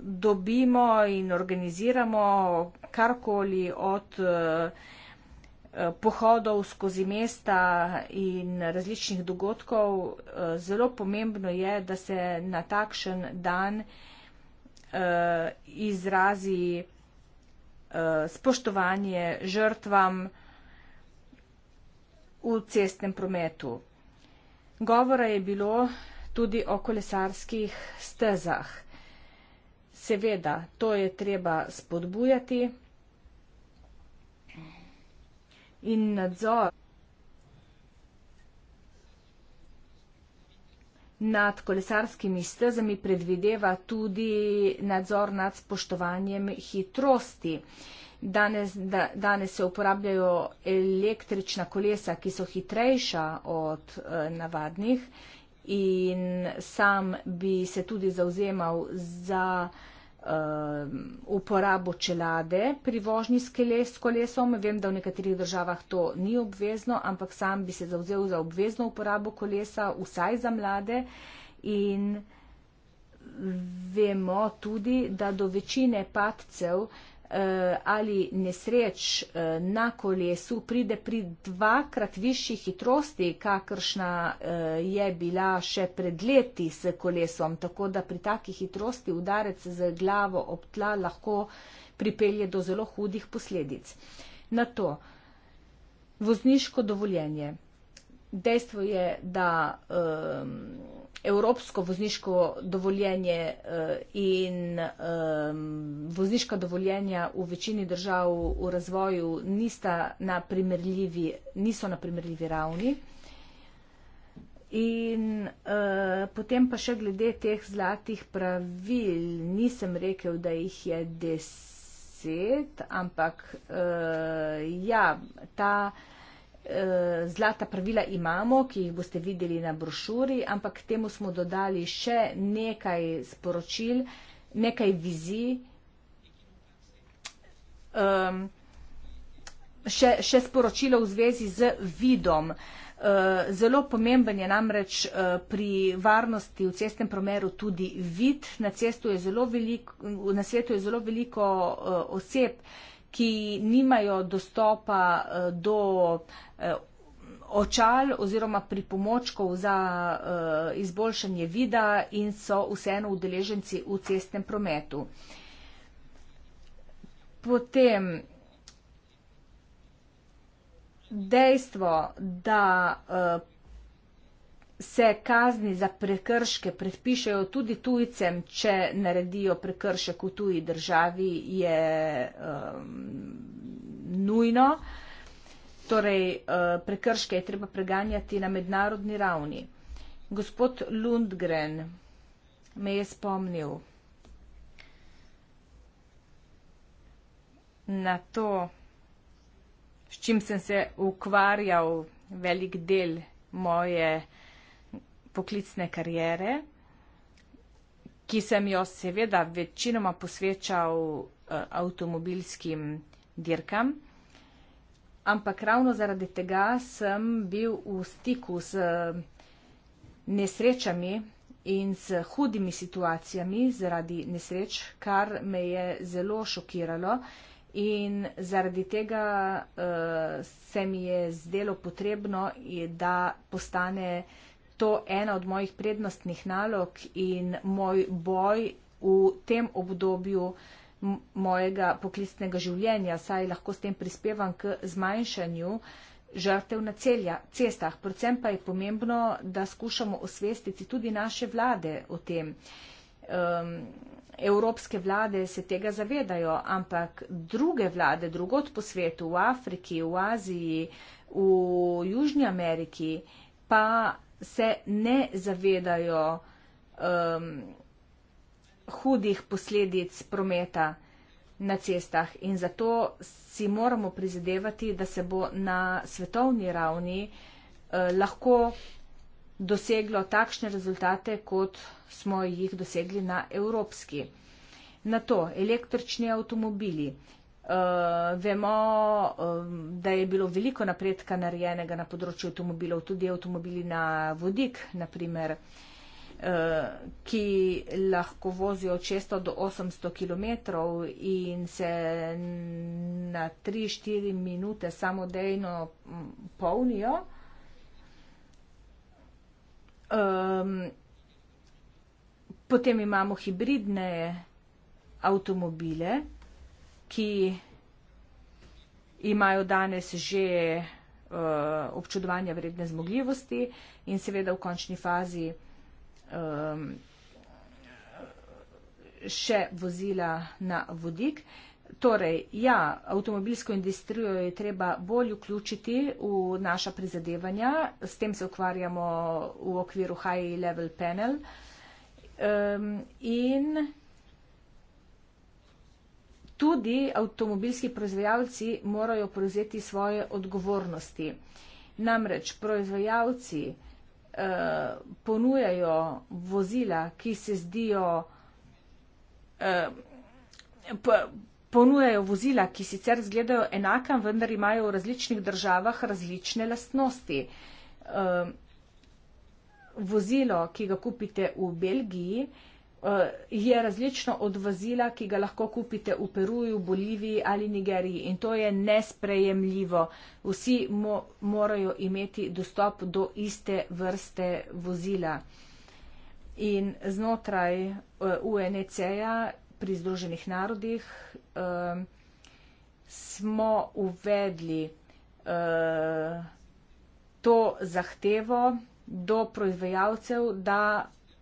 dobimo in organiziramo karkoli od eh, pohodov skozi mesta in različnih dogodkov. Eh, zelo pomembno je, da se na takšen dan izrazi Eh, spoštovanje žrtvam v cestnem prometu. Govora je bilo tudi o kolesarskih stezah. Seveda, to je treba spodbujati in nadzor. nad kolesarskimi stezami predvideva tudi nadzor nad spoštovanjem hitrosti. Danes, da, danes se uporabljajo električna kolesa, ki so hitrejša od e, navadnih in sam bi se tudi zauzemal za Um, uporabo čelade pri vožnji s, keles, s kolesom. Vem, da v nekaterih državah to ni obvezno, ampak sam bi se zauzel za obvezno uporabo kolesa, vsaj za mlade. In vemo tudi, da do večine padcev Eh, ali nesreč eh, na kolesu pride pri dvakrat višji hitrosti, kakršna eh, je bila še pred leti s kolesom, tako da pri taki hitrosti udarec z glavo ob tla lahko pripelje do zelo hudih posledic. Na to, vozniško dovoljenje dejstvo je, da um, evropsko vozniško dovoljenje uh, in um, vozniška dovoljenja v večini držav v razvoju na niso na primerljivi ravni. In uh, potem pa še glede teh zlatih pravil, nisem rekel, da jih je deset, ampak uh, ja, ta. Eh, zlata pravila imamo, ki jih boste videli na brošuri, ampak temu smo dodali še nekaj sporočil, nekaj vizij, ehm, še, še sporočilo v zvezi z vidom. Eh, zelo pomemben je namreč eh, pri varnosti v cestnem promeru tudi vid. Na, je veliko, na svetu je zelo veliko oseb, ki nimajo dostopa eh, do eh, očal oziroma pripomočkov za eh, izboljšanje vida in so vseeno udeleženci v cestnem prometu. Potem dejstvo, da se kazni za prekrške predpišajo tudi tujcem, če naredijo prekršek v tuji državi, je um, nujno. Torej, uh, prekrške je treba preganjati na mednarodni ravni. Gospod Lundgren me je spomnil na to, s čim sem se ukvarjal velik del moje poklicne kariere, ki sem jo seveda večinoma posvečal eh, avtomobilskim dirkam, ampak ravno zaradi tega sem bil v stiku z nesrečami in z hudimi situacijami zaradi nesreč, kar me je zelo šokiralo. In zaradi tega uh, se mi je zdelo potrebno, da postane to ena od mojih prednostnih nalog in moj boj v tem obdobju mojega poklicnega življenja, saj lahko s tem prispevam k zmanjšanju žrtev na celja, cestah. Predvsem pa je pomembno, da skušamo osvestiti tudi naše vlade o tem. Um, evropske vlade se tega zavedajo, ampak druge vlade drugot po svetu, v Afriki, v Aziji, v Južnji Ameriki, pa se ne zavedajo um, hudih posledic prometa na cestah. In zato si moramo prizadevati, da se bo na svetovni ravni uh, lahko doseglo takšne rezultate, kot smo jih dosegli na evropski. Na to električni avtomobili. Uh, vemo, um, da je bilo veliko napredka narejenega na področju avtomobilov, tudi avtomobili na vodik, naprimer, uh, eh, ki lahko vozijo od 600 do 800 km in se na 3-4 minute samodejno mm, polnijo. Um, potem imamo hibridne avtomobile ki imajo danes že uh, občudovanja vredne zmogljivosti in seveda v končni fazi um, še vozila na vodik. Torej, ja, avtomobilsko industrijo je treba bolj vključiti v naša prizadevanja, s tem se ukvarjamo v okviru High Level Panel. Um, in tudi avtomobilski proizvajalci morajo prevzeti svoje odgovornosti. Namreč proizvajalci eh, ponujajo vozila, ki se zdijo. Eh, Ponujajo vozila, ki sicer izgledajo enaka, vendar imajo v različnih državah različne lastnosti. Eh, vozilo, ki ga kupite v Belgiji, Eh, je različno od vazila, ki ga lahko kupite v Peruju, Boliviji ali Nigeriji. In to je nesprejemljivo. Vsi mo morajo imeti dostop do iste vrste vozila. In znotraj eh, UNEC-a pri Združenih narodih uh, smo uvedli uh, to zahtevo do proizvajalcev, da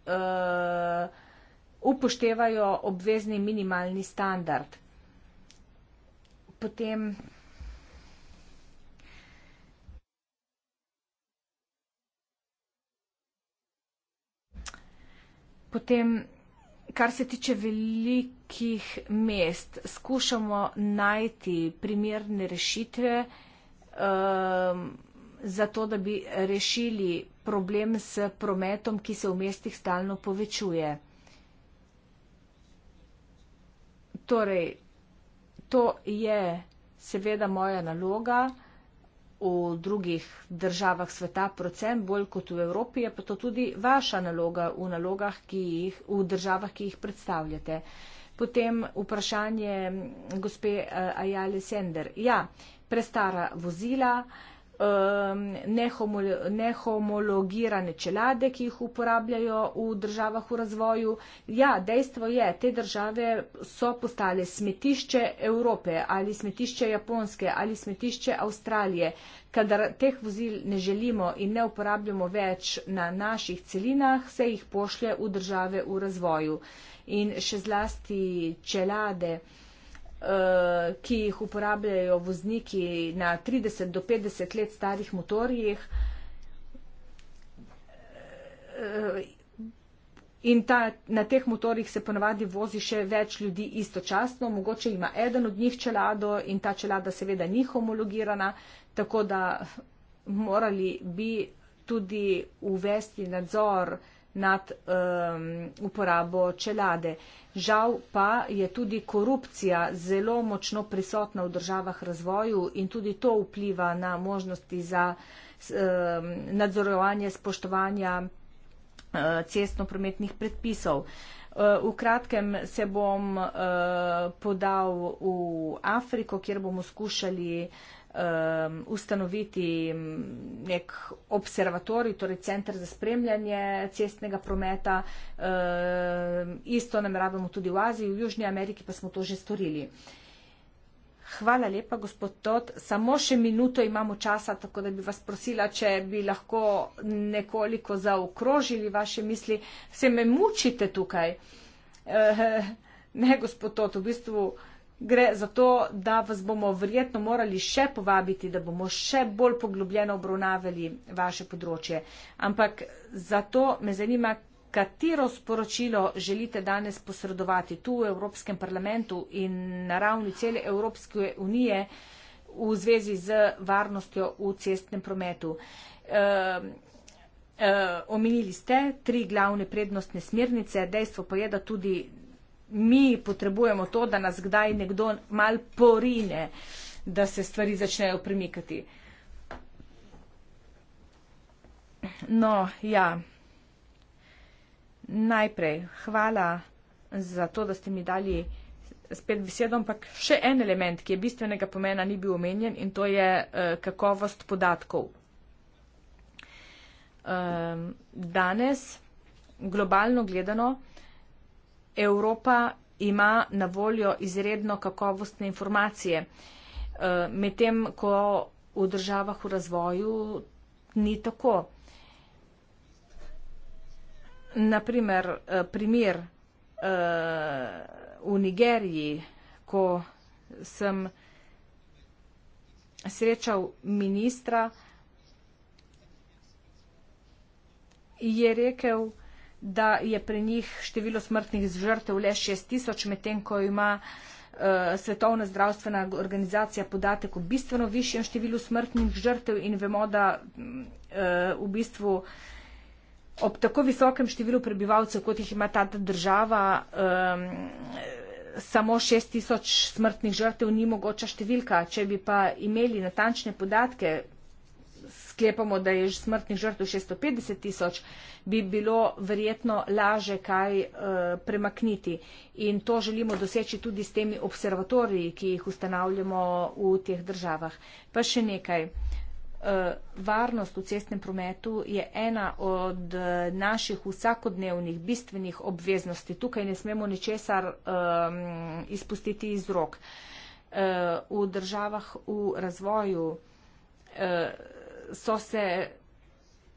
uh, upoštevajo obvezni minimalni standard. Potem Potem, kar se tiče velikih mest, skušamo najti primerne rešitve um, ehm, za to, da bi rešili problem s prometom, ki se v mestih stalno povečuje. torej, to je seveda moja naloga v drugih državah sveta, predvsem bolj kot v Evropi, je pa to tudi vaša naloga v, nalogah, ki jih, v državah, ki jih predstavljate. Potem vprašanje gospe eh, Ajale Sender. Ja, prestara vozila. Um, nehomologirane čelade, ki jih uporabljajo v državah v razvoju. Ja, dejstvo je, te države so postale smetišče Evrope ali smetišče Japonske ali smetišče Avstralije. Kadar teh vozil ne želimo in ne uporabljamo več na naših celinah, se jih pošlje v države v razvoju. In še zlasti čelade. Eh, ki jih uporabljajo vozniki na 30 do 50 let starih motorjih. Eh, in ta, na teh motorjih se ponavadi vozi še več ljudi istočasno, mogoče ima eden od njih čelado in ta čelada seveda ni homologirana, tako da morali bi tudi uvesti nadzor uh, nad um, uporabo čelade. Žal pa je tudi korupcija zelo močno prisotna v državah razvoju in tudi to vpliva na možnosti za um, nadzorovanje spoštovanja uh, cestno-prometnih predpisov. Eh, v kratkem se bom eh, podal v Afriko, kjer bomo skušali um, ustanoviti nek observatorij, torej centr za spremljanje cestnega prometa. Um, isto nameravamo tudi v Aziji, v Južnji Ameriki pa smo to že storili. Hvala lepa, gospod Tod. Samo še minuto imamo časa, tako da bi vas prosila, če bi lahko nekoliko zaokrožili vaše misli. Se me mučite tukaj. Uh, ne, gospod Tod, v bistvu gre za to, da vas bomo verjetno morali še povabiti, da bomo še bolj poglobljeno obravnavali vaše področje. Ampak zato me zanima, katero sporočilo želite danes posredovati tu v Evropskem parlamentu in na ravni cele Evropske unije v zvezi z varnostjo v cestnem prometu. E, e, omenili ste tri glavne prednostne smernice, dejstvo pa je, da tudi mi potrebujemo to, da nas kdaj nekdo mal porine, da se stvari začnejo premikati. No, ja. Najprej, hvala za to, da ste mi dali spet besedo, ampak še en element, ki je bistvenega pomena, ni bil omenjen in to je uh, kakovost podatkov. Um, danes, globalno gledano, Evropa ima na voljo izredno kakovostne informacije, eh, medtem ko v državah v razvoju ni tako. Naprimer, primer eh, eh, v Nigeriji, ko sem srečal ministra, je rekel, da je rekel, da je pri njih število smrtnih žrtev le 6 tisoč, medtem ko ima eh, Svetovna zdravstvena organizacija podatek o bistveno višjem številu smrtnih žrtev in vemo, da mm, eh, v bistvu ob tako visokem številu prebivalcev, kot jih ima ta država, samo 6 tisoč smrtnih žrtev ni mogoča številka. Če bi pa imeli natančne podatke, sklepamo, da je smrtnih žrtev 650 tisoč, bi bilo verjetno laže kaj eh, premakniti. In to želimo doseči tudi s temi observatoriji, ki jih ustanavljamo v teh državah. Pa še nekaj. Eh, varnost v cestnem prometu je ena od eh, naših vsakodnevnih bistvenih obveznosti. Tukaj ne smemo ničesar um, izpustiti iz rok. Uh, v državah v razvoju uh, so se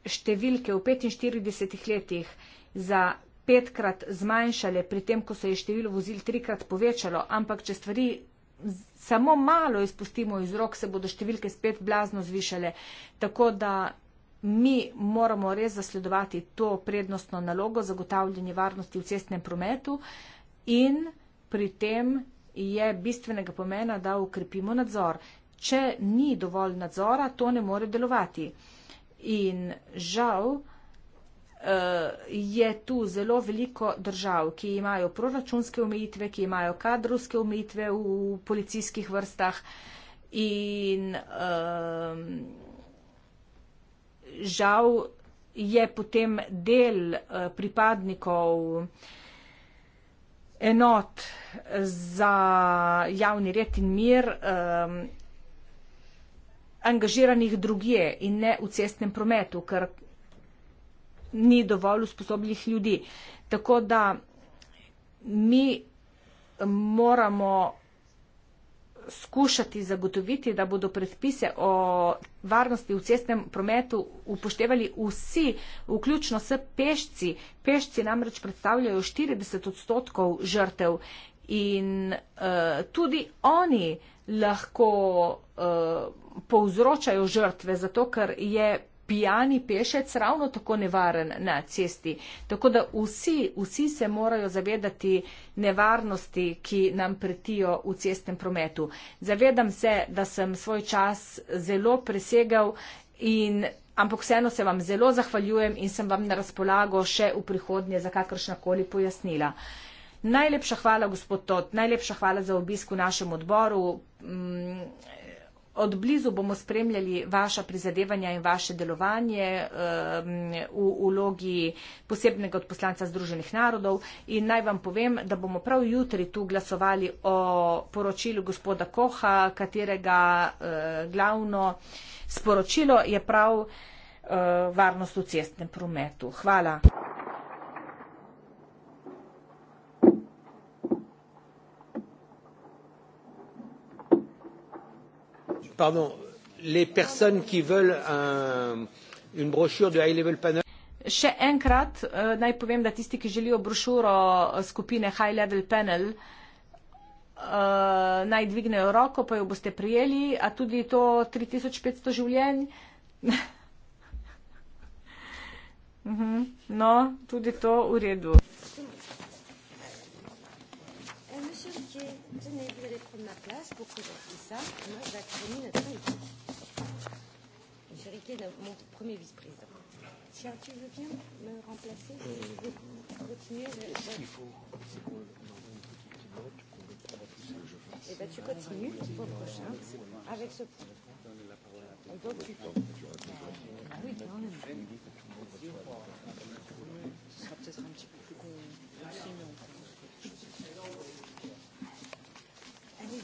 številke v 45 letih za petkrat zmanjšale, pri tem, ko se je število vozil trikrat povečalo, ampak če stvari samo malo izpustimo iz rok, se bodo številke spet blazno zvišale. Tako da mi moramo res zasledovati to prednostno nalogo zagotavljanje varnosti v cestnem prometu in pri tem je bistvenega pomena, da ukrepimo nadzor če ni dovolj nadzora, to ne more delovati. In žal eh, je tu zelo veliko držav, ki imajo proračunske omejitve, ki imajo kadrovske omejitve v policijskih vrstah in ehm, žal je potem del eh, pripadnikov enot za javni red in mir ehm, angažiranih drugje in ne v cestnem prometu, ker ni dovolj usposobljih ljudi. Tako da mi moramo skušati zagotoviti, da bodo predpise o varnosti v cestnem prometu upoštevali vsi, vključno s pešci. Pešci namreč predstavljajo 40 odstotkov žrtev in uh, tudi oni lahko uh, uh, povzročajo žrtve, zato ker je pijani pešec ravno tako nevaren na cesti. Tako da vsi, vsi se morajo zavedati nevarnosti, ki nam pretijo v cestnem prometu. Zavedam se, da sem svoj čas zelo presegal in. Ampak vseeno se vam zelo zahvaljujem in sem vam na razpolago še v prihodnje za kakršnakoli pojasnila. Najlepša hvala, gospod Tod, najlepša hvala za obisk v našem odboru. Mm, Od blizu bomo spremljali vaša prizadevanja in vaše delovanje ehm, v ulogi posebnega odposlanca Združenih narodov. In naj vam povem, da bomo prav jutri tu glasovali o poročilu gospoda Koha, katerega eh, glavno sporočilo je prav eh, varnost v cestnem prometu. Hvala. pardon, les personnes qui veulent un, une brochure de high level panel. Še enkrat uh, naj povem, da tisti, ki želijo brošuro skupine High Level Panel, uh, naj dvignejo roko, pa jo boste prijeli, a tudi to 3500 življenj. uh -huh, mhm. no, tudi to v redu. Tenez, vous allez prendre ma place pour que je dise ça. Moi, je vais accompagner notre invité. Chérie, mon premier vice-président. Tiens, tu veux bien me remplacer Je vais continuer. Je... Ce qu'il faut, c'est qu'on envoie une petite note qu'on ne pas tout ce que je fasse. Eh bien, tu continues pour le prochain, avec ce point. On peut occuper. Ah oui, quand même. Ce sera peut-être un petit peu plus con. Merci, mais on peut.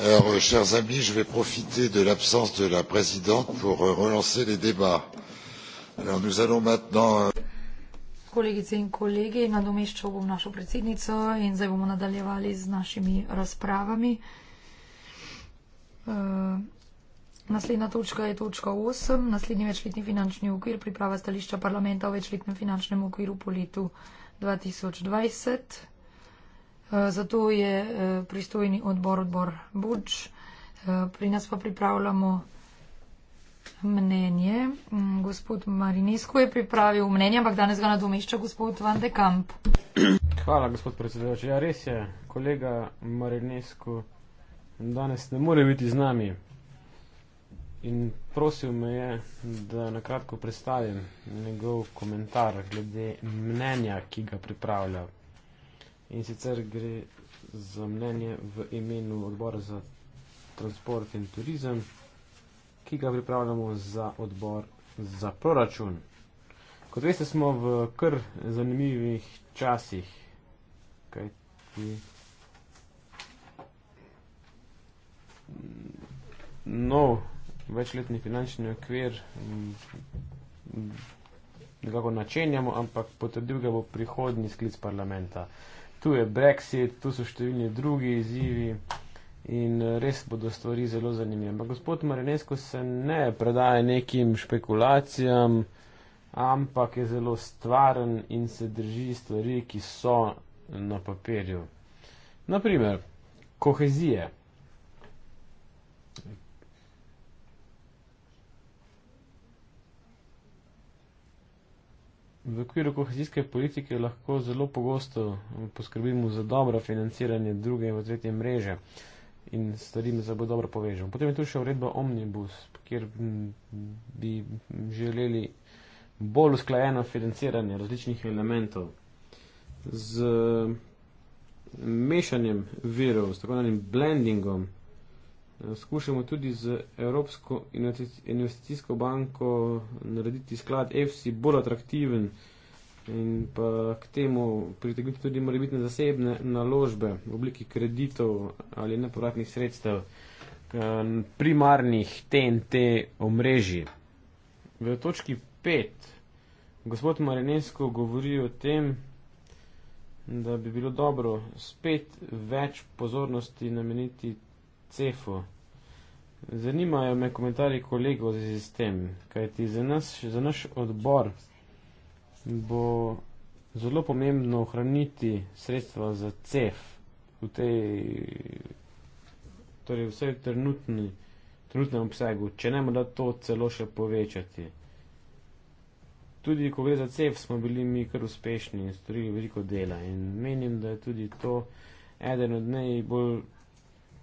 Euh, chers amis je vais profiter de l'absence de la présidente pour euh, relancer les débats. nous allons maintenant. Euh, kolegice in kolegi nadomeščal bom našo predsednico in zdaj bomo nadaljevali z našimi razpravami. Eh, naslednja točka je točka 8, naslednji večletni finančni okvir, priprava stališča parlamenta o večletnem finančnem okviru po letu 2020. Eh, zato je eh, pristojni odbor odbor Budž. Eh, pri nas pa pripravljamo mnenje. Mm, gospod Marinesko je pripravil mnenje, ampak danes ga nadomešča gospod Van de Kamp. Hvala, gospod predsedujoči. Ja, res je, kolega Marinesko danes ne more biti z nami. In prosil me je, da na kratko predstavim njegov komentar glede mnenja, ki ga pripravlja In sicer gre za mnenje v imenu odbora za transport in turizem, ki ga pripravljamo za odbor za proračun. Kot veste, smo v kar zanimivih časih, kajti nov večletni finančni okvir mm, nekako načenjamo, ampak potrdil ga bo prihodnji sklic parlamenta tu je Brexit, tu so številni drugi izzivi in eh, res bodo stvari zelo zanimive. Ampak gospod Marinesko se ne predaje nekim špekulacijam, ampak je zelo stvaren in se drži stvari, ki so na papirju. Naprimer, kohezije. V okviru kohezijske politike lahko zelo pogosto poskrbimo za dobro financiranje druge in tretje mreže in stvari se bo dobro povežemo. Potem je tu še uredba Omnibus, kjer bi želeli bolj usklajeno financiranje različnih elementov z mešanjem virov, s tako imenim blendingom Eh, skušamo tudi z Evropsko investicijsko banko narediti sklad EFSI bolj atraktiven in pa k temu pritegniti tudi morebitne zasebne naložbe v obliki kreditov ali nepovratnih sredstev eh, primarnih TNT omrežij. V točki 5 gospod Marinesko govori o tem, da bi bilo dobro spet več pozornosti nameniti cefu. Zanimajo me komentarji kolegov z tem, kajti za, nas, za naš odbor bo zelo pomembno ohraniti sredstva za cef v tej, torej vsej trenutni, trenutnem obsegu, če ne morda to celo še povečati. Tudi, ko gre za cef, smo bili mi kar uspešni in storili veliko dela in menim, da je tudi to eden od najbolj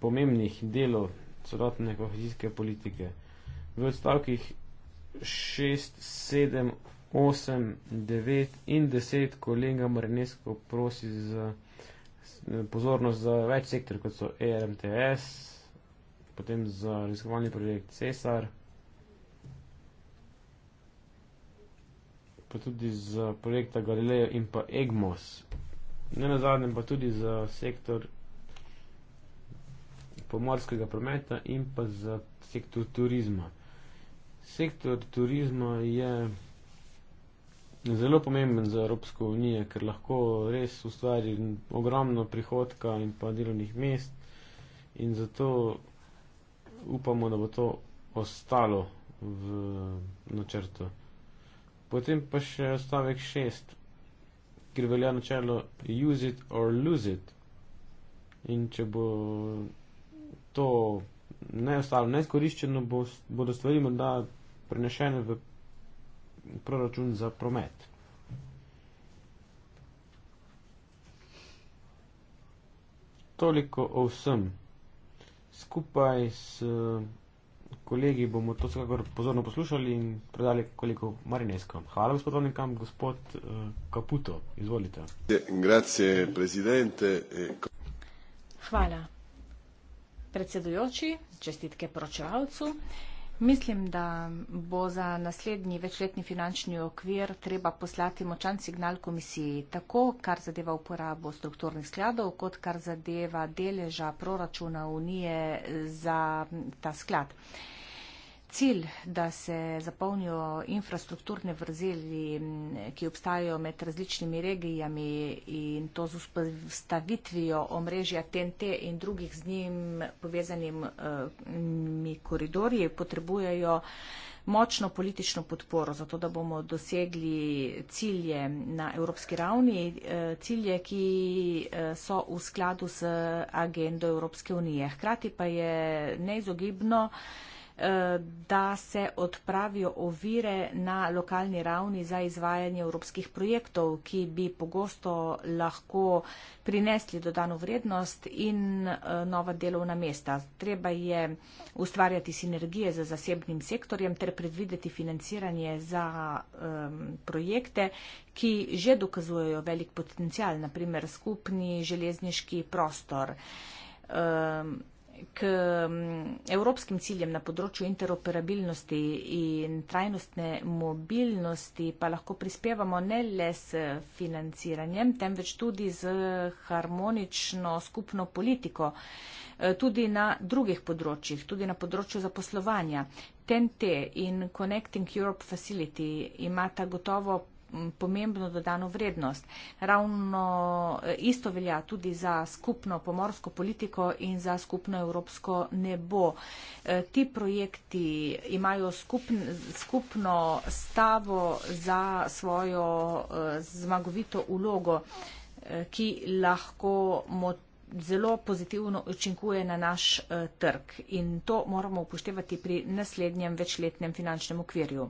pomembnih delov celotne kohezijske politike. V odstavkih 6, 7, 8, 9 in 10 kolega Marinesko prosi za pozornost za več sektorjev, kot so ERMTS, potem za raziskovalni projekt CESAR, pa tudi za projekta Galileo in pa EGMOS, ne na zadnjem pa tudi za sektor pomorskega prometa in pa za sektor turizma. Sektor turizma je zelo pomemben za Evropsko unijo, ker lahko res ustvari ogromno prihodka in pa delovnih mest in zato upamo, da bo to ostalo v načrtu. Potem pa še stavek šest, ker velja načelo use it or lose it. In če bo to ne ostalo neskoriščeno, bo, bodo stvari morda prenešene v proračun za promet. Toliko o vsem. Skupaj s kolegi bomo to vsekakor pozorno poslušali in predali koliko marinesko. Hvala gospodovnim kam, gospod Kaputo, eh, izvolite. Grazie, Hvala predsedujoči, čestitke pročevalcu. Mislim, da bo za naslednji večletni finančni okvir treba poslati močan signal komisiji, tako kar zadeva uporabo strukturnih skladov, kot kar zadeva deleža proračuna Unije za ta sklad. Uh, cilj, da se zapolnijo infrastrukturne vrzeli, ki obstajajo med različnimi regijami in to z vstavitvijo omrežja TNT in drugih z njim povezanimi eh, koridorji, potrebujejo močno politično podporo, zato da bomo dosegli cilje na evropski ravni, eh, cilje, ki eh, so v skladu s agendo Evropske unije. Hkrati pa je neizogibno, Eh, da se odpravijo ovire na lokalni ravni za izvajanje evropskih projektov, ki bi pogosto lahko prinesli dodano vrednost in eh, nova delovna mesta. Treba je ustvarjati sinergije z zasebnim sektorjem ter predvideti financiranje za um, projekte, ki že dokazujejo velik potencial, naprimer skupni železniški prostor. Um, k mm, evropskim ciljem na področju interoperabilnosti in trajnostne mobilnosti pa lahko prispevamo ne le s financiranjem, temveč tudi z harmonično skupno politiko, eh, tudi na drugih področjih, tudi na področju zaposlovanja. TNT in Connecting Europe Facility imata gotovo pomembno dodano vrednost. Ravno e, isto velja tudi za skupno pomorsko politiko in za skupno evropsko nebo. E, ti projekti imajo skupn, skupno stavo za svojo e, zmagovito ulogo, ki lahko mot zelo pozitivno učinkuje na naš trg in to moramo upoštevati pri naslednjem večletnem finančnem okvirju.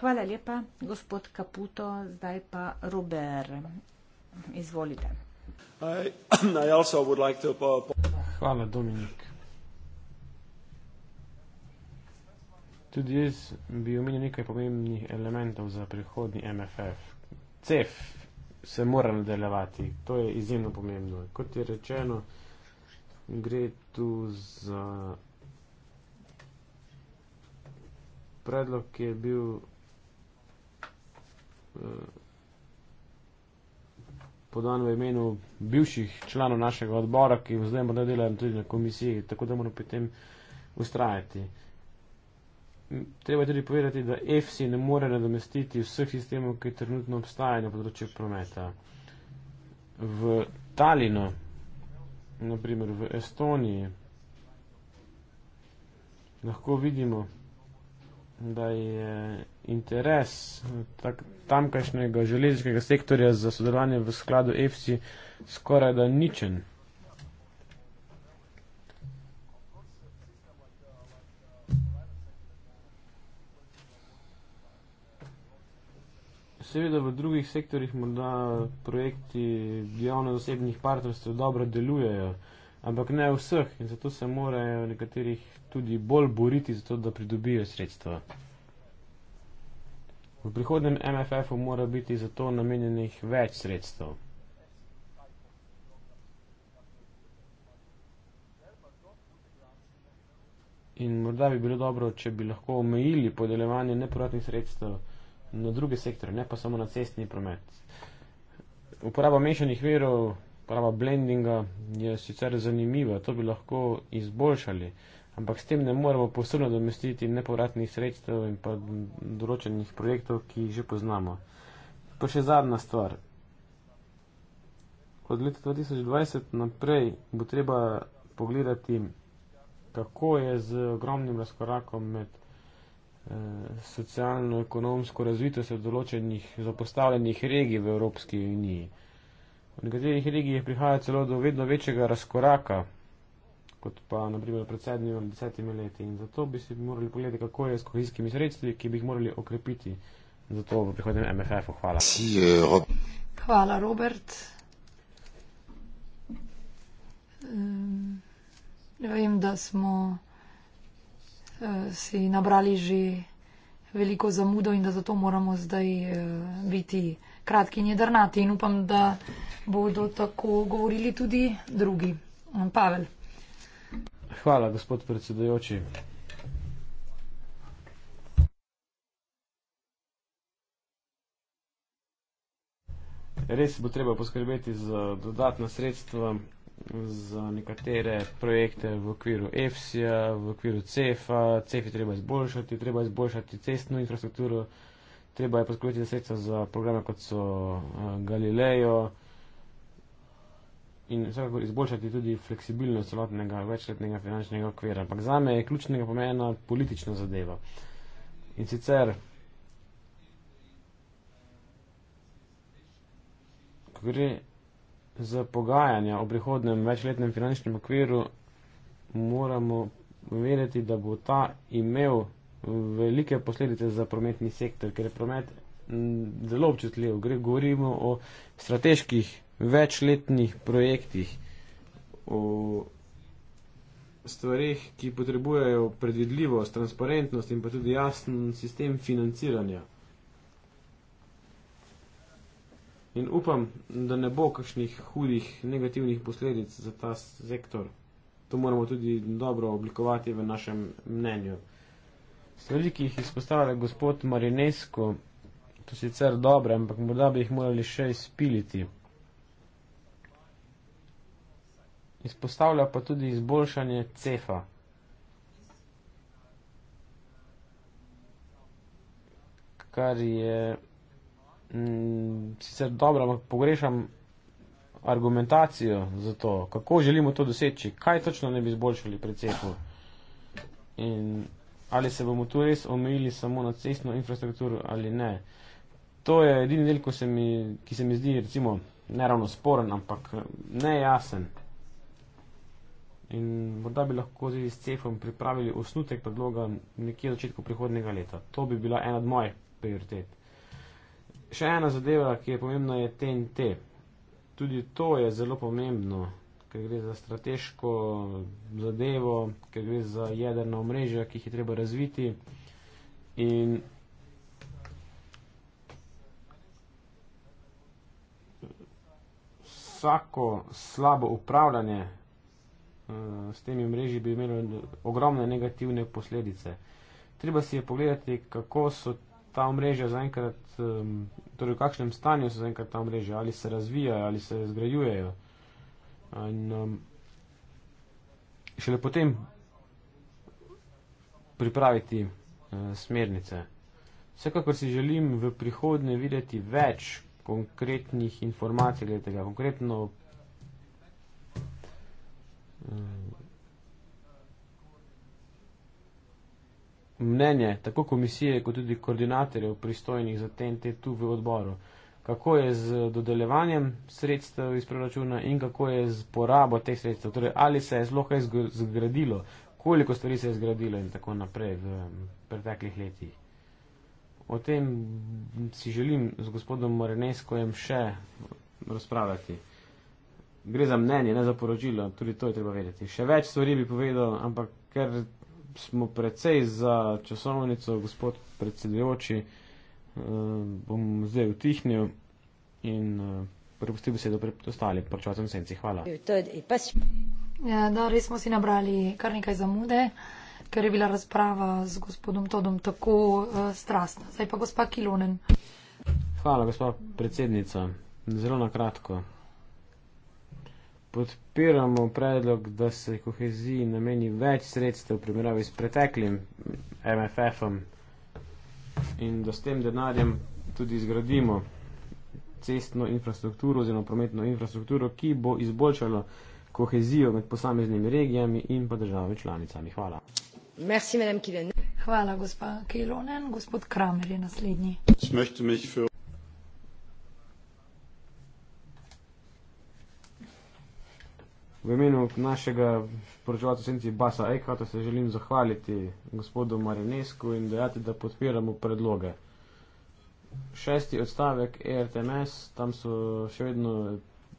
Hvala lepa, gospod Kaputo, zdaj pa Robert. Izvolite. I, I like to... Hvala, Dominik. Tudi jaz bi omenil nekaj pomembnih elementov za prihodni MFF. CEF se mora nadaljevati, to je izjemno pomembno. Kot je rečeno, gre tu za predlog, ki je bil Eh, podan v imenu bivših članov našega odbora, ki zdaj bodo delali tudi na komisiji, tako da moramo pri tem ustrajati. Treba je tudi povedati, da EFSI ne more nadomestiti vseh sistemov, ki trenutno obstajajo na področju prometa. V Talinu, naprimer v Estoniji, lahko vidimo, da je interes tak, tamkajšnjega železniškega sektorja za sodelovanje v skladu EFSI skoraj da ničen. Seveda v drugih sektorjih morda projekti javno-zasebnih partnerstv dobro delujejo ampak ne vseh in zato se morajo nekaterih tudi bolj boriti za to, da pridobijo sredstva. V prihodnem MFF-u mora biti za to namenjenih več sredstev. In morda bi bilo dobro, če bi lahko omejili podeljevanje neporodnih sredstev na druge sektore, ne pa samo na cestni promet. Uporaba mešanih verov uporaba blendinga je sicer zanimiva, to bi lahko izboljšali, ampak s tem ne moremo posebno domestiti nepovratnih sredstev in pa določenih projektov, ki jih že poznamo. Pa še zadnja stvar. Od leta 2020 naprej bo treba pogledati, kako je z ogromnim razkorakom med eh, socialno-ekonomsko razvitostjo določenih zapostavljenih regij v Evropski uniji. V nekaterih regijah prihaja celo do vedno večjega razkoraka, kot pa naprimer pred sedmimi ali desetimi leti. In zato bi si morali pogledati, kako je s kohezijskimi sredstvi, ki bi jih morali okrepiti. Zato v prihodnem MFF-u. Hvala. Hvala, Robert. Um, vem, da smo uh, si nabrali že veliko zamudo in da zato moramo zdaj uh, biti kratki in jedrnati in upam, da bodo tako govorili tudi drugi. Pavel. Hvala, gospod predsedujoči. Res bo treba poskrbeti za dodatna sredstva za nekatere projekte v okviru EFSI-ja, v okviru CEF-a. CEF je treba izboljšati, treba izboljšati cestno infrastrukturo, treba je poskrbeti za sredstva za programe kot so eh, Galileo in vsekakor izboljšati tudi fleksibilnost celotnega večletnega finančnega okvira. Ampak za me je ključnega pomena politična zadeva. In sicer, ko gre za pogajanja o prihodnem večletnem finančnem okviru, moramo verjeti, da bo ta imel velike posledice za prometni sektor, ker je promet zelo občutljiv. Govorimo o strateških večletnih projektih, o stvarih, ki potrebujejo predvidljivost, transparentnost in pa tudi jasen sistem financiranja. In upam, da ne bo kakšnih hudih negativnih posledic za ta sektor. To moramo tudi dobro oblikovati v našem mnenju. Stvari, ki jih izpostavlja gospod Marinesko, so sicer dobre, ampak morda bi jih morali še izpiliti. Izpostavlja pa tudi izboljšanje cefa. Kar je mm, sicer dobro, ampak pogrešam argumentacijo za to, kako želimo to doseči, kaj točno ne bi izboljšali pri cefu. In ali se bomo tu res omejili samo na cestno infrastrukturo ali ne. To je edini del, ki se mi, ki se mi zdi recimo ne ravno sporen, ampak nejasen in morda bi lahko z CEF-om pripravili osnutek predloga nekje v začetku prihodnega leta. To bi bila ena od mojih prioritet. Še ena zadeva, ki je pomembna, je TNT. Tudi to je zelo pomembno, ker gre za strateško zadevo, ker gre za jedrna omrežja, ki jih je treba razviti. In vsako slabo upravljanje s temi mreži bi imelo ogromne negativne posledice. Treba si je pogledati, kako so ta mreža zaenkrat, torej v kakšnem stanju so zaenkrat ta mreža, ali se razvijajo, ali se zgrajujejo. In um, šele potem pripraviti uh, smernice. Vsekakor si želim v prihodnje videti več konkretnih informacij, gledajte, konkretno mnenje tako komisije, kot tudi koordinatorjev pristojnih za TNT tu v odboru. Kako je z dodeljevanjem sredstev iz proračuna in kako je z porabo teh sredstev? Torej, ali se je zelo kaj zgradilo, koliko stvari se je zgradilo in tako naprej v preteklih letih? O tem si želim z gospodom Morenejskojem še razpravljati gre za mnenje, ne za poročilo, tudi to je treba vedeti. Še več stvari bi povedal, ampak ker smo precej za časovnico, gospod predsedujoči, eh, bom zdaj utihnil in eh, prepustil besedo pred ostali, pačvacem senci. Hvala. Ja, dobro, smo si nabrali kar nekaj zamude, ker je bila razprava z gospodom Todom tako uh, strastna. Zdaj pa gospa Kilonen. Hvala, gospa predsednica. Zelo na kratko podpiramo predlog, da se koheziji nameni več sredstev v primerjavi s preteklim MFF-om in da s tem denarjem tudi zgradimo cestno infrastrukturo oziroma prometno infrastrukturo, ki bo izboljšalo kohezijo med posameznimi regijami in pa državami članicami. Hvala. Merci, Hvala, gospa Kelonen. Gospod Kramer je naslednji. V imenu našega poročevalca Senci Basa Ekvata se želim zahvaliti gospodu Marinesku in dejati, da podpiramo predloge. Šesti odstavek ERTMS, tam so še vedno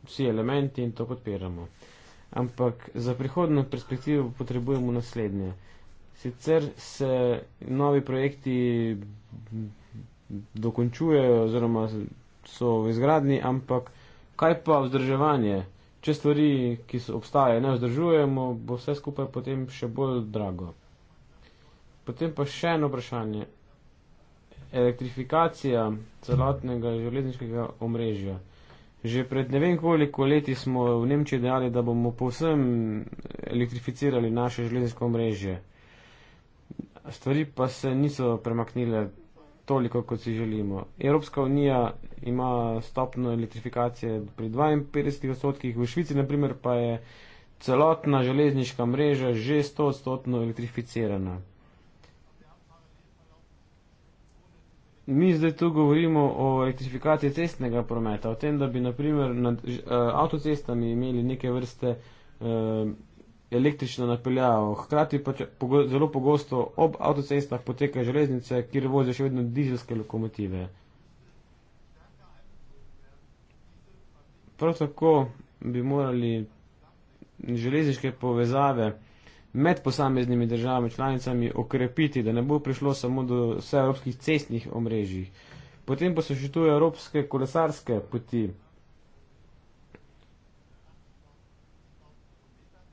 vsi elementi in to podpiramo. Ampak za prihodno perspektivo potrebujemo naslednje. Sicer se novi projekti dokončujejo oziroma so v izgradni, ampak kaj pa vzdrževanje? če stvari, ki obstajajo, ne vzdržujemo, bo vse skupaj potem še bolj drago. Potem pa še eno vprašanje. Elektrifikacija celotnega železniškega omrežja. Že pred ne vem koliko leti smo v Nemčiji dejali, da bomo povsem elektrificirali naše železniško omrežje. Stvari pa se niso premaknile toliko, kot si želimo. Evropska unija ima stopno elektrifikacije pri 52 odstotkih, v Švici naprimer pa je celotna železniška mreža že 100 odstotno elektrificirana. Mi zdaj tu govorimo o elektrifikaciji cestnega prometa, o tem, da bi naprimer nad uh, avtocestami imeli neke vrste uh, električno napeljajo. Hkrati pa če, pogo, zelo pogosto ob avtocestah potekajo železnice, kjer vozijo še vedno dizelske lokomotive. Prav tako bi morali železniške povezave med posameznimi državami članicami okrepiti, da ne bo prišlo samo do vseevropskih cestnih omrežij. Potem pa so še tu evropske kolesarske poti.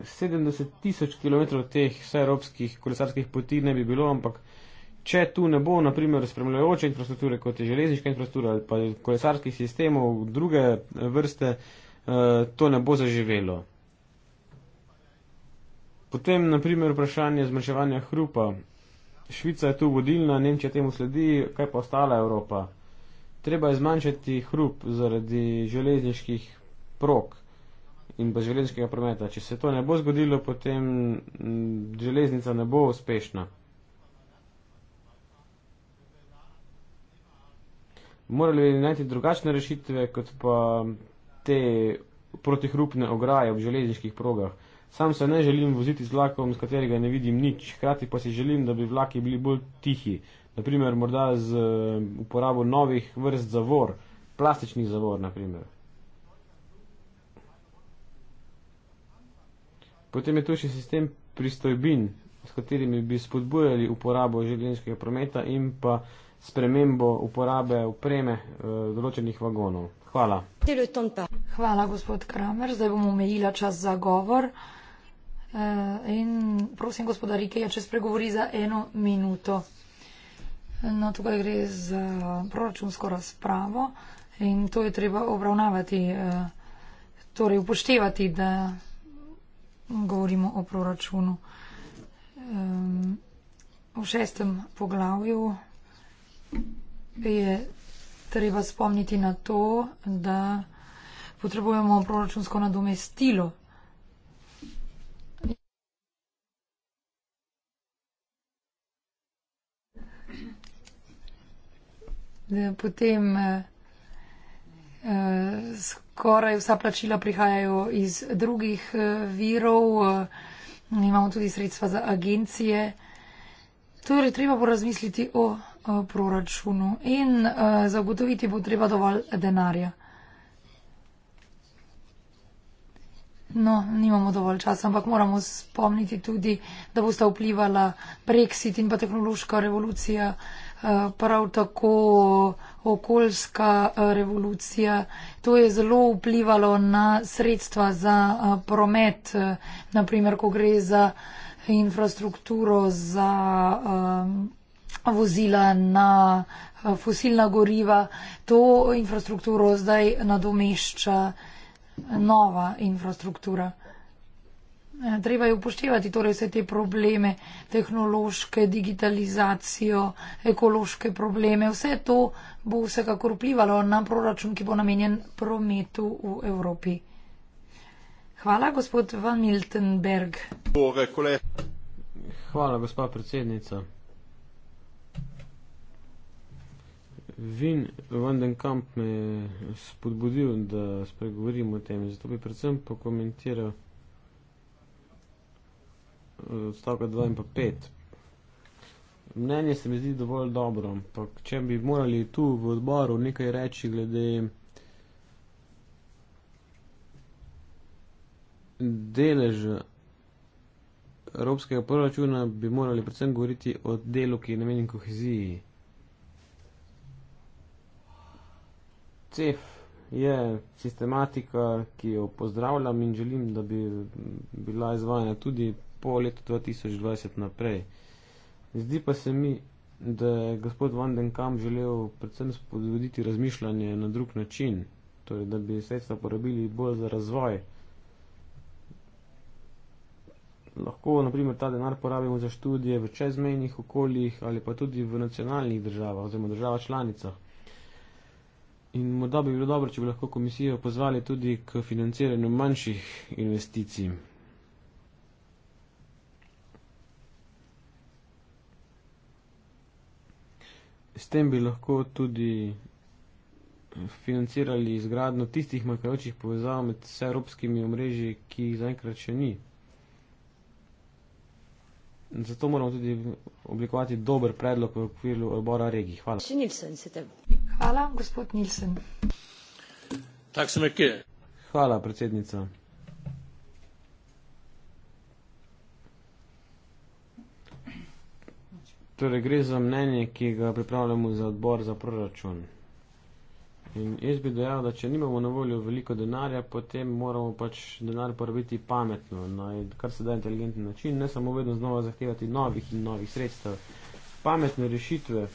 70 tisoč km teh vseevropskih kolesarskih poti ne bi bilo, ampak če tu ne bo, naprimer, spremljajoče infrastrukture, kot je železniška infrastruktura ali pa kolesarskih sistemov druge vrste, eh, to ne bo zaživelo. Potem, naprimer, vprašanje zmanjševanja hrupa. Švica je tu vodilna, Nemčija temu sledi, kaj pa ostala Evropa? Treba je zmanjšati hrup zaradi železniških prog in pa železniškega prometa. Če se to ne bo zgodilo, potem železnica ne bo uspešna. Morali bi najti drugačne rešitve, kot pa te protihrupne ograje ob železniških progah. Sam se ne želim voziti z vlakom, z katerega ne vidim nič, hkrati pa si želim, da bi vlaki bili bolj tihi. Naprimer, morda z uporabo novih vrst zavor, plastičnih zavor, naprimer. Potem je tu še sistem pristojbin, s katerimi bi spodbujali uporabo železniškega prometa in pa spremembo uporabe upreme e, eh, določenih vagonov. Hvala. Hvala, gospod Kramer. Zdaj bomo omejila čas za govor. E, in prosim, gospoda Rikeja, če spregovori za eno minuto. No, tukaj gre za proračunsko razpravo in to je treba obravnavati, e, torej upoštevati, da govorimo o proračunu. Um, v šestem poglavju je treba spomniti na to, da potrebujemo proračunsko nadomestilo. Potem eh, eh skoraj vsa plačila prihajajo iz drugih eh, virov, eh, imamo tudi sredstva za agencije. Torej, treba bo razmisliti o eh, proračunu in zagotoviti bo treba dovolj denarja. No, nimamo dovolj časa, ampak moramo spomniti tudi, da bosta vplivala Brexit in pa tehnološka revolucija prav tako okoljska eh, revolucija. To je zelo vplivalo na sredstva za eh, promet, eh, naprimer, ko gre za infrastrukturo za um, vozila na fosilna goriva. To infrastrukturo zdaj nadomešča nova infrastruktura. Eh, treba je upoštevati torej vse te probleme, tehnološke, digitalizacijo, ekološke probleme. Vse to bo vsekakor vplivalo na proračun, ki bo namenjen prometu v Evropi. Hvala, gospod Van Miltenberg. Hvala, gospa predsednica. Vin Vandenkamp me je spodbudil, da spregovorim o tem, zato bi predvsem pokomentiral. Eh, stavka 2 in pa 5. Mnenje se mi zdi dovolj dobro, ampak če bi morali tu v odboru nekaj reči glede delež evropskega proračuna, bi morali predvsem govoriti o delu, ki je namenjen koheziji. CEF je sistematika, ki jo pozdravljam in želim, da bi bila izvajana tudi po letu 2020 naprej. Zdi pa se mi, da je gospod Van den Kam želel predvsem spodbuditi razmišljanje na drug način, torej da bi sredstva porabili bolj za razvoj. Lahko naprimer ta denar porabimo za študije v čezmejnih okoljih ali pa tudi v nacionalnih državah oziroma državah članicah. In morda bi bilo dobro, če bi lahko komisijo pozvali tudi k financiranju manjših investicij. s tem bi lahko tudi eh, financirali izgradno tistih manjkajočih povezav med vse evropskimi omrežji, ki jih zaenkrat še ni. Zato moramo tudi oblikovati dober predlog v okviru obora regij. Hvala. Hvala, gospod Nilsen. Hvala, predsednica. Torej, gre za mnenje, ki ga pripravljamo za odbor za proračun. In jaz bi dejal, da če nimamo na voljo veliko denarja, potem moramo pač denar porabiti pametno, na kar se da inteligentni način, ne samo vedno znova zahtevati novih in novih sredstev. Pametne rešitve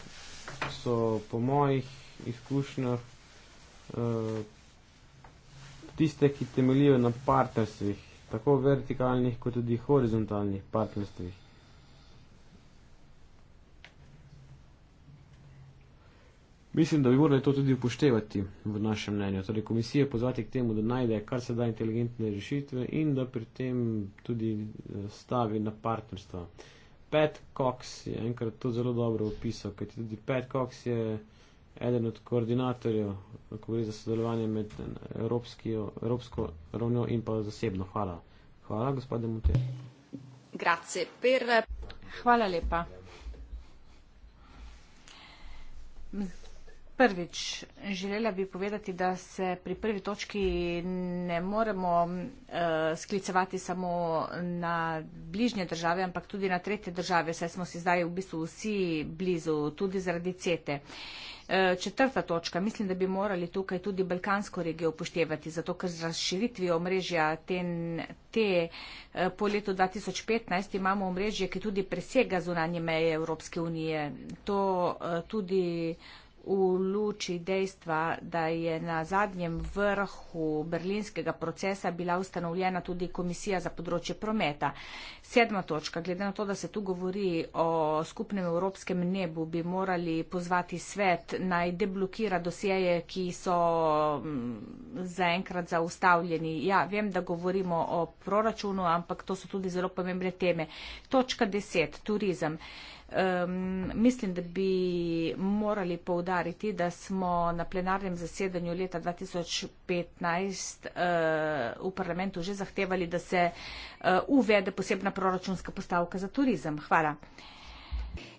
so po mojih izkušnjah eh, tiste, ki temeljijo na partnerstvih, tako vertikalnih kot tudi horizontalnih partnerstvih. Mislim, da bi morali to tudi upoštevati v našem mnenju. Torej, komisije pozvati k temu, da najde kar se da inteligentne rešitve in da pri tem tudi eh, stavi na partnerstvo. Pat Cox je enkrat to zelo dobro opisal, kajti tudi Pat Cox je eden od koordinatorjev, ko gre za sodelovanje med eh, evropskijo, evropsko ravnjo in pa zasebno. Hvala. Hvala, gospode Muter. Grazie per... Hvala lepa. Prvič, želela bi povedati, da se pri prvi točki ne moremo uh, sklicevati samo na bližnje države, ampak tudi na tretje države, saj smo si zdaj v bistvu vsi blizu, tudi zaradi CETE. Eh, četrta točka. Mislim, da bi morali tukaj tudi Balkansko regijo upoštevati, zato ker z razširitvijo omrežja ten, te eh, po letu 2015 imamo omrežje, ki tudi presega zunanje meje Evropske unije. To tudi v luči dejstva, da je na zadnjem vrhu berlinskega procesa bila ustanovljena tudi komisija za področje prometa. Sedma točka. Glede na to, da se tu govori o skupnem evropskem nebu, bi morali pozvati svet naj deblokira dosjeje, ki so mm, zaenkrat zaustavljeni. Ja, vem, da govorimo o proračunu, ampak to so tudi zelo pomembne teme. Točka deset. Turizem. Um, mislim, da bi morali poudariti, da smo na plenarnem zasedanju leta 2015 uh, eh, v parlamentu že zahtevali, da se uh, uvede posebna proračunska postavka za turizem. Hvala.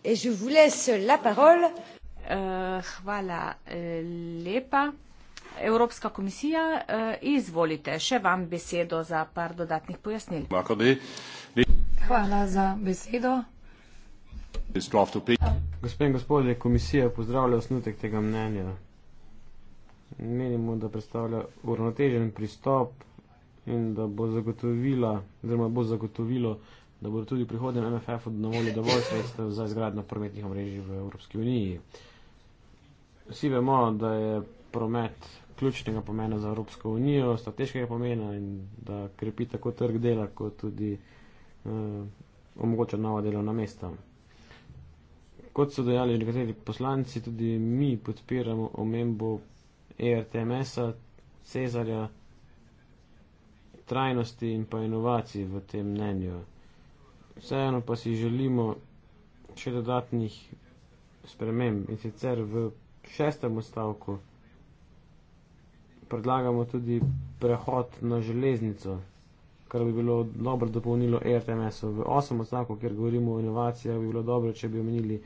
Uh, hvala lepa. Evropska komisija, uh, izvolite še vam besedo za par dodatnih pojasnil. Hvala za besedo. Gospe in gospode, komisija pozdravlja osnutek tega mnenja. Menimo, da predstavlja uravnotežen pristop in da bo zagotovila, oziroma bo zagotovilo, da bodo tudi prihodnje MFF odnovoli dovolj sredstev za izgradno prometnih omrežij v Evropski uniji. Vsi vemo, da je promet ključnega pomena za Evropsko unijo, strateškega pomena in da krepi tako trg dela, kot tudi eh, omogoča nova delovna mesta. Kot so dejali nekateri poslanci, tudi mi podpiramo omembo ERTMS-a, Cezarja, trajnosti in pa inovacij v tem mnenju. Vseeno pa si želimo še dodatnih sprememb in sicer v šestem odstavku predlagamo tudi prehod na železnico, kar bi bilo dobro dopolnilo ERTMS-u. V osmem odstavku, kjer govorimo o inovacijah, bi bilo dobro, če bi omenili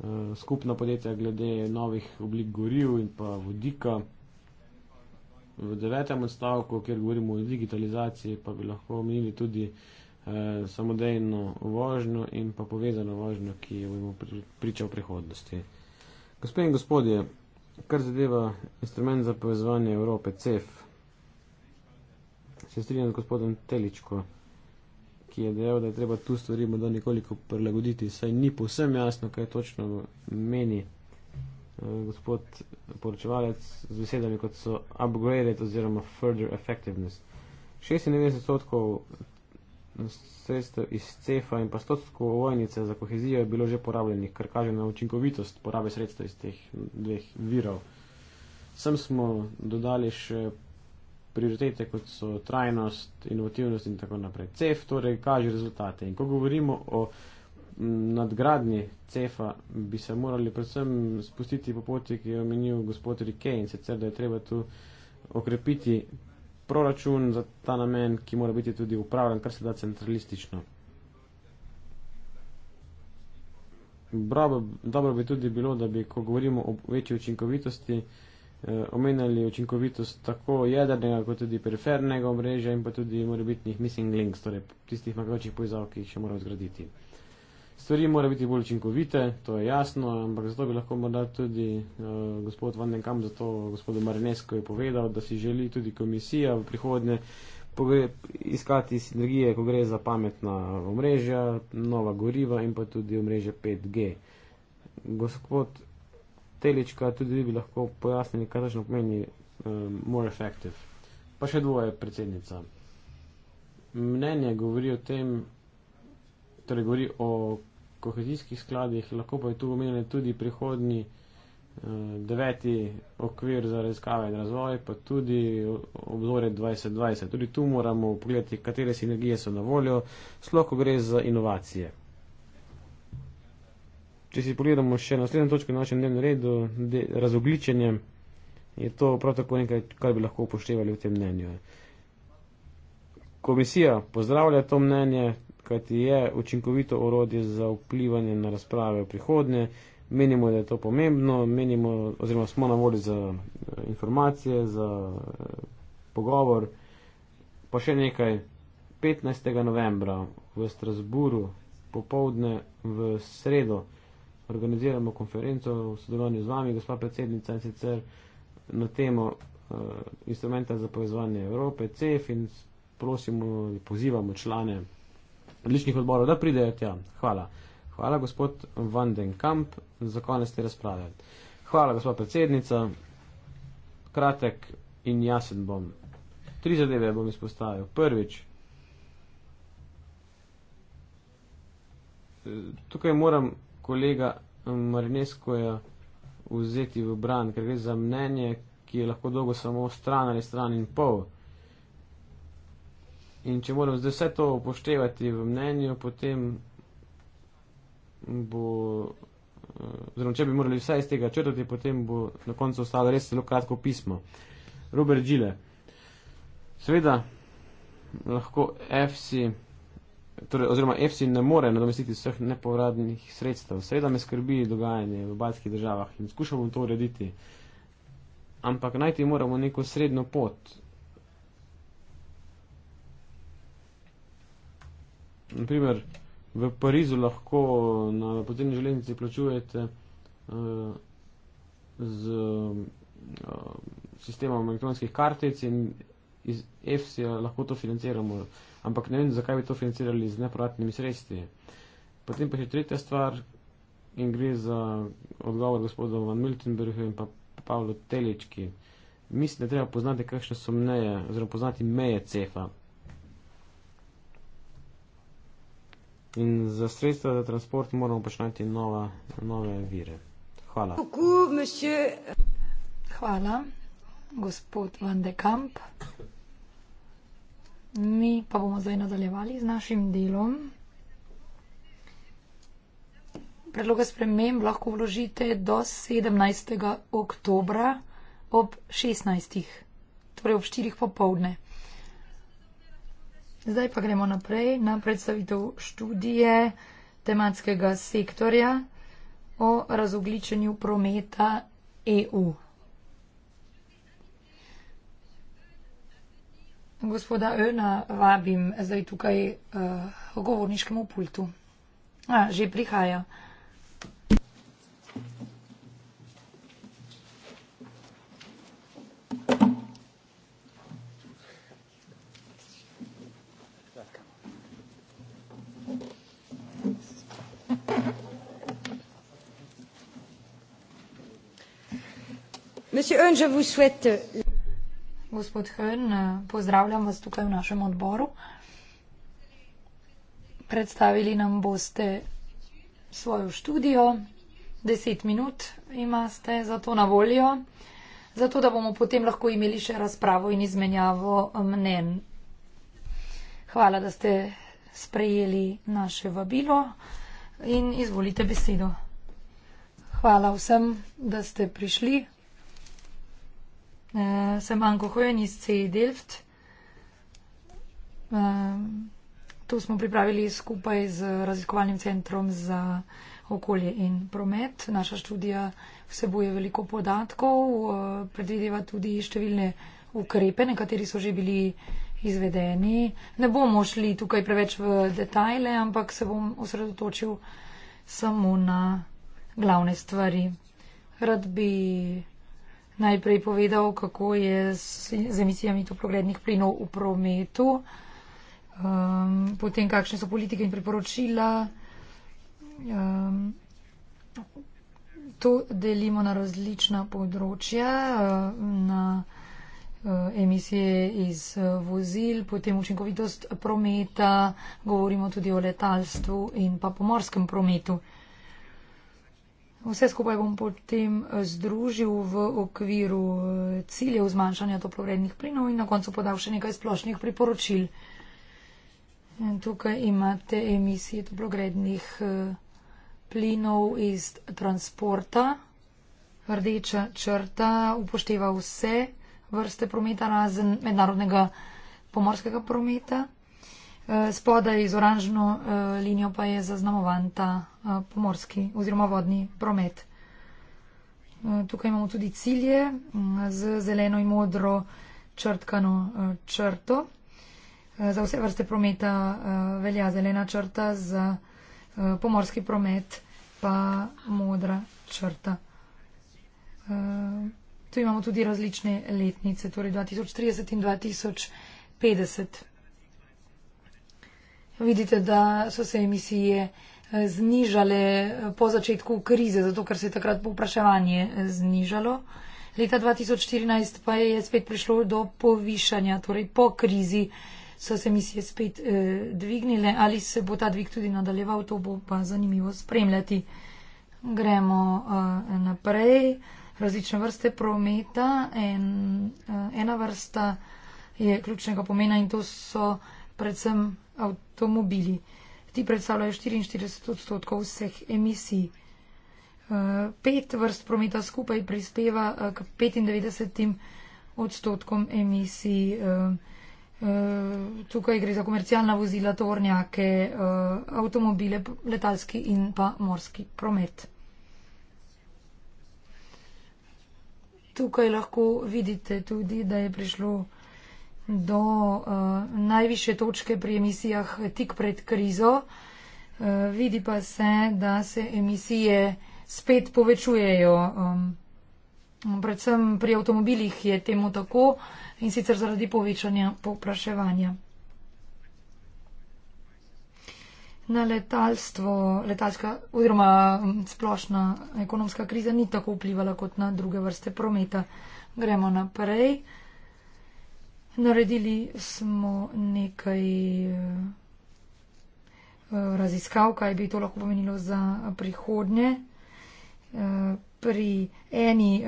Eh, skupna podjetja glede novih oblik goriv in pa vodika. V devetem odstavku, kjer govorimo o digitalizaciji, pa bi lahko omenili tudi eh, samodejno vožnjo in pa povezano vožnjo, ki jo bomo pričali v prihodnosti. Gospe in gospodje, kar zadeva instrument za povezovanje Evrope, CEF, se strinjam z gospodom Teličko ki je dejal, da je treba tu stvari morda nekoliko prilagoditi, saj ni povsem jasno, kaj točno meni eh, gospod poročevalec z besedami, kot so upgraded oziroma further effectiveness. 96 odstotkov sredstev iz CEFA in pa 100 odstotkov vojnice za kohezijo je bilo že porabljenih, kar kaže na učinkovitost porabe sredstev iz teh dveh virov. Sem smo dodali še prioritete, kot so trajnost, inovativnost in tako naprej. CEF torej kaže rezultate. In ko govorimo o nadgradnji CEF-a, bi se morali predvsem spustiti po poti, ki je omenil gospod Rike in sicer, da je treba tu okrepiti proračun za ta namen, ki mora biti tudi upravljen, kar se da centralistično. Bravo, dobro bi tudi bilo, da bi, ko govorimo o večji učinkovitosti, Eh, omenjali učinkovitost tako jedrnega, kot tudi perifernega omrežja in pa tudi morebitnih missing links, torej tistih manjkajočih povezav, ki jih še moramo zgraditi. Stvari morajo biti bolj učinkovite, to je jasno, ampak zato bi lahko morda tudi uh, gospod Vandenkamp, zato gospodu Marinesko je povedal, da si želi tudi komisija v prihodnje iskati sinergije, ko gre za pametna omrežja, nova goriva in pa tudi omrežje 5G. Gospod telička, tudi vi bi lahko pojasnili, kaj točno pomeni um, more effective. Pa še dvoje, predsednica. Mnenje govori o tem, torej govori o kohezijskih skladih, lahko pa je tu omenjen tudi prihodni uh, deveti okvir za raziskave in razvoj, pa tudi obzore 2020. Tudi tu moramo pogledati, katere sinergije so na voljo, sloko gre za inovacije če si pogledamo še naslednjo točko na našem dnevnem redu, de, razogličenje, je to prav tako nekaj, kar bi lahko upoštevali v tem mnenju. Komisija pozdravlja to mnenje, kajti je učinkovito orodje za vplivanje na razprave v prihodnje. Menimo, da je to pomembno, menimo, oziroma smo na voljo za eh, informacije, za eh, pogovor. Pa še nekaj, 15. novembra v Strasburu, popovdne v sredo organiziramo konferenco v sodelovanju z vami, gospa predsednica, in sicer na temo uh, instrumenta za povezovanje Evrope, CEF, in prosimo, pozivamo člane odličnih odborov, da pridejo tja. Hvala. Hvala, gospod Van den Kamp, za konec te razprave. Hvala, gospa predsednica. Kratek in jasen bom. Tri zadeve bom izpostavil. Prvič, eh, tukaj moram kolega Marinesko je vzeti v bran, ker gre za mnenje, ki je lahko dolgo samo stran ali stran in pol. In če moram zdaj vse to upoštevati v mnenju, potem bo, eh, oziroma če bi morali vse iz tega črtati, potem bo na koncu ostalo res zelo kratko pismo. Robert Gile. Seveda, lahko FC torej, oziroma EFSI ne more nadomestiti vseh nepovratnih sredstev. Seveda me skrbi dogajanje v baljskih državah in skušamo to urediti, ampak najti moramo neko srednjo pot. Naprimer, v Parizu lahko na podzemni železnici plačujete uh, z uh, sistemom elektronskih kartic in iz EFSI lahko to financiramo ampak ne vem, zakaj bi to financirali z neporatnimi sredstvi. Potem pa še tretja stvar in gre za odgovor gospodov Van Miltenbergu in pa Pavlo Telečki. Mislim, da treba poznati, kakšne so mneje, oziroma poznati meje CEFA. In za sredstva za transport moramo počnati nova, nove vire. Hvala. Hvala, gospod Van de Kamp. Mi pa bomo zdaj nadaljevali z našim delom. Predloge sprememb lahko vložite do 17. oktobra ob 16. torej ob 4. popovdne. Zdaj pa gremo naprej na predstavitev študije tematskega sektorja o razogličenju prometa EU. Gospoda Öna vabim zdaj tukaj uh, eh, v govorniškem pultu. A, že prihaja. Monsieur Eun, je vous souhaite gospod Hrn, eh, pozdravljam vas tukaj v našem odboru. Predstavili nam boste svojo študijo, deset minut imate za to na voljo, zato da bomo potem lahko imeli še razpravo in izmenjavo eh, mnen. Hvala, da ste sprejeli naše vabilo in izvolite besedo. Hvala vsem, da ste prišli. Uh, sem Anko Hojen iz CE Delft. Um, to smo pripravili skupaj z raziskovalnim centrom za okolje in promet. Naša študija vsebuje veliko podatkov, uh, predvideva tudi številne ukrepe, nekateri so že bili izvedeni. Ne bomo šli tukaj preveč v detajle, ampak se bom osredotočil samo na glavne stvari. Rad bi najprej povedal, kako je z, z emisijami toplogrednih plinov v prometu, um, potem kakšne so politike in priporočila. Um, to delimo na različna področja, uh, na uh, emisije iz uh, vozil, potem učinkovitost prometa, govorimo tudi o letalstvu in pa pomorskem prometu. Vse skupaj bom potem eh, združil v okviru eh, ciljev zmanjšanja toplovrednih plinov in na koncu podal še nekaj splošnih priporočil. In tukaj imate emisije toplogrednih eh, plinov iz transporta. Rdeča črta upošteva vse vrste prometa razen mednarodnega pomorskega prometa. Spodaj z oranžno linijo pa je zaznamovan ta pomorski oziroma vodni promet. E, tukaj imamo tudi cilje z zeleno in modro črtkano e, črto. E, za vse vrste prometa velja zelena črta, za pomorski promet pa modra črta. Tu imamo tudi različne letnice, torej 2030 in 2050. Vidite, da so se emisije znižale po začetku krize, zato ker se je takrat povpraševanje znižalo. Leta 2014 pa je spet prišlo do povišanja, torej po krizi so se misije spet eh, dvignile. Ali se bo ta dvig tudi nadaljeval, to bo pa zanimivo spremljati. Gremo eh, naprej. Različne vrste prometa. En, eh, ena vrsta je ključnega pomena in to so predvsem avtomobili. Eh, ti predstavljajo 44 odstotkov vseh emisij. Eh, pet vrst prometa skupaj prispeva eh, k 95 odstotkom emisij. Eh, tukaj gre za komercialna vozila, tovornjake, avtomobile, letalski in pa morski promet. Tukaj lahko vidite tudi, da je prišlo do uh, eh, najviše točke pri emisijah tik pred krizo. Uh, vidi pa se, da se emisije spet povečujejo. Um, predvsem pri avtomobilih je temu tako in sicer zaradi povečanja popraševanja. Na letalstvo, letalska oziroma um, splošna ekonomska kriza ni tako vplivala kot na druge vrste prometa. Gremo naprej. Uh, Naredili smo nekaj eh, raziskav, kaj bi to lahko pomenilo za prihodnje. Eh, pri eni eh,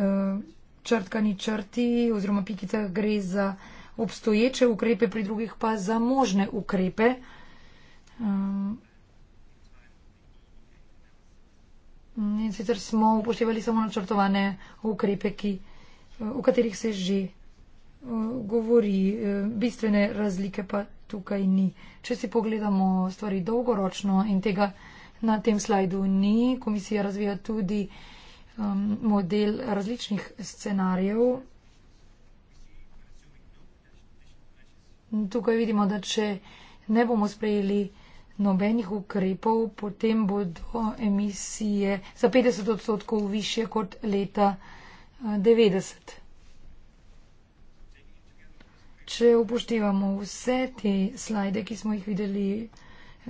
črtkani črti oziroma pikicah gre za obstoječe ukrepe, pri drugih pa za možne ukrepe. In sicer smo upoštevali samo načrtovane ukrepe, ki, v katerih se že Eh, govori, eh, bistvene razlike pa tukaj ni. Če si pogledamo stvari dolgoročno in tega na tem slajdu ni, komisija razvija tudi um, model različnih scenarijev. Tukaj vidimo, da če ne bomo sprejeli nobenih ukrepov, potem bodo emisije za 50 odstotkov više kot leta 90. Eh, če upoštevamo vse te slide, ki smo jih videli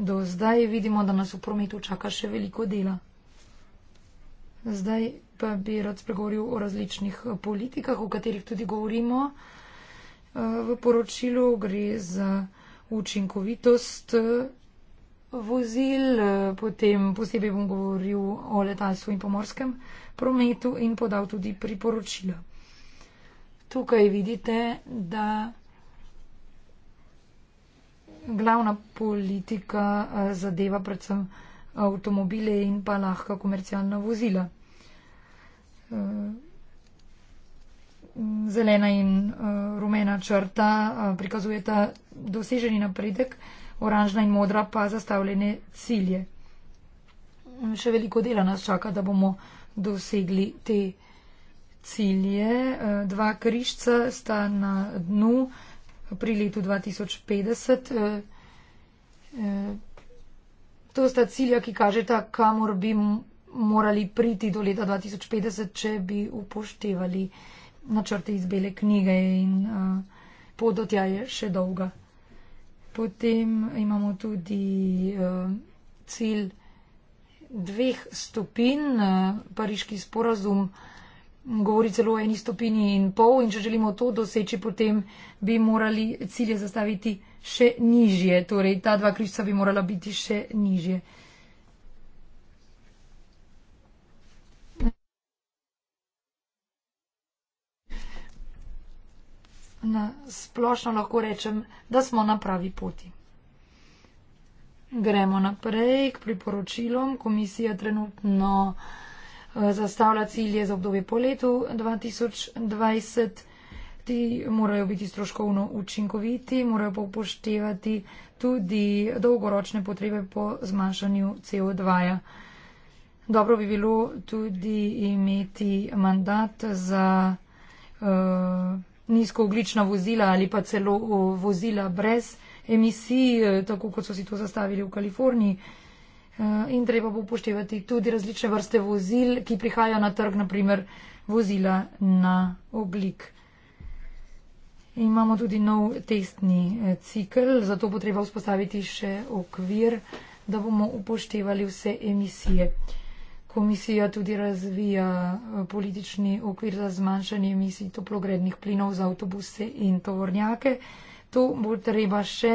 do zdaj, vidimo, da nas v prometu čaka še veliko dela. Zdaj pa bi rad spregovoril o različnih eh, politikah, o katerih tudi govorimo. Eh, v poročilu gre za učinkovitost eh, vozil, potem posebej bom govoril o letalstvu in pomorskem prometu in podal tudi priporočila. Tukaj vidite, da glavna politika eh, zadeva predvsem avtomobile in pa lahka komercialna vozila. Eh, zelena in eh, rumena črta prikazujeta doseženi napredek, oranžna in modra pa zastavljene cilje. Še veliko dela nas čaka, da bomo dosegli te cilje. Dva križca sta na dnu pri letu 2050. Eh, eh, to sta cilja, ki kažeta, kamor bi morali priti do leta 2050, če bi upoštevali načrte iz bele knjige in eh, pot do tja je še dolga. Potem imamo tudi cilj dveh stopin, pariški sporazum, govori celo o eni stopinji in pol in če želimo to doseči, potem bi morali cilje zastaviti še nižje. Torej, ta dva križca bi morala biti še nižje. Na splošno lahko rečem, da smo na pravi poti. Gremo naprej k priporočilom. Komisija trenutno zastavlja cilje za obdobje po letu 2020. Ti morajo biti stroškovno učinkoviti, morajo pa upoštevati tudi dolgoročne potrebe po zmanjšanju CO2. -ja. Dobro bi bilo tudi imeti mandat za uh, eh, nizkooglična vozila ali pa celo eh, vozila brez emisij, eh, tako kot so si to zastavili v Kaliforniji. Uh, Eh, in treba bo upoštevati tudi različne vrste vozil, ki prihajajo na trg, naprimer vozila na oblik. Imamo tudi nov testni eh, cikl, zato bo treba vzpostaviti še okvir, da bomo upoštevali vse emisije. Komisija tudi razvija eh, politični okvir za zmanjšanje emisij toplogrednih plinov za avtobuse in tovornjake. To bo treba še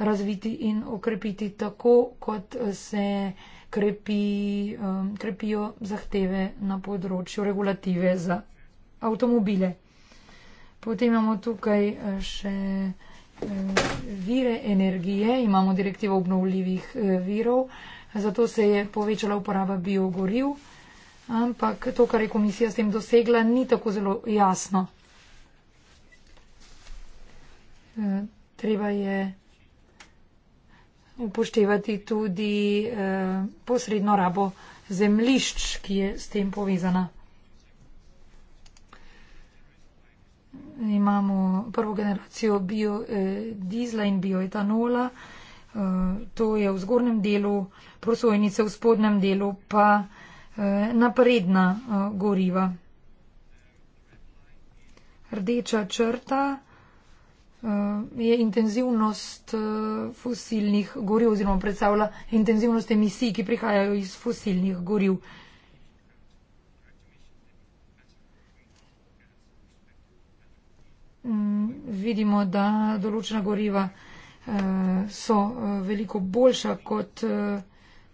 razviti in okrepiti tako, kot se krepi, um, krepijo zahteve na področju regulative za avtomobile. Potem imamo tukaj eh, še eh, vire energije, imamo direktivo obnovljivih eh, virov, zato se je povečala uporaba biogoriv, ampak to, kar je komisija s tem dosegla, ni tako zelo jasno. Treba je upoštevati tudi eh, posredno rabo zemlišč, ki je s tem povezana. Imamo prvo generacijo biodizla in bioetanola. Eh, to je v zgornjem delu prosojnice, v spodnjem delu pa eh, napredna goriva. Rdeča črta. Eh, je intenzivnost eh, fosilnih goriv oziroma predstavlja intenzivnost emisij, ki prihajajo iz fosilnih goriv. Mm, vidimo, da določena goriva eh, so veliko boljša kot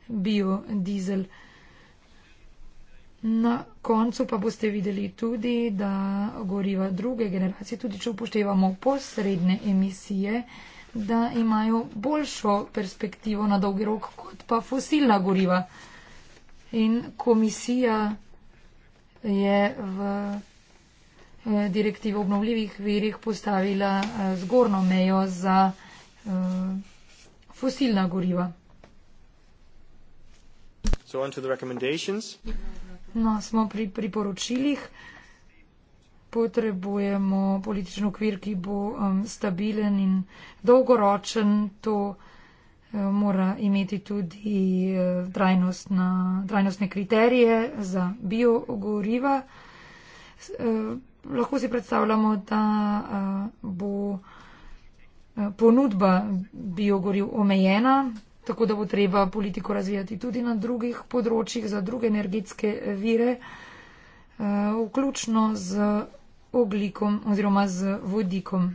biodizel. Na koncu pa boste videli tudi, da goriva druge generacije, tudi če upoštevamo posredne emisije, da imajo boljšo perspektivo na dolgi rok kot pa fosilna goriva. In komisija je v eh, direktivo obnovljivih verjih postavila eh, zgorno mejo za eh, fosilna goriva. So on to the recommendations. Mm -hmm trenutno smo pri priporočilih. Potrebujemo političen okvir, ki bo um, stabilen in dolgoročen. To um, mora imeti tudi um, trajnost na, trajnostne kriterije za biogoriva. Um, lahko si predstavljamo, da um, bo um, ponudba biogoriv omejena, tako da bo treba politiko razvijati tudi na drugih področjih za druge energetske vire, eh, vključno z oglikom oziroma z vodikom.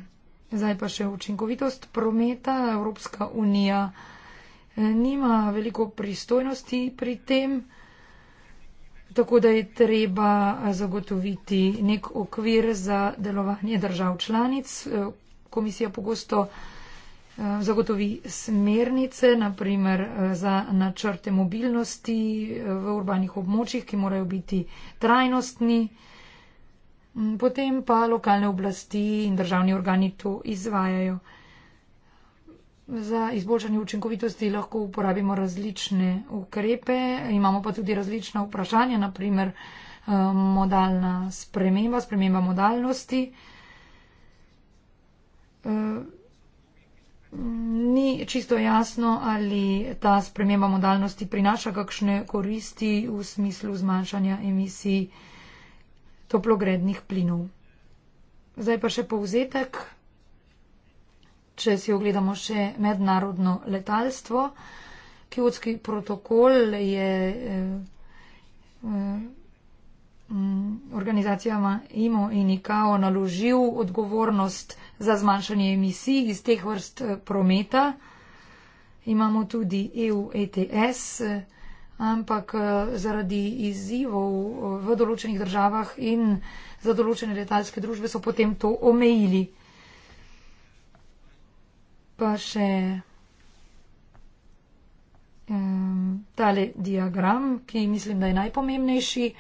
Zdaj pa še učinkovitost prometa. Evropska unija eh, nima veliko pristojnosti pri tem, tako da je treba eh, zagotoviti nek okvir za delovanje držav članic. Komisija pogosto Eh, zagotovi smernice, naprimer eh, za načrte mobilnosti eh, v urbanih območjih, ki morajo biti trajnostni. Mm, potem pa lokalne oblasti in državni organi to izvajajo. Za izboljšanje učinkovitosti lahko uporabimo različne ukrepe, imamo pa tudi različna vprašanja, naprimer modalna sprememba, sprememba modalnosti. Ni čisto jasno, ali ta sprememba modalnosti prinaša kakšne koristi v smislu zmanjšanja emisij toplogrednih plinov. Zdaj pa še povzetek. Če si ogledamo še mednarodno letalstvo, kjotski protokol je. Eh, eh, Mm, organizacijama IMO in IKAO naložil odgovornost za zmanjšanje emisij iz teh vrst eh, prometa. Imamo tudi EU ETS, eh, ampak eh, zaradi izzivov v določenih državah in za določene letalske družbe so potem to omejili. Pa še um, tale diagram, ki mislim, da je najpomembnejši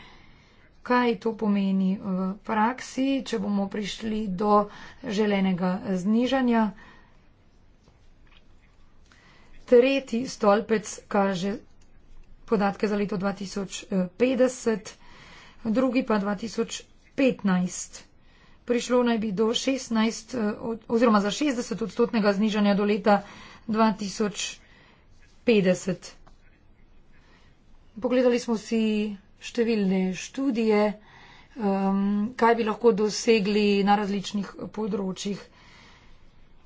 kaj to pomeni v praksi, če bomo prišli do želenega znižanja. Tretji stolpec kaže podatke za leto 2050, drugi pa 2015. Prišlo naj bi do 16 oziroma za 60 odstotnega znižanja do leta 2050. Pogledali smo si številne študije, um, kaj bi lahko dosegli na različnih področjih.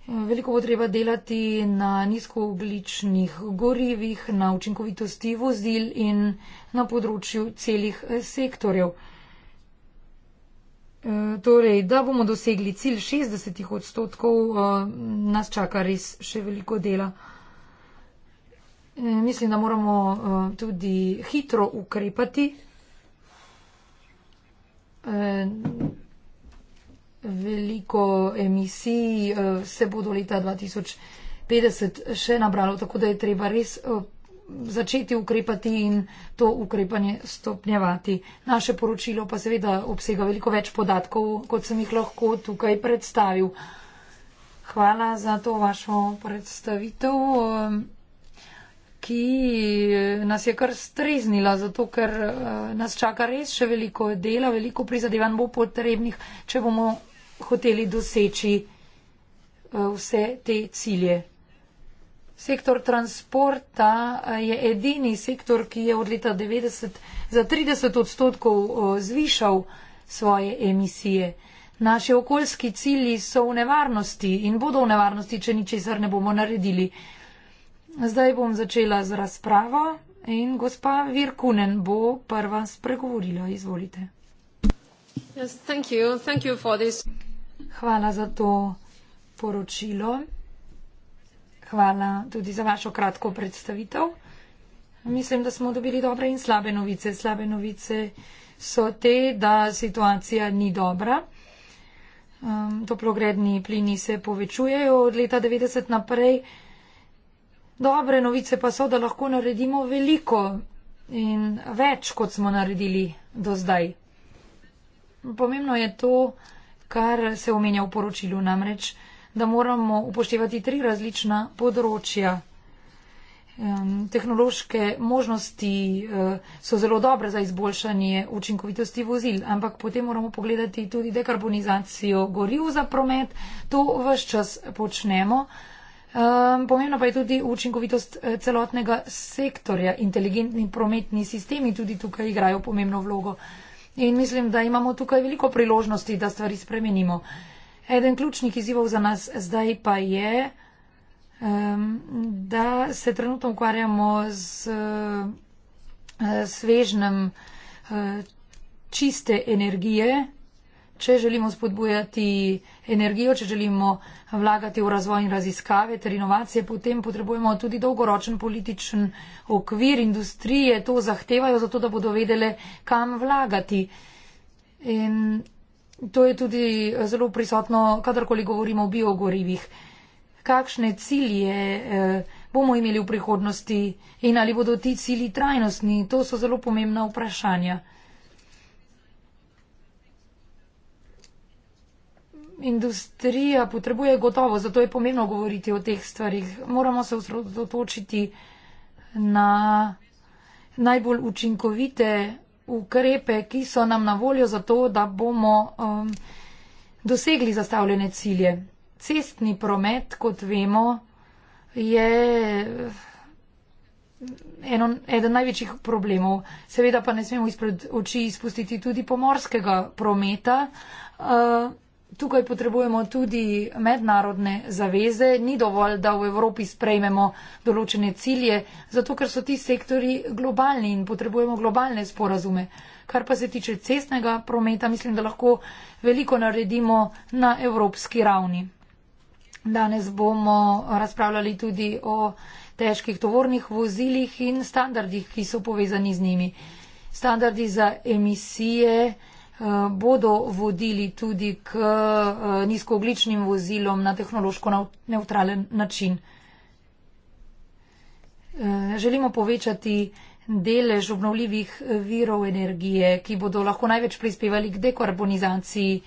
Um, veliko bo treba delati na nizkoogličnih gorivih, na učinkovitosti vozil in na področju celih sektorjev. Um, torej, da bomo dosegli cilj 60 odstotkov, um, nas čaka res še veliko dela. Mislim, da moramo tudi hitro ukrepati, veliko emisij eh, se bo do leta 2050 še nabralo, tako da je treba res eh, začeti ukrepati in to ukrepanje stopnjevati. Naše poročilo pa seveda obsega veliko več podatkov, kot sem jih lahko tukaj predstavil. Hvala za to vašo predstavitev. Eh, ki eh, nas je kar streznila, zato ker eh, nas čaka res še veliko dela, veliko prizadevanj bo potrebnih, če bomo hoteli doseči eh, vse te cilje. Sektor transporta je edini sektor, ki je od leta 90 za 30 odstotkov zvišal svoje emisije. Naši okoljski cilji so v nevarnosti in bodo v nevarnosti, če ničesar ne bomo naredili. Zdaj bom začela z razpravo in gospa Virkunen bo prva spregovorila. Izvolite. Yes, thank you. Thank you Hvala za to poročilo. Hvala tudi za vašo kratko predstavitev. Mislim, da smo dobili dobre in slabe novice. Slabe novice so te, da situacija ni dobra. Um, toplogredni plini se povečujejo od leta 90 naprej. Dobre novice pa so, da lahko naredimo veliko in več, kot smo naredili do zdaj. Pomembno je to, kar se omenja v poročilu, namreč, da moramo upoštevati tri različna področja. Tehnološke možnosti e, so zelo dobre za izboljšanje učinkovitosti vozil, ampak potem moramo pogledati tudi dekarbonizacijo goriv za promet. To v vse čas počnemo. Um, pomembna pa je tudi učinkovitost eh, celotnega sektorja. Inteligentni prometni sistemi tudi tukaj igrajo pomembno vlogo. In mislim, da imamo tukaj veliko priložnosti, da stvari spremenimo. Eden ključnih izzivov za nas zdaj pa je, um, da se trenutno ukvarjamo z uh, eh, svežnem uh, eh, čiste energije, če želimo spodbujati energijo, če želimo vlagati v razvoj in raziskave ter inovacije, potem potrebujemo tudi dolgoročen političen okvir. Industrije to zahtevajo, zato da bodo vedele, kam vlagati. In to je tudi zelo prisotno, kadarkoli govorimo o biogorivih. Kakšne cilje eh, bomo imeli v prihodnosti in ali bodo ti cilji trajnostni, to so zelo pomembna vprašanja. industrija potrebuje gotovo, zato je pomembno govoriti o teh stvarih. Moramo se osredotočiti na najbolj učinkovite ukrepe, ki so nam na voljo za to, da bomo um, dosegli zastavljene cilje. Cestni promet, kot vemo, je eno, eden največjih problemov. Seveda pa ne smemo izpred oči izpustiti tudi pomorskega prometa. Uh, tukaj potrebujemo tudi mednarodne zaveze. Ni dovolj, da v Evropi sprejmemo določene cilje, zato ker so ti sektori globalni in potrebujemo globalne sporazume. Kar pa se tiče cestnega prometa, mislim, da lahko veliko naredimo na evropski ravni. Danes bomo razpravljali tudi o težkih tovornih vozilih in standardih, ki so povezani z njimi. Standardi za emisije, Eh, bodo vodili tudi k eh, nizkoogličnim vozilom na tehnološko neutralen način. Eh, želimo povečati delež obnovljivih virov energije, ki bodo lahko največ prispevali k dekarbonizaciji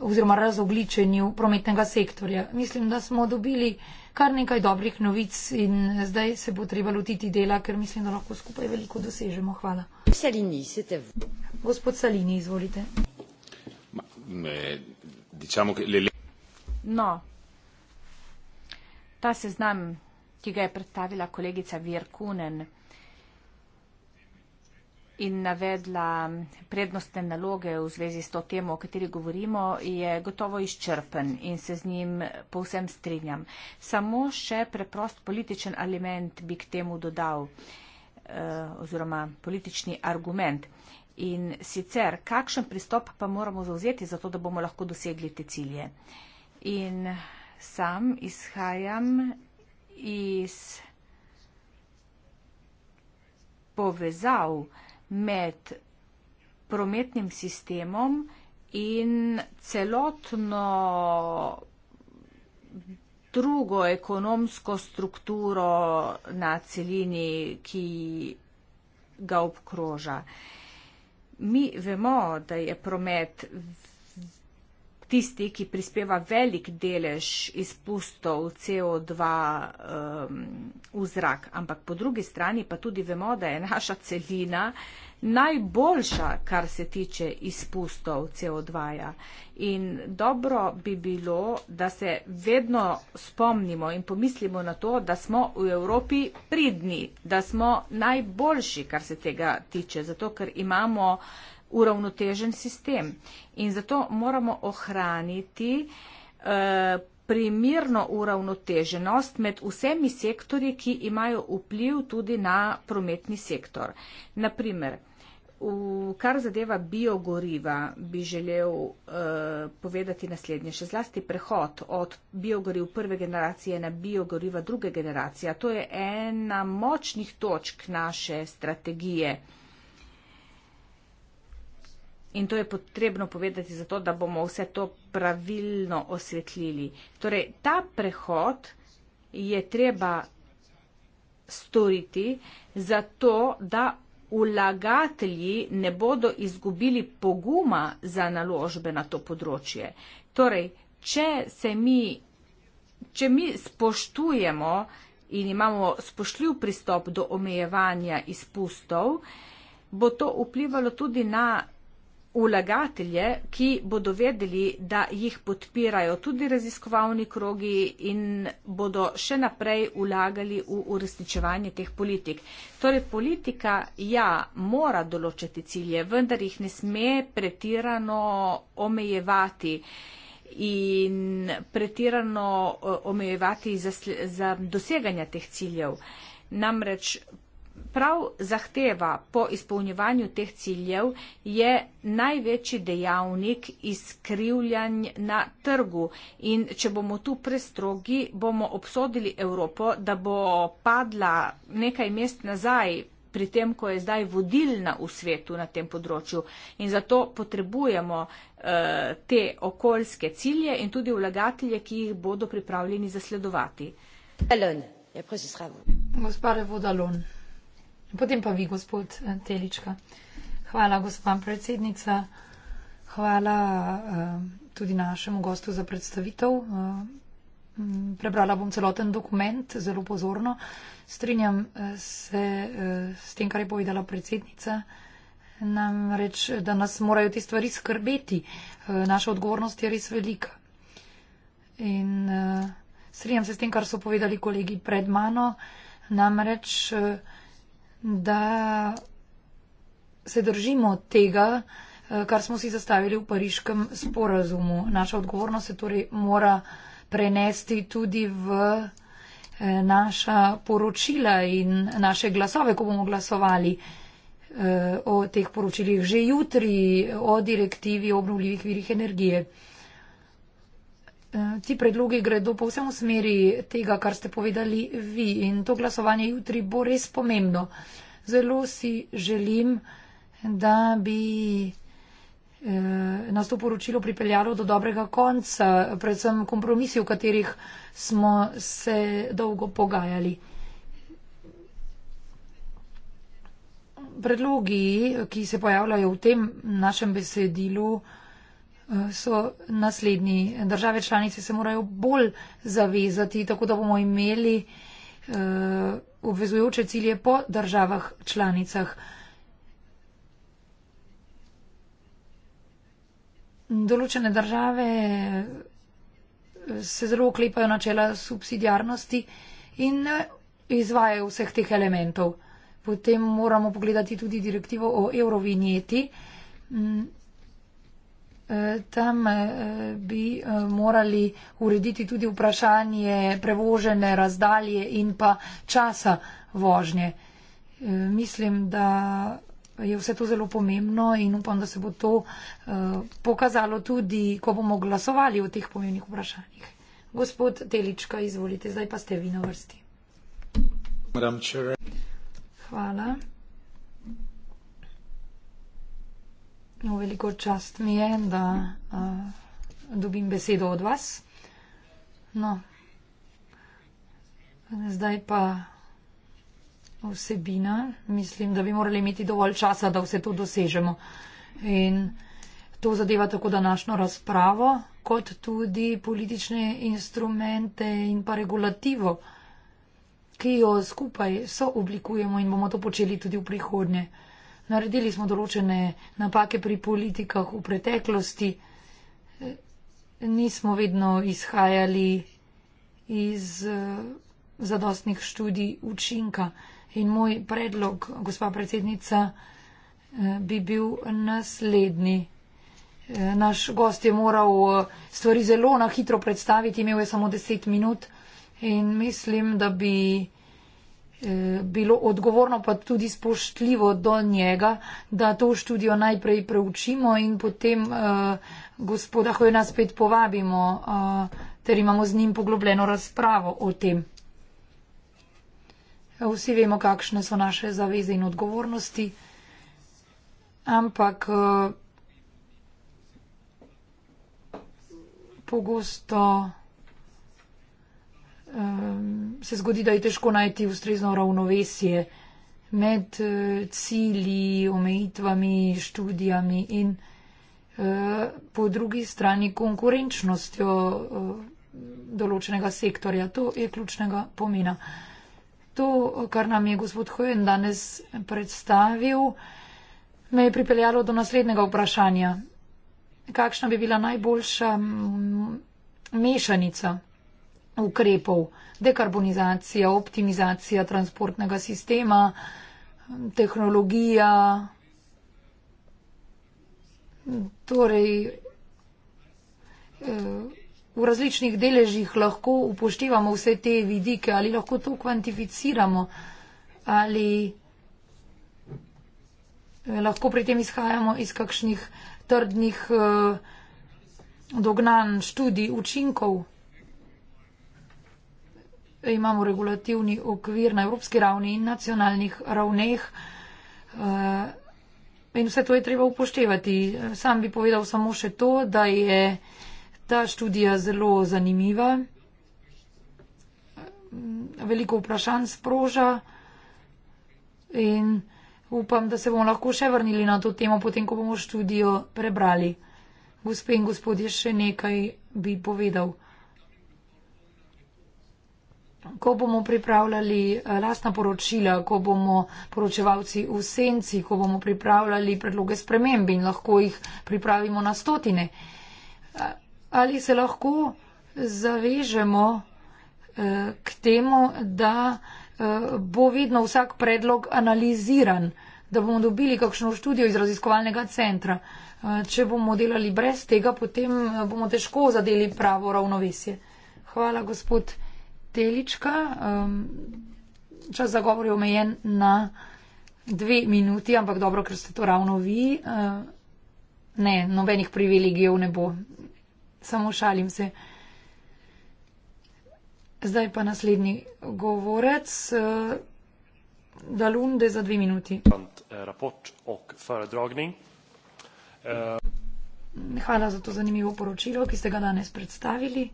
oziroma razogličenju prometnega sektorja. Mislim, da smo dobili kar nekaj dobrih novic in zdaj se bo treba lotiti dela, ker mislim, da lahko skupaj veliko dosežemo. Hvala gospod Salini, izvolite. Ma, me, eh, diciamo, le, le... No, ta seznam, ki ga je predstavila kolegica Virkunen in navedla prednostne naloge v zvezi s to temo, o kateri govorimo, je gotovo izčrpen in se z njim povsem strinjam. Samo še preprost političen element bi k temu dodal eh, oziroma politični argument. In sicer, kakšen pristop pa moramo zauzeti, zato da bomo lahko dosegli te cilje? In sam izhajam iz povezav med prometnim sistemom in celotno drugo ekonomsko strukturo na celini, ki ga obkroža mi vemo, da je promet tisti, ki prispeva velik delež izpustov CO2 um, v zrak. Ampak po drugi strani pa tudi vemo, da je naša celina najboljša, kar se tiče izpustov CO2. -ja. In dobro bi bilo, da se vedno spomnimo in pomislimo na to, da smo v Evropi pridni, da smo najboljši, kar se tega tiče, zato ker imamo uh, uravnotežen sistem. In zato moramo ohraniti eh, primirno uravnoteženost med vsemi sektorji, ki imajo vpliv tudi na prometni sektor. Naprimer, v kar zadeva biogoriva, bi želel uh, povedati naslednje, še zlasti prehod od biogoriv prve generacije na biogoriva druge generacije. To je ena močnih točk naše strategije. In to je potrebno povedati zato, da bomo vse to pravilno osvetlili. Torej, ta prehod je treba storiti zato, da vlagatelji ne bodo izgubili poguma za naložbe na to področje. Torej, če se mi, če mi spoštujemo in imamo spoštljiv pristop do omejevanja izpustov, bo to vplivalo tudi na vlagatelje, ki bodo vedeli, da jih podpirajo tudi raziskovalni krogi in bodo še naprej vlagali v uresničevanje teh politik. Torej, politika ja, mora določiti cilje, vendar jih ne sme pretirano omejevati in pretirano eh, omejevati za, za doseganje teh ciljev. Namreč Prav zahteva po izpolnjevanju teh ciljev je največji dejavnik izkrivljanj na trgu in če bomo tu prestrogi, bomo obsodili Evropo, da bo padla nekaj mest nazaj pri tem, ko je zdaj vodilna v svetu na tem področju. In zato potrebujemo eh, te okoljske cilje in tudi vlagatelje, ki jih bodo pripravljeni zasledovati. Gospod Revodalon. Potem pa vi, gospod eh, Telička. Hvala, gospod predsednica. Hvala eh, tudi našemu gostu za predstavitev. Eh, prebrala bom celoten dokument zelo pozorno. Strinjam se s tem, kar je povedala predsednica. Namreč, da nas morajo te stvari skrbeti. Naša odgovornost je res velika. In strinjam se s tem, kar so povedali kolegi pred mano. Namreč, da se držimo tega, eh, kar smo si zastavili v pariškem sporazumu. Naša odgovornost se torej mora prenesti tudi v eh, naša poročila in naše glasove, ko bomo glasovali eh, o teh poročilih že jutri o direktivi o obnovljivih virih energije. Eh, ti predlogi gredo povsem v smeri tega, kar ste povedali vi in to glasovanje jutri bo res pomembno. Zelo si želim, da bi eh, nas to poročilo pripeljalo do dobrega konca, predvsem kompromisi, o katerih smo se dolgo pogajali. Predlogi, ki se pojavljajo v tem našem besedilu, so naslednji. Države članice se morajo bolj zavezati, tako da bomo imeli eh, obvezujoče cilje po državah članicah. Določene države eh, se zelo oklepajo načela subsidijarnosti in eh, izvajajo vseh teh elementov. Potem moramo pogledati tudi direktivo o eurovinjeti. Mm, Tam eh, bi eh, morali urediti tudi vprašanje prevožene razdalje in pa časa vožnje. Eh, mislim, da je vse to zelo pomembno in upam, da se bo to pokazalo tudi, ko bomo glasovali o teh pomembnih vprašanjih. Gospod Telička, izvolite, zdaj pa ste vi na vrsti. Hvala. No, veliko čast mi je, da uh, dobim besedo od vas. No, zdaj pa vsebina. Mislim, da bi morali imeti dovolj časa, da vse to dosežemo. In to zadeva tako današnjo razpravo, kot tudi politične instrumente in pa regulativo, ki jo skupaj sooblikujemo in bomo to počeli tudi v prihodnje. Uh, Naredili smo določene napake pri politikah v preteklosti. Nismo vedno izhajali iz eh, zadostnih študij učinka. In moj predlog, gospa predsednica, eh, bi bil naslednji. Eh, naš gost je moral stvari zelo na hitro predstaviti, imel je samo deset minut in mislim, da bi Eh, bilo odgovorno pa tudi spoštljivo do njega, da to študijo najprej preučimo in potem uh, gospoda Hojena spet povabimo, uh, ter imamo z njim poglobljeno razpravo o tem. Vsi vemo, kakšne so naše zaveze in odgovornosti, ampak uh, pogosto. Ehm, se zgodi, da je težko najti ustrezno ravnovesje med eh, cilji, omejitvami, študijami in eh, po drugi strani konkurenčnostjo eh, določenega sektorja. To je ključnega pomena. To, kar nam je gospod Hojen danes predstavil, me je pripeljalo do naslednjega vprašanja. Kakšna bi bila najboljša mešanica ukrepov. Dekarbonizacija, optimizacija transportnega sistema, tehnologija. Torej, eh, v različnih deležih lahko upoštevamo vse te vidike, ali lahko to kvantificiramo, ali eh, lahko pri tem izhajamo iz kakšnih trdnih eh, dognanj študij učinkov imamo regulativni okvir na evropski ravni in nacionalnih ravneh. Eh, in vse to je treba upoštevati. Sam bi povedal samo še to, da je ta študija zelo zanimiva. Veliko vprašanj sproža in upam, da se bomo lahko še vrnili na to temo, potem, ko bomo študijo prebrali. Gospe in gospodje, še nekaj bi povedal ko bomo pripravljali eh, lastna poročila, ko bomo poročevalci v senci, ko bomo pripravljali predloge spremembi in lahko jih pripravimo na stotine. Eh, ali se lahko zavežemo eh, k temu, da bo vedno vsak predlog analiziran, da bomo dobili kakšno študijo iz raziskovalnega centra. Če bomo delali brez tega, potem bomo težko zadeli pravo ravnovesje. Hvala, gospod telička. Um, čas za govor je omejen na dve minuti, ampak dobro, ker ste to ravno vi. Uh, ne, nobenih privilegijev ne bo. Samo šalim se. Zdaj pa naslednji govorec. Uh, Dalunde za dve minuti. Hvala za to zanimivo poročilo, ki ste ga danes predstavili.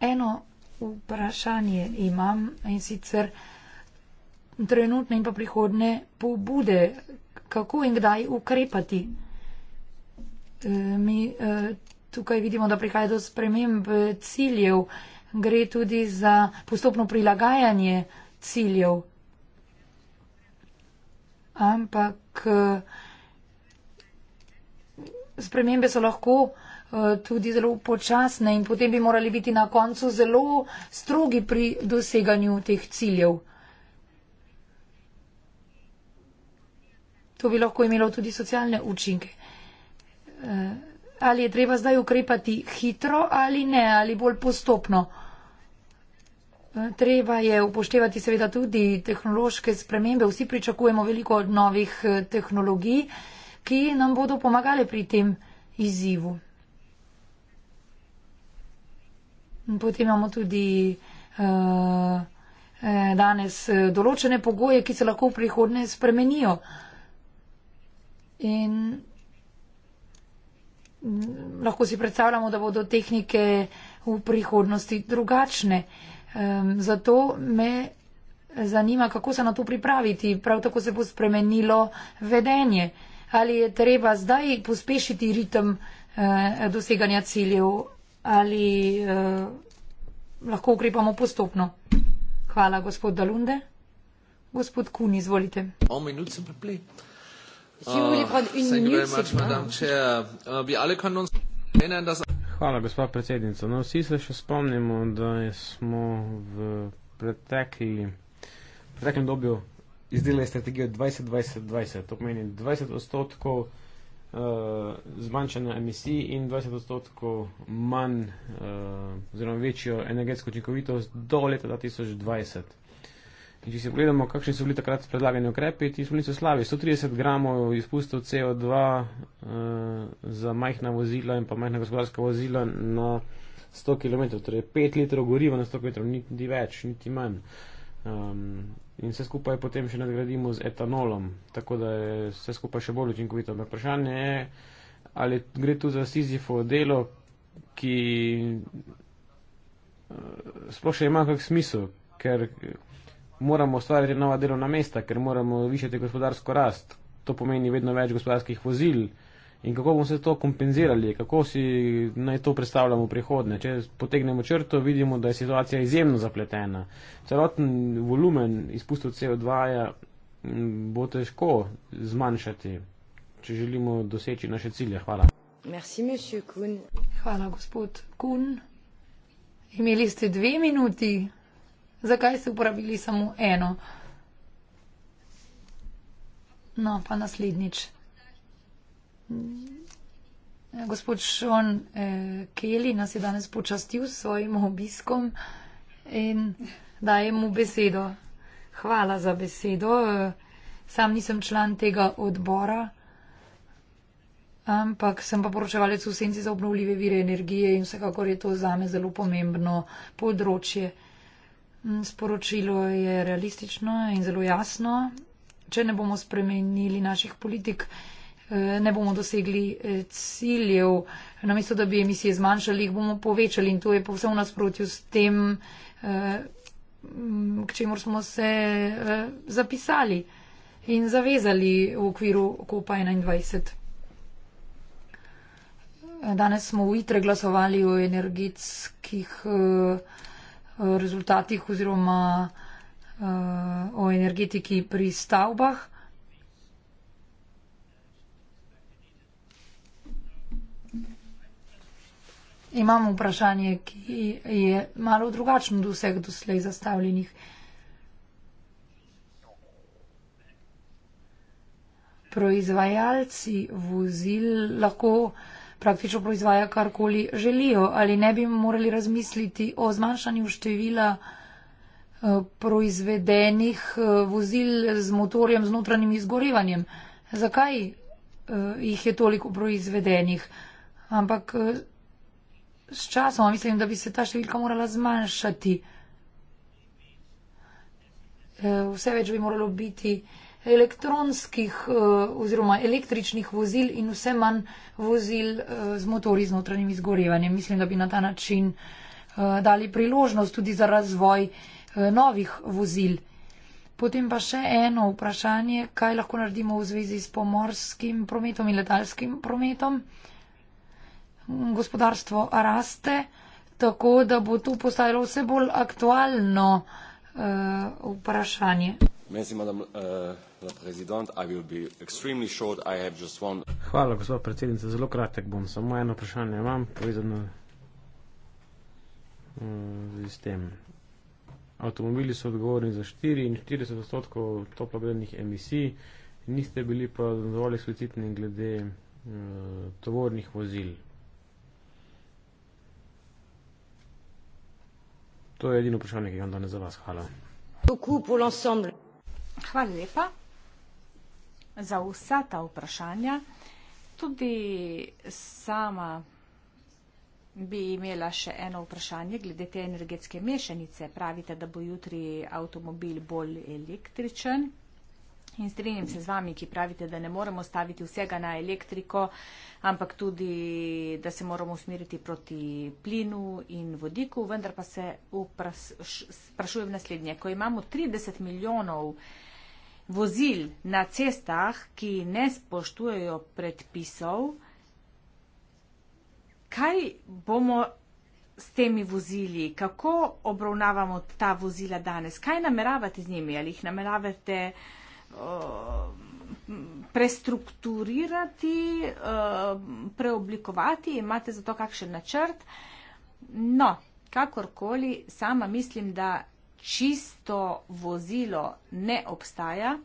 Eno vprašanje imam in sicer trenutne in pa prihodne pobude, kako in kdaj ukrepati. E, mi e, tukaj vidimo, da prihaja do sprememb ciljev, gre tudi za postopno prilagajanje ciljev. Ampak e, spremembe so lahko. Eh, tudi zelo počasne in potem bi morali biti na koncu zelo strogi pri doseganju teh ciljev. To bi lahko imelo tudi socialne učinke. Eh, ali je treba zdaj ukrepati hitro ali ne, ali bolj postopno. Eh, treba je upoštevati seveda tudi tehnološke spremembe. Vsi pričakujemo veliko novih tehnologij, ki nam bodo pomagale pri tem izzivu. Potem imamo tudi uh, danes eh, določene pogoje, ki se lahko v prihodnje spremenijo. In mm, lahko si predstavljamo, da bodo tehnike v prihodnosti drugačne. Um, zato me zanima, kako se na to pripraviti. Prav tako se bo spremenilo vedenje. Ali je treba zdaj pospešiti ritem uh, doseganja ciljev ali uh, lahko ukrepamo postopno. Hvala, gospod Dalunde. Gospod Kun, izvolite. O, minut sem prepli. Hvala, gospod predsednica. No, vsi se še spomnimo, da smo v preteklem dobju izdelali strategijo 2020-2020. To pomeni 20 odstotkov. 20 uh, zmanjšanja emisij in 20 odstotkov manj uh, oziroma večjo energetsko učinkovitost do leta 2020. In če si pogledamo, kakšni so bili takrat predlagani ukrepi, ti so bili slavi. 130 gramov izpustov CO2 uh, eh, za majhna vozila in pa majhna gospodarska vozila na 100 km, torej 5 litrov goriva na 100 km, niti več, niti manj. Um, in vse skupaj potem še nadgradimo z etanolom, tako da je vse skupaj še bolj učinkovito. Ampak vprašanje je, ali gre tu za Sizifo delo, ki eh, sploh še ima kak smisel, ker moramo ustvarjati nova delovna mesta, ker moramo višati gospodarsko rast. To pomeni vedno več gospodarskih vozil in kako bomo se to kompenzirali, kako si naj to predstavljamo v prihodnje. Če potegnemo črto, vidimo, da je situacija izjemno zapletena. Celoten volumen izpustov CO2 bo težko zmanjšati, če želimo doseči naše cilje. Hvala. Merci, Hvala, gospod Kun. Imeli ste dve minuti. Zakaj ste uporabili samo eno? No, pa naslednjič. Gospod Šon eh, Keli nas je danes počastil s svojim obiskom in dajem mu besedo. Hvala za besedo. Eh, sam nisem član tega odbora, ampak sem pa poročevalec v senci za obnovljive vire energije in vsekakor je to zame zelo pomembno področje. Mm, sporočilo je realistično in zelo jasno. Če ne bomo spremenili naših politik, Eh, ne bomo dosegli eh, ciljev, namesto da bi emisije zmanjšali, jih bomo povečali in to je povsem v nasprotju s tem, eh, k čemur smo se zapisali in zavezali v okviru COP21. Danes smo v ITRE glasovali o energetskih rezultatih oziroma o energetiki pri stavbah. imam vprašanje, ki je malo drugačno od vseh doslej zastavljenih. Proizvajalci vozil lahko praktično proizvaja karkoli želijo ali ne bi morali razmisliti o zmanjšanju števila eh, proizvedenih eh, vozil z motorjem z notranjim izgorevanjem. Zakaj eh, jih je toliko proizvedenih? Ampak s časom, mislim, da bi se ta številka morala zmanjšati. E, vse več bi moralo biti elektronskih e, oziroma električnih vozil in vse manj vozil e, z motori z notranjim izgorevanjem. Mislim, da bi na ta način dali priložnost tudi za razvoj novih vozil. Potem pa še eno vprašanje, kaj lahko naredimo v zvezi s pomorskim prometom in letalskim prometom gospodarstvo raste, tako da bo to postalo vse bolj aktualno uh, vprašanje. Eh, Hvala, gospod predsednica, zelo kratek bom. Samo eno vprašanje imam povezano eh, s tem. Avtomobili so odgovorni za 44 odstotkov toplogrednih emisij, niste bili pa dovolj eksplicitni glede uh, tovornih vozil. To je edino vprašanje, ki ga imam danes za vas. Hvala. Hvala lepa za vsa ta vprašanja. Tudi sama bi imela še eno vprašanje glede te energetske mešanice. Pravite, da bo jutri avtomobil bolj električen. In strinjam se z vami, ki pravite, da ne moramo staviti vsega na elektriko, ampak tudi, da se moramo usmeriti proti plinu in vodiku. Vendar pa se sprašujem naslednje. Ko imamo 30 milijonov vozil na cestah, ki ne spoštujejo predpisov, kaj bomo s temi vozili, kako obravnavamo ta vozila danes, kaj nameravate z njimi, ali jih nameravate. Eh, prestrukturirati, eh, preoblikovati, imate za to kakšen načrt. No, kakorkoli, sama mislim, da čisto vozilo ne obstaja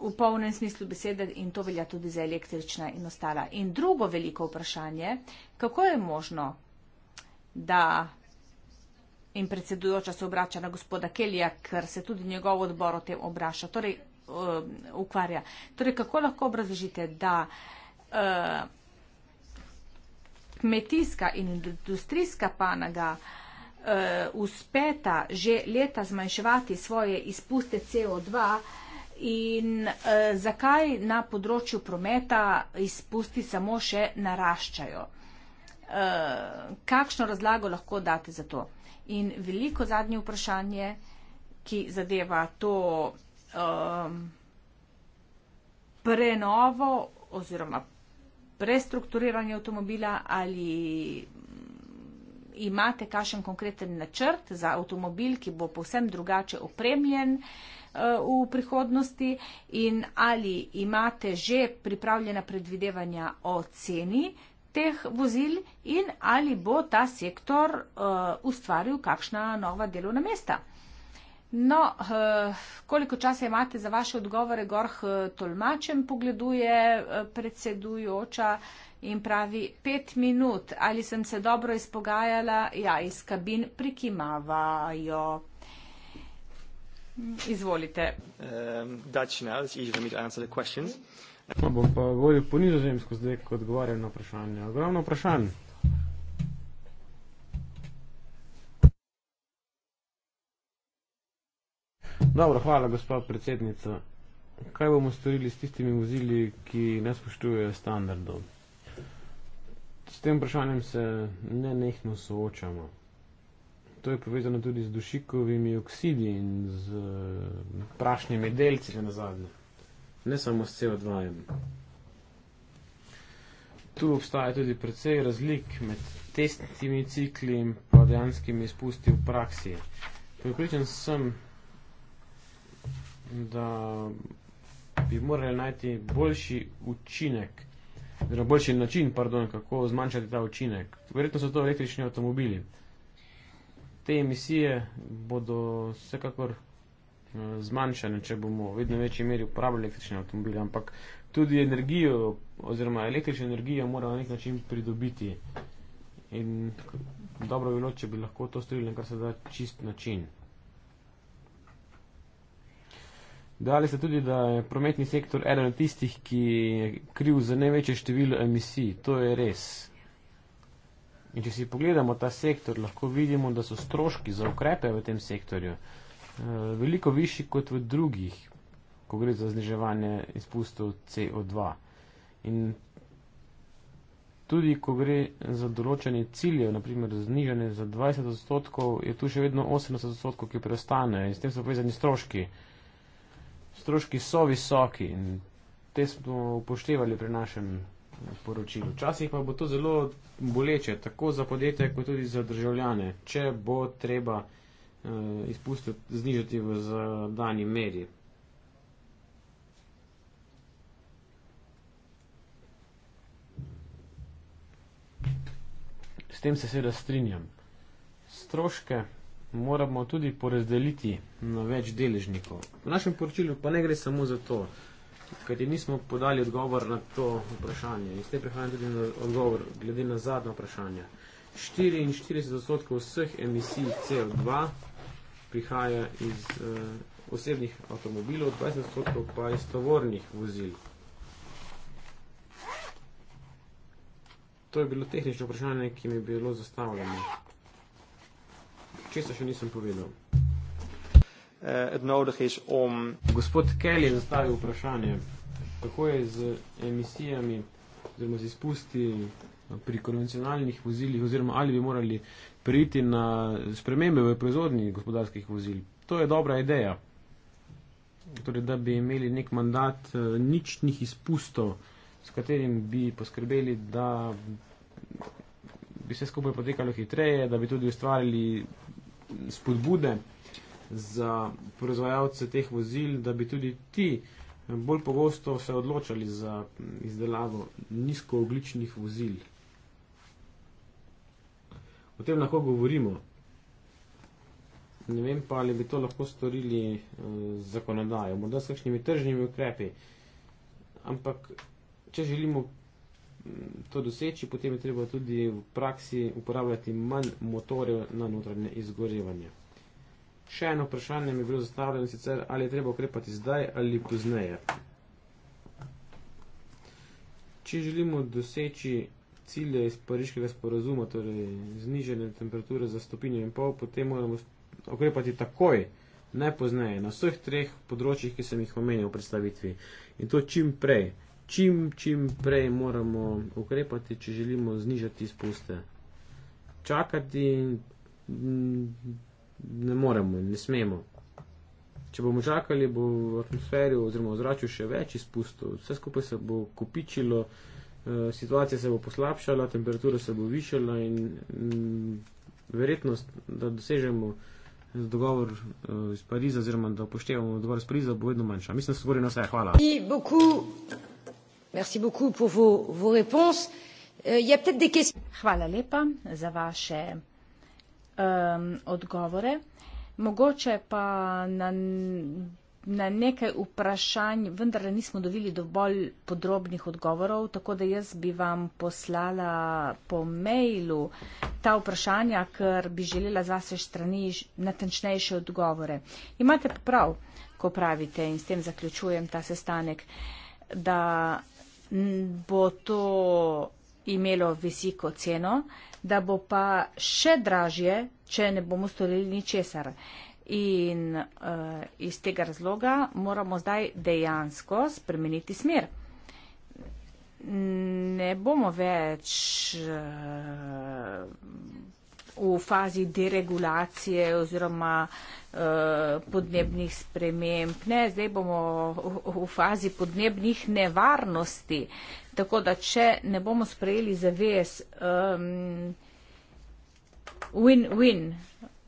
v polnem smislu besede in to velja tudi za električna in ostala. In drugo veliko vprašanje, kako je možno, da In predsedujoča se obrača na gospoda Kelija, ker se tudi njegov odbor o tem obraša, torej uh, ukvarja. Torej, kako lahko obrazložite, da uh, kmetijska in industrijska panaga uh, eh, uspeta že leta zmanjševati svoje izpuste CO2 in uh, zakaj na področju prometa izpusti samo še naraščajo? Uh, kakšno razlago lahko date za to? In veliko zadnje vprašanje, ki zadeva to um, prenovo oziroma prestrukturiranje avtomobila ali imate kakšen konkreten načrt za avtomobil, ki bo povsem drugače opremljen uh, v prihodnosti in ali imate že pripravljena predvidevanja o ceni uh, teh vozil in ali bo ta sektor uh, ustvaril kakšna nova delovna mesta. No, uh, koliko časa imate za vaše odgovore, Gorh eh, Tolmačem pogleduje predsedujoča in pravi pet minut, ali sem se dobro izpogajala, ja, iz kabin prikimavajo. Izvolite. Um, Dutch now, it's easy for me to answer the questions. Okay. No, bom pa vodil po nizozemsko zdaj, ko odgovarjam na vprašanje. Ogromno vprašanj. Dobro, hvala, gospa predsednica. Kaj bomo storili s tistimi vozili, ki ne spoštujejo standardov? S tem vprašanjem se ne nehno soočamo. To je povezano tudi z dušikovimi oksidi in z prašnimi delci, na zadnje ne samo s CO2. -em. Tu obstaja tudi precej razlik med testnimi cikli in dejanskimi izpusti v praksi. Pripričan sem, da bi morali najti boljši učinek, oziroma boljši način, pardon, kako zmanjšati ta učinek. Verjetno so to električni avtomobili. Te emisije bodo vsekakor Eh, zmanjšane, če bomo v vedno večji meri uporabljali električne avtomobile, ampak tudi energijo oziroma električno energijo moramo na nek način pridobiti. In dobro bi bilo, če bi lahko to storili na kar se da čist način. Dali ste tudi, da je prometni sektor eden od tistih, ki je kriv za največje število emisij. To je res. In če si pogledamo ta sektor, lahko vidimo, da so stroški za ukrepe v tem sektorju. Eh, veliko višji kot v drugih, ko gre za zniževanje izpustov CO2. In tudi, ko gre za določene cilje, naprimer zniženje za 20 odstotkov, je tu še vedno 80 odstotkov, ki preostane in s tem so povezani stroški. Stroški so visoki in te smo upoštevali pri našem poročilu. Včasih pa bo to zelo boleče, tako za podjetje, kot tudi za državljane, če bo treba Eh, izpuste znižati v zadani meri. S tem se seveda strinjam. Stroške moramo tudi porazdeliti na več deležnikov. V našem poročilu pa ne gre samo za to, kajti nismo podali odgovor na to vprašanje. In s tem prihajam tudi na odgovor glede na zadnje vprašanje. 44 odstotkov vseh emisij CO2 prihaja iz uh, osebnih avtomobilov, 20% pa iz tovornih vozil. To je bilo tehnično vprašanje, ki mi je bilo zastavljeno. Česa še nisem povedal? Uh, is om... Gospod Kelly je zastavil vprašanje, kako je z emisijami oziroma z izpusti pri konvencionalnih vozilih oziroma ali bi morali priti na spremembe v proizvodnji gospodarskih vozil. To je dobra ideja. Torej, da bi imeli nek mandat eh, ničnih izpustov, s katerim bi poskrbeli, da bi vse skupaj potekalo hitreje, da bi tudi ustvarili spodbude za proizvajalce teh vozil, da bi tudi ti eh, bolj pogosto se odločali za mm, izdelavo nizkoogličnih vozil. O tem lahko govorimo. Ne vem pa, ali bi to lahko storili eh, z zakonodajo, morda s kakšnimi tržnimi ukrepi. Ampak, če želimo mm, to doseči, potem je treba tudi v praksi uporabljati manj motorjev na notranje izgorevanje. Še eno vprašanje mi je bilo zastavljeno sicer, ali je treba ukrepati zdaj ali pozneje. Če želimo doseči cilje iz pariškega sporazuma, torej znižene temperature za stopinjo in pol, potem moramo okrepati takoj, ne pozneje, na vseh treh področjih, ki sem jih omenil v predstavitvi. In to čim prej, čim, čim prej moramo okrepati, če želimo znižati izpuste. Čakati ne moremo, ne smemo. Če bomo čakali, bo v atmosferi oziroma v zraku še več izpustov, vse skupaj se bo kopičilo. Eh, situacija se bo poslabšala, temperatura se bo višala in mm, verjetnost, da dosežemo dogovor eh, iz Pariza oziroma da upoštevamo dogovor iz Pariza bo vedno manjša. Mislim, da se govori na vse. Hvala. Eh, Hvala lepa za vaše um, odgovore. Mogoče pa na na nekaj vprašanj, vendar nismo dobili dovolj podrobnih odgovorov, tako da jaz bi vam poslala po mailu ta vprašanja, ker bi želela za se strani natančnejše odgovore. Imate prav, ko pravite, in s tem zaključujem ta sestanek, da bo to imelo visiko ceno, da bo pa še dražje, če ne bomo storili ničesar. česar. In uh, iz tega razloga moramo zdaj dejansko spremeniti smer. Ne bomo več uh, v fazi deregulacije oziroma uh, podnebnih sprememb, ne, zdaj bomo v, v fazi podnebnih nevarnosti. Tako da, če ne bomo sprejeli zaves ehm, win-win, um,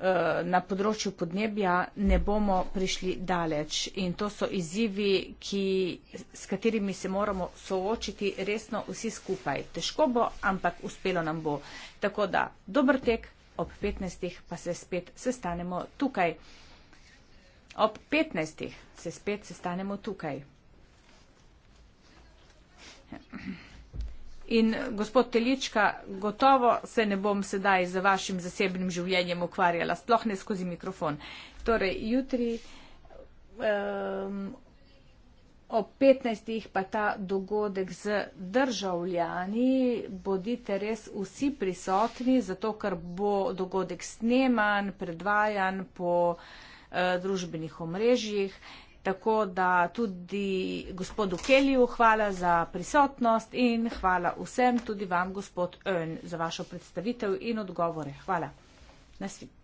Eh, na področju podnebja ne bomo prišli daleč. In to so izzivi, ki, s katerimi se moramo soočiti resno vsi skupaj. Težko bo, ampak uspelo nam bo. Tako da dober tek, ob 15. pa se spet sestanemo tukaj. Ob 15. se spet sestanemo tukaj. Yeah. In gospod Telička, gotovo se ne bom sedaj z vašim zasebnim življenjem ukvarjala, sploh ne skozi mikrofon. Torej, jutri um, ob 15. pa ta dogodek z državljani, bodite res vsi prisotni, zato ker bo dogodek sneman, predvajan po uh, družbenih omrežjih. Tako da tudi gospodu Keliju hvala za prisotnost in hvala vsem, tudi vam, gospod Ön, za vašo predstavitev in odgovore. Hvala. Nasvidenje.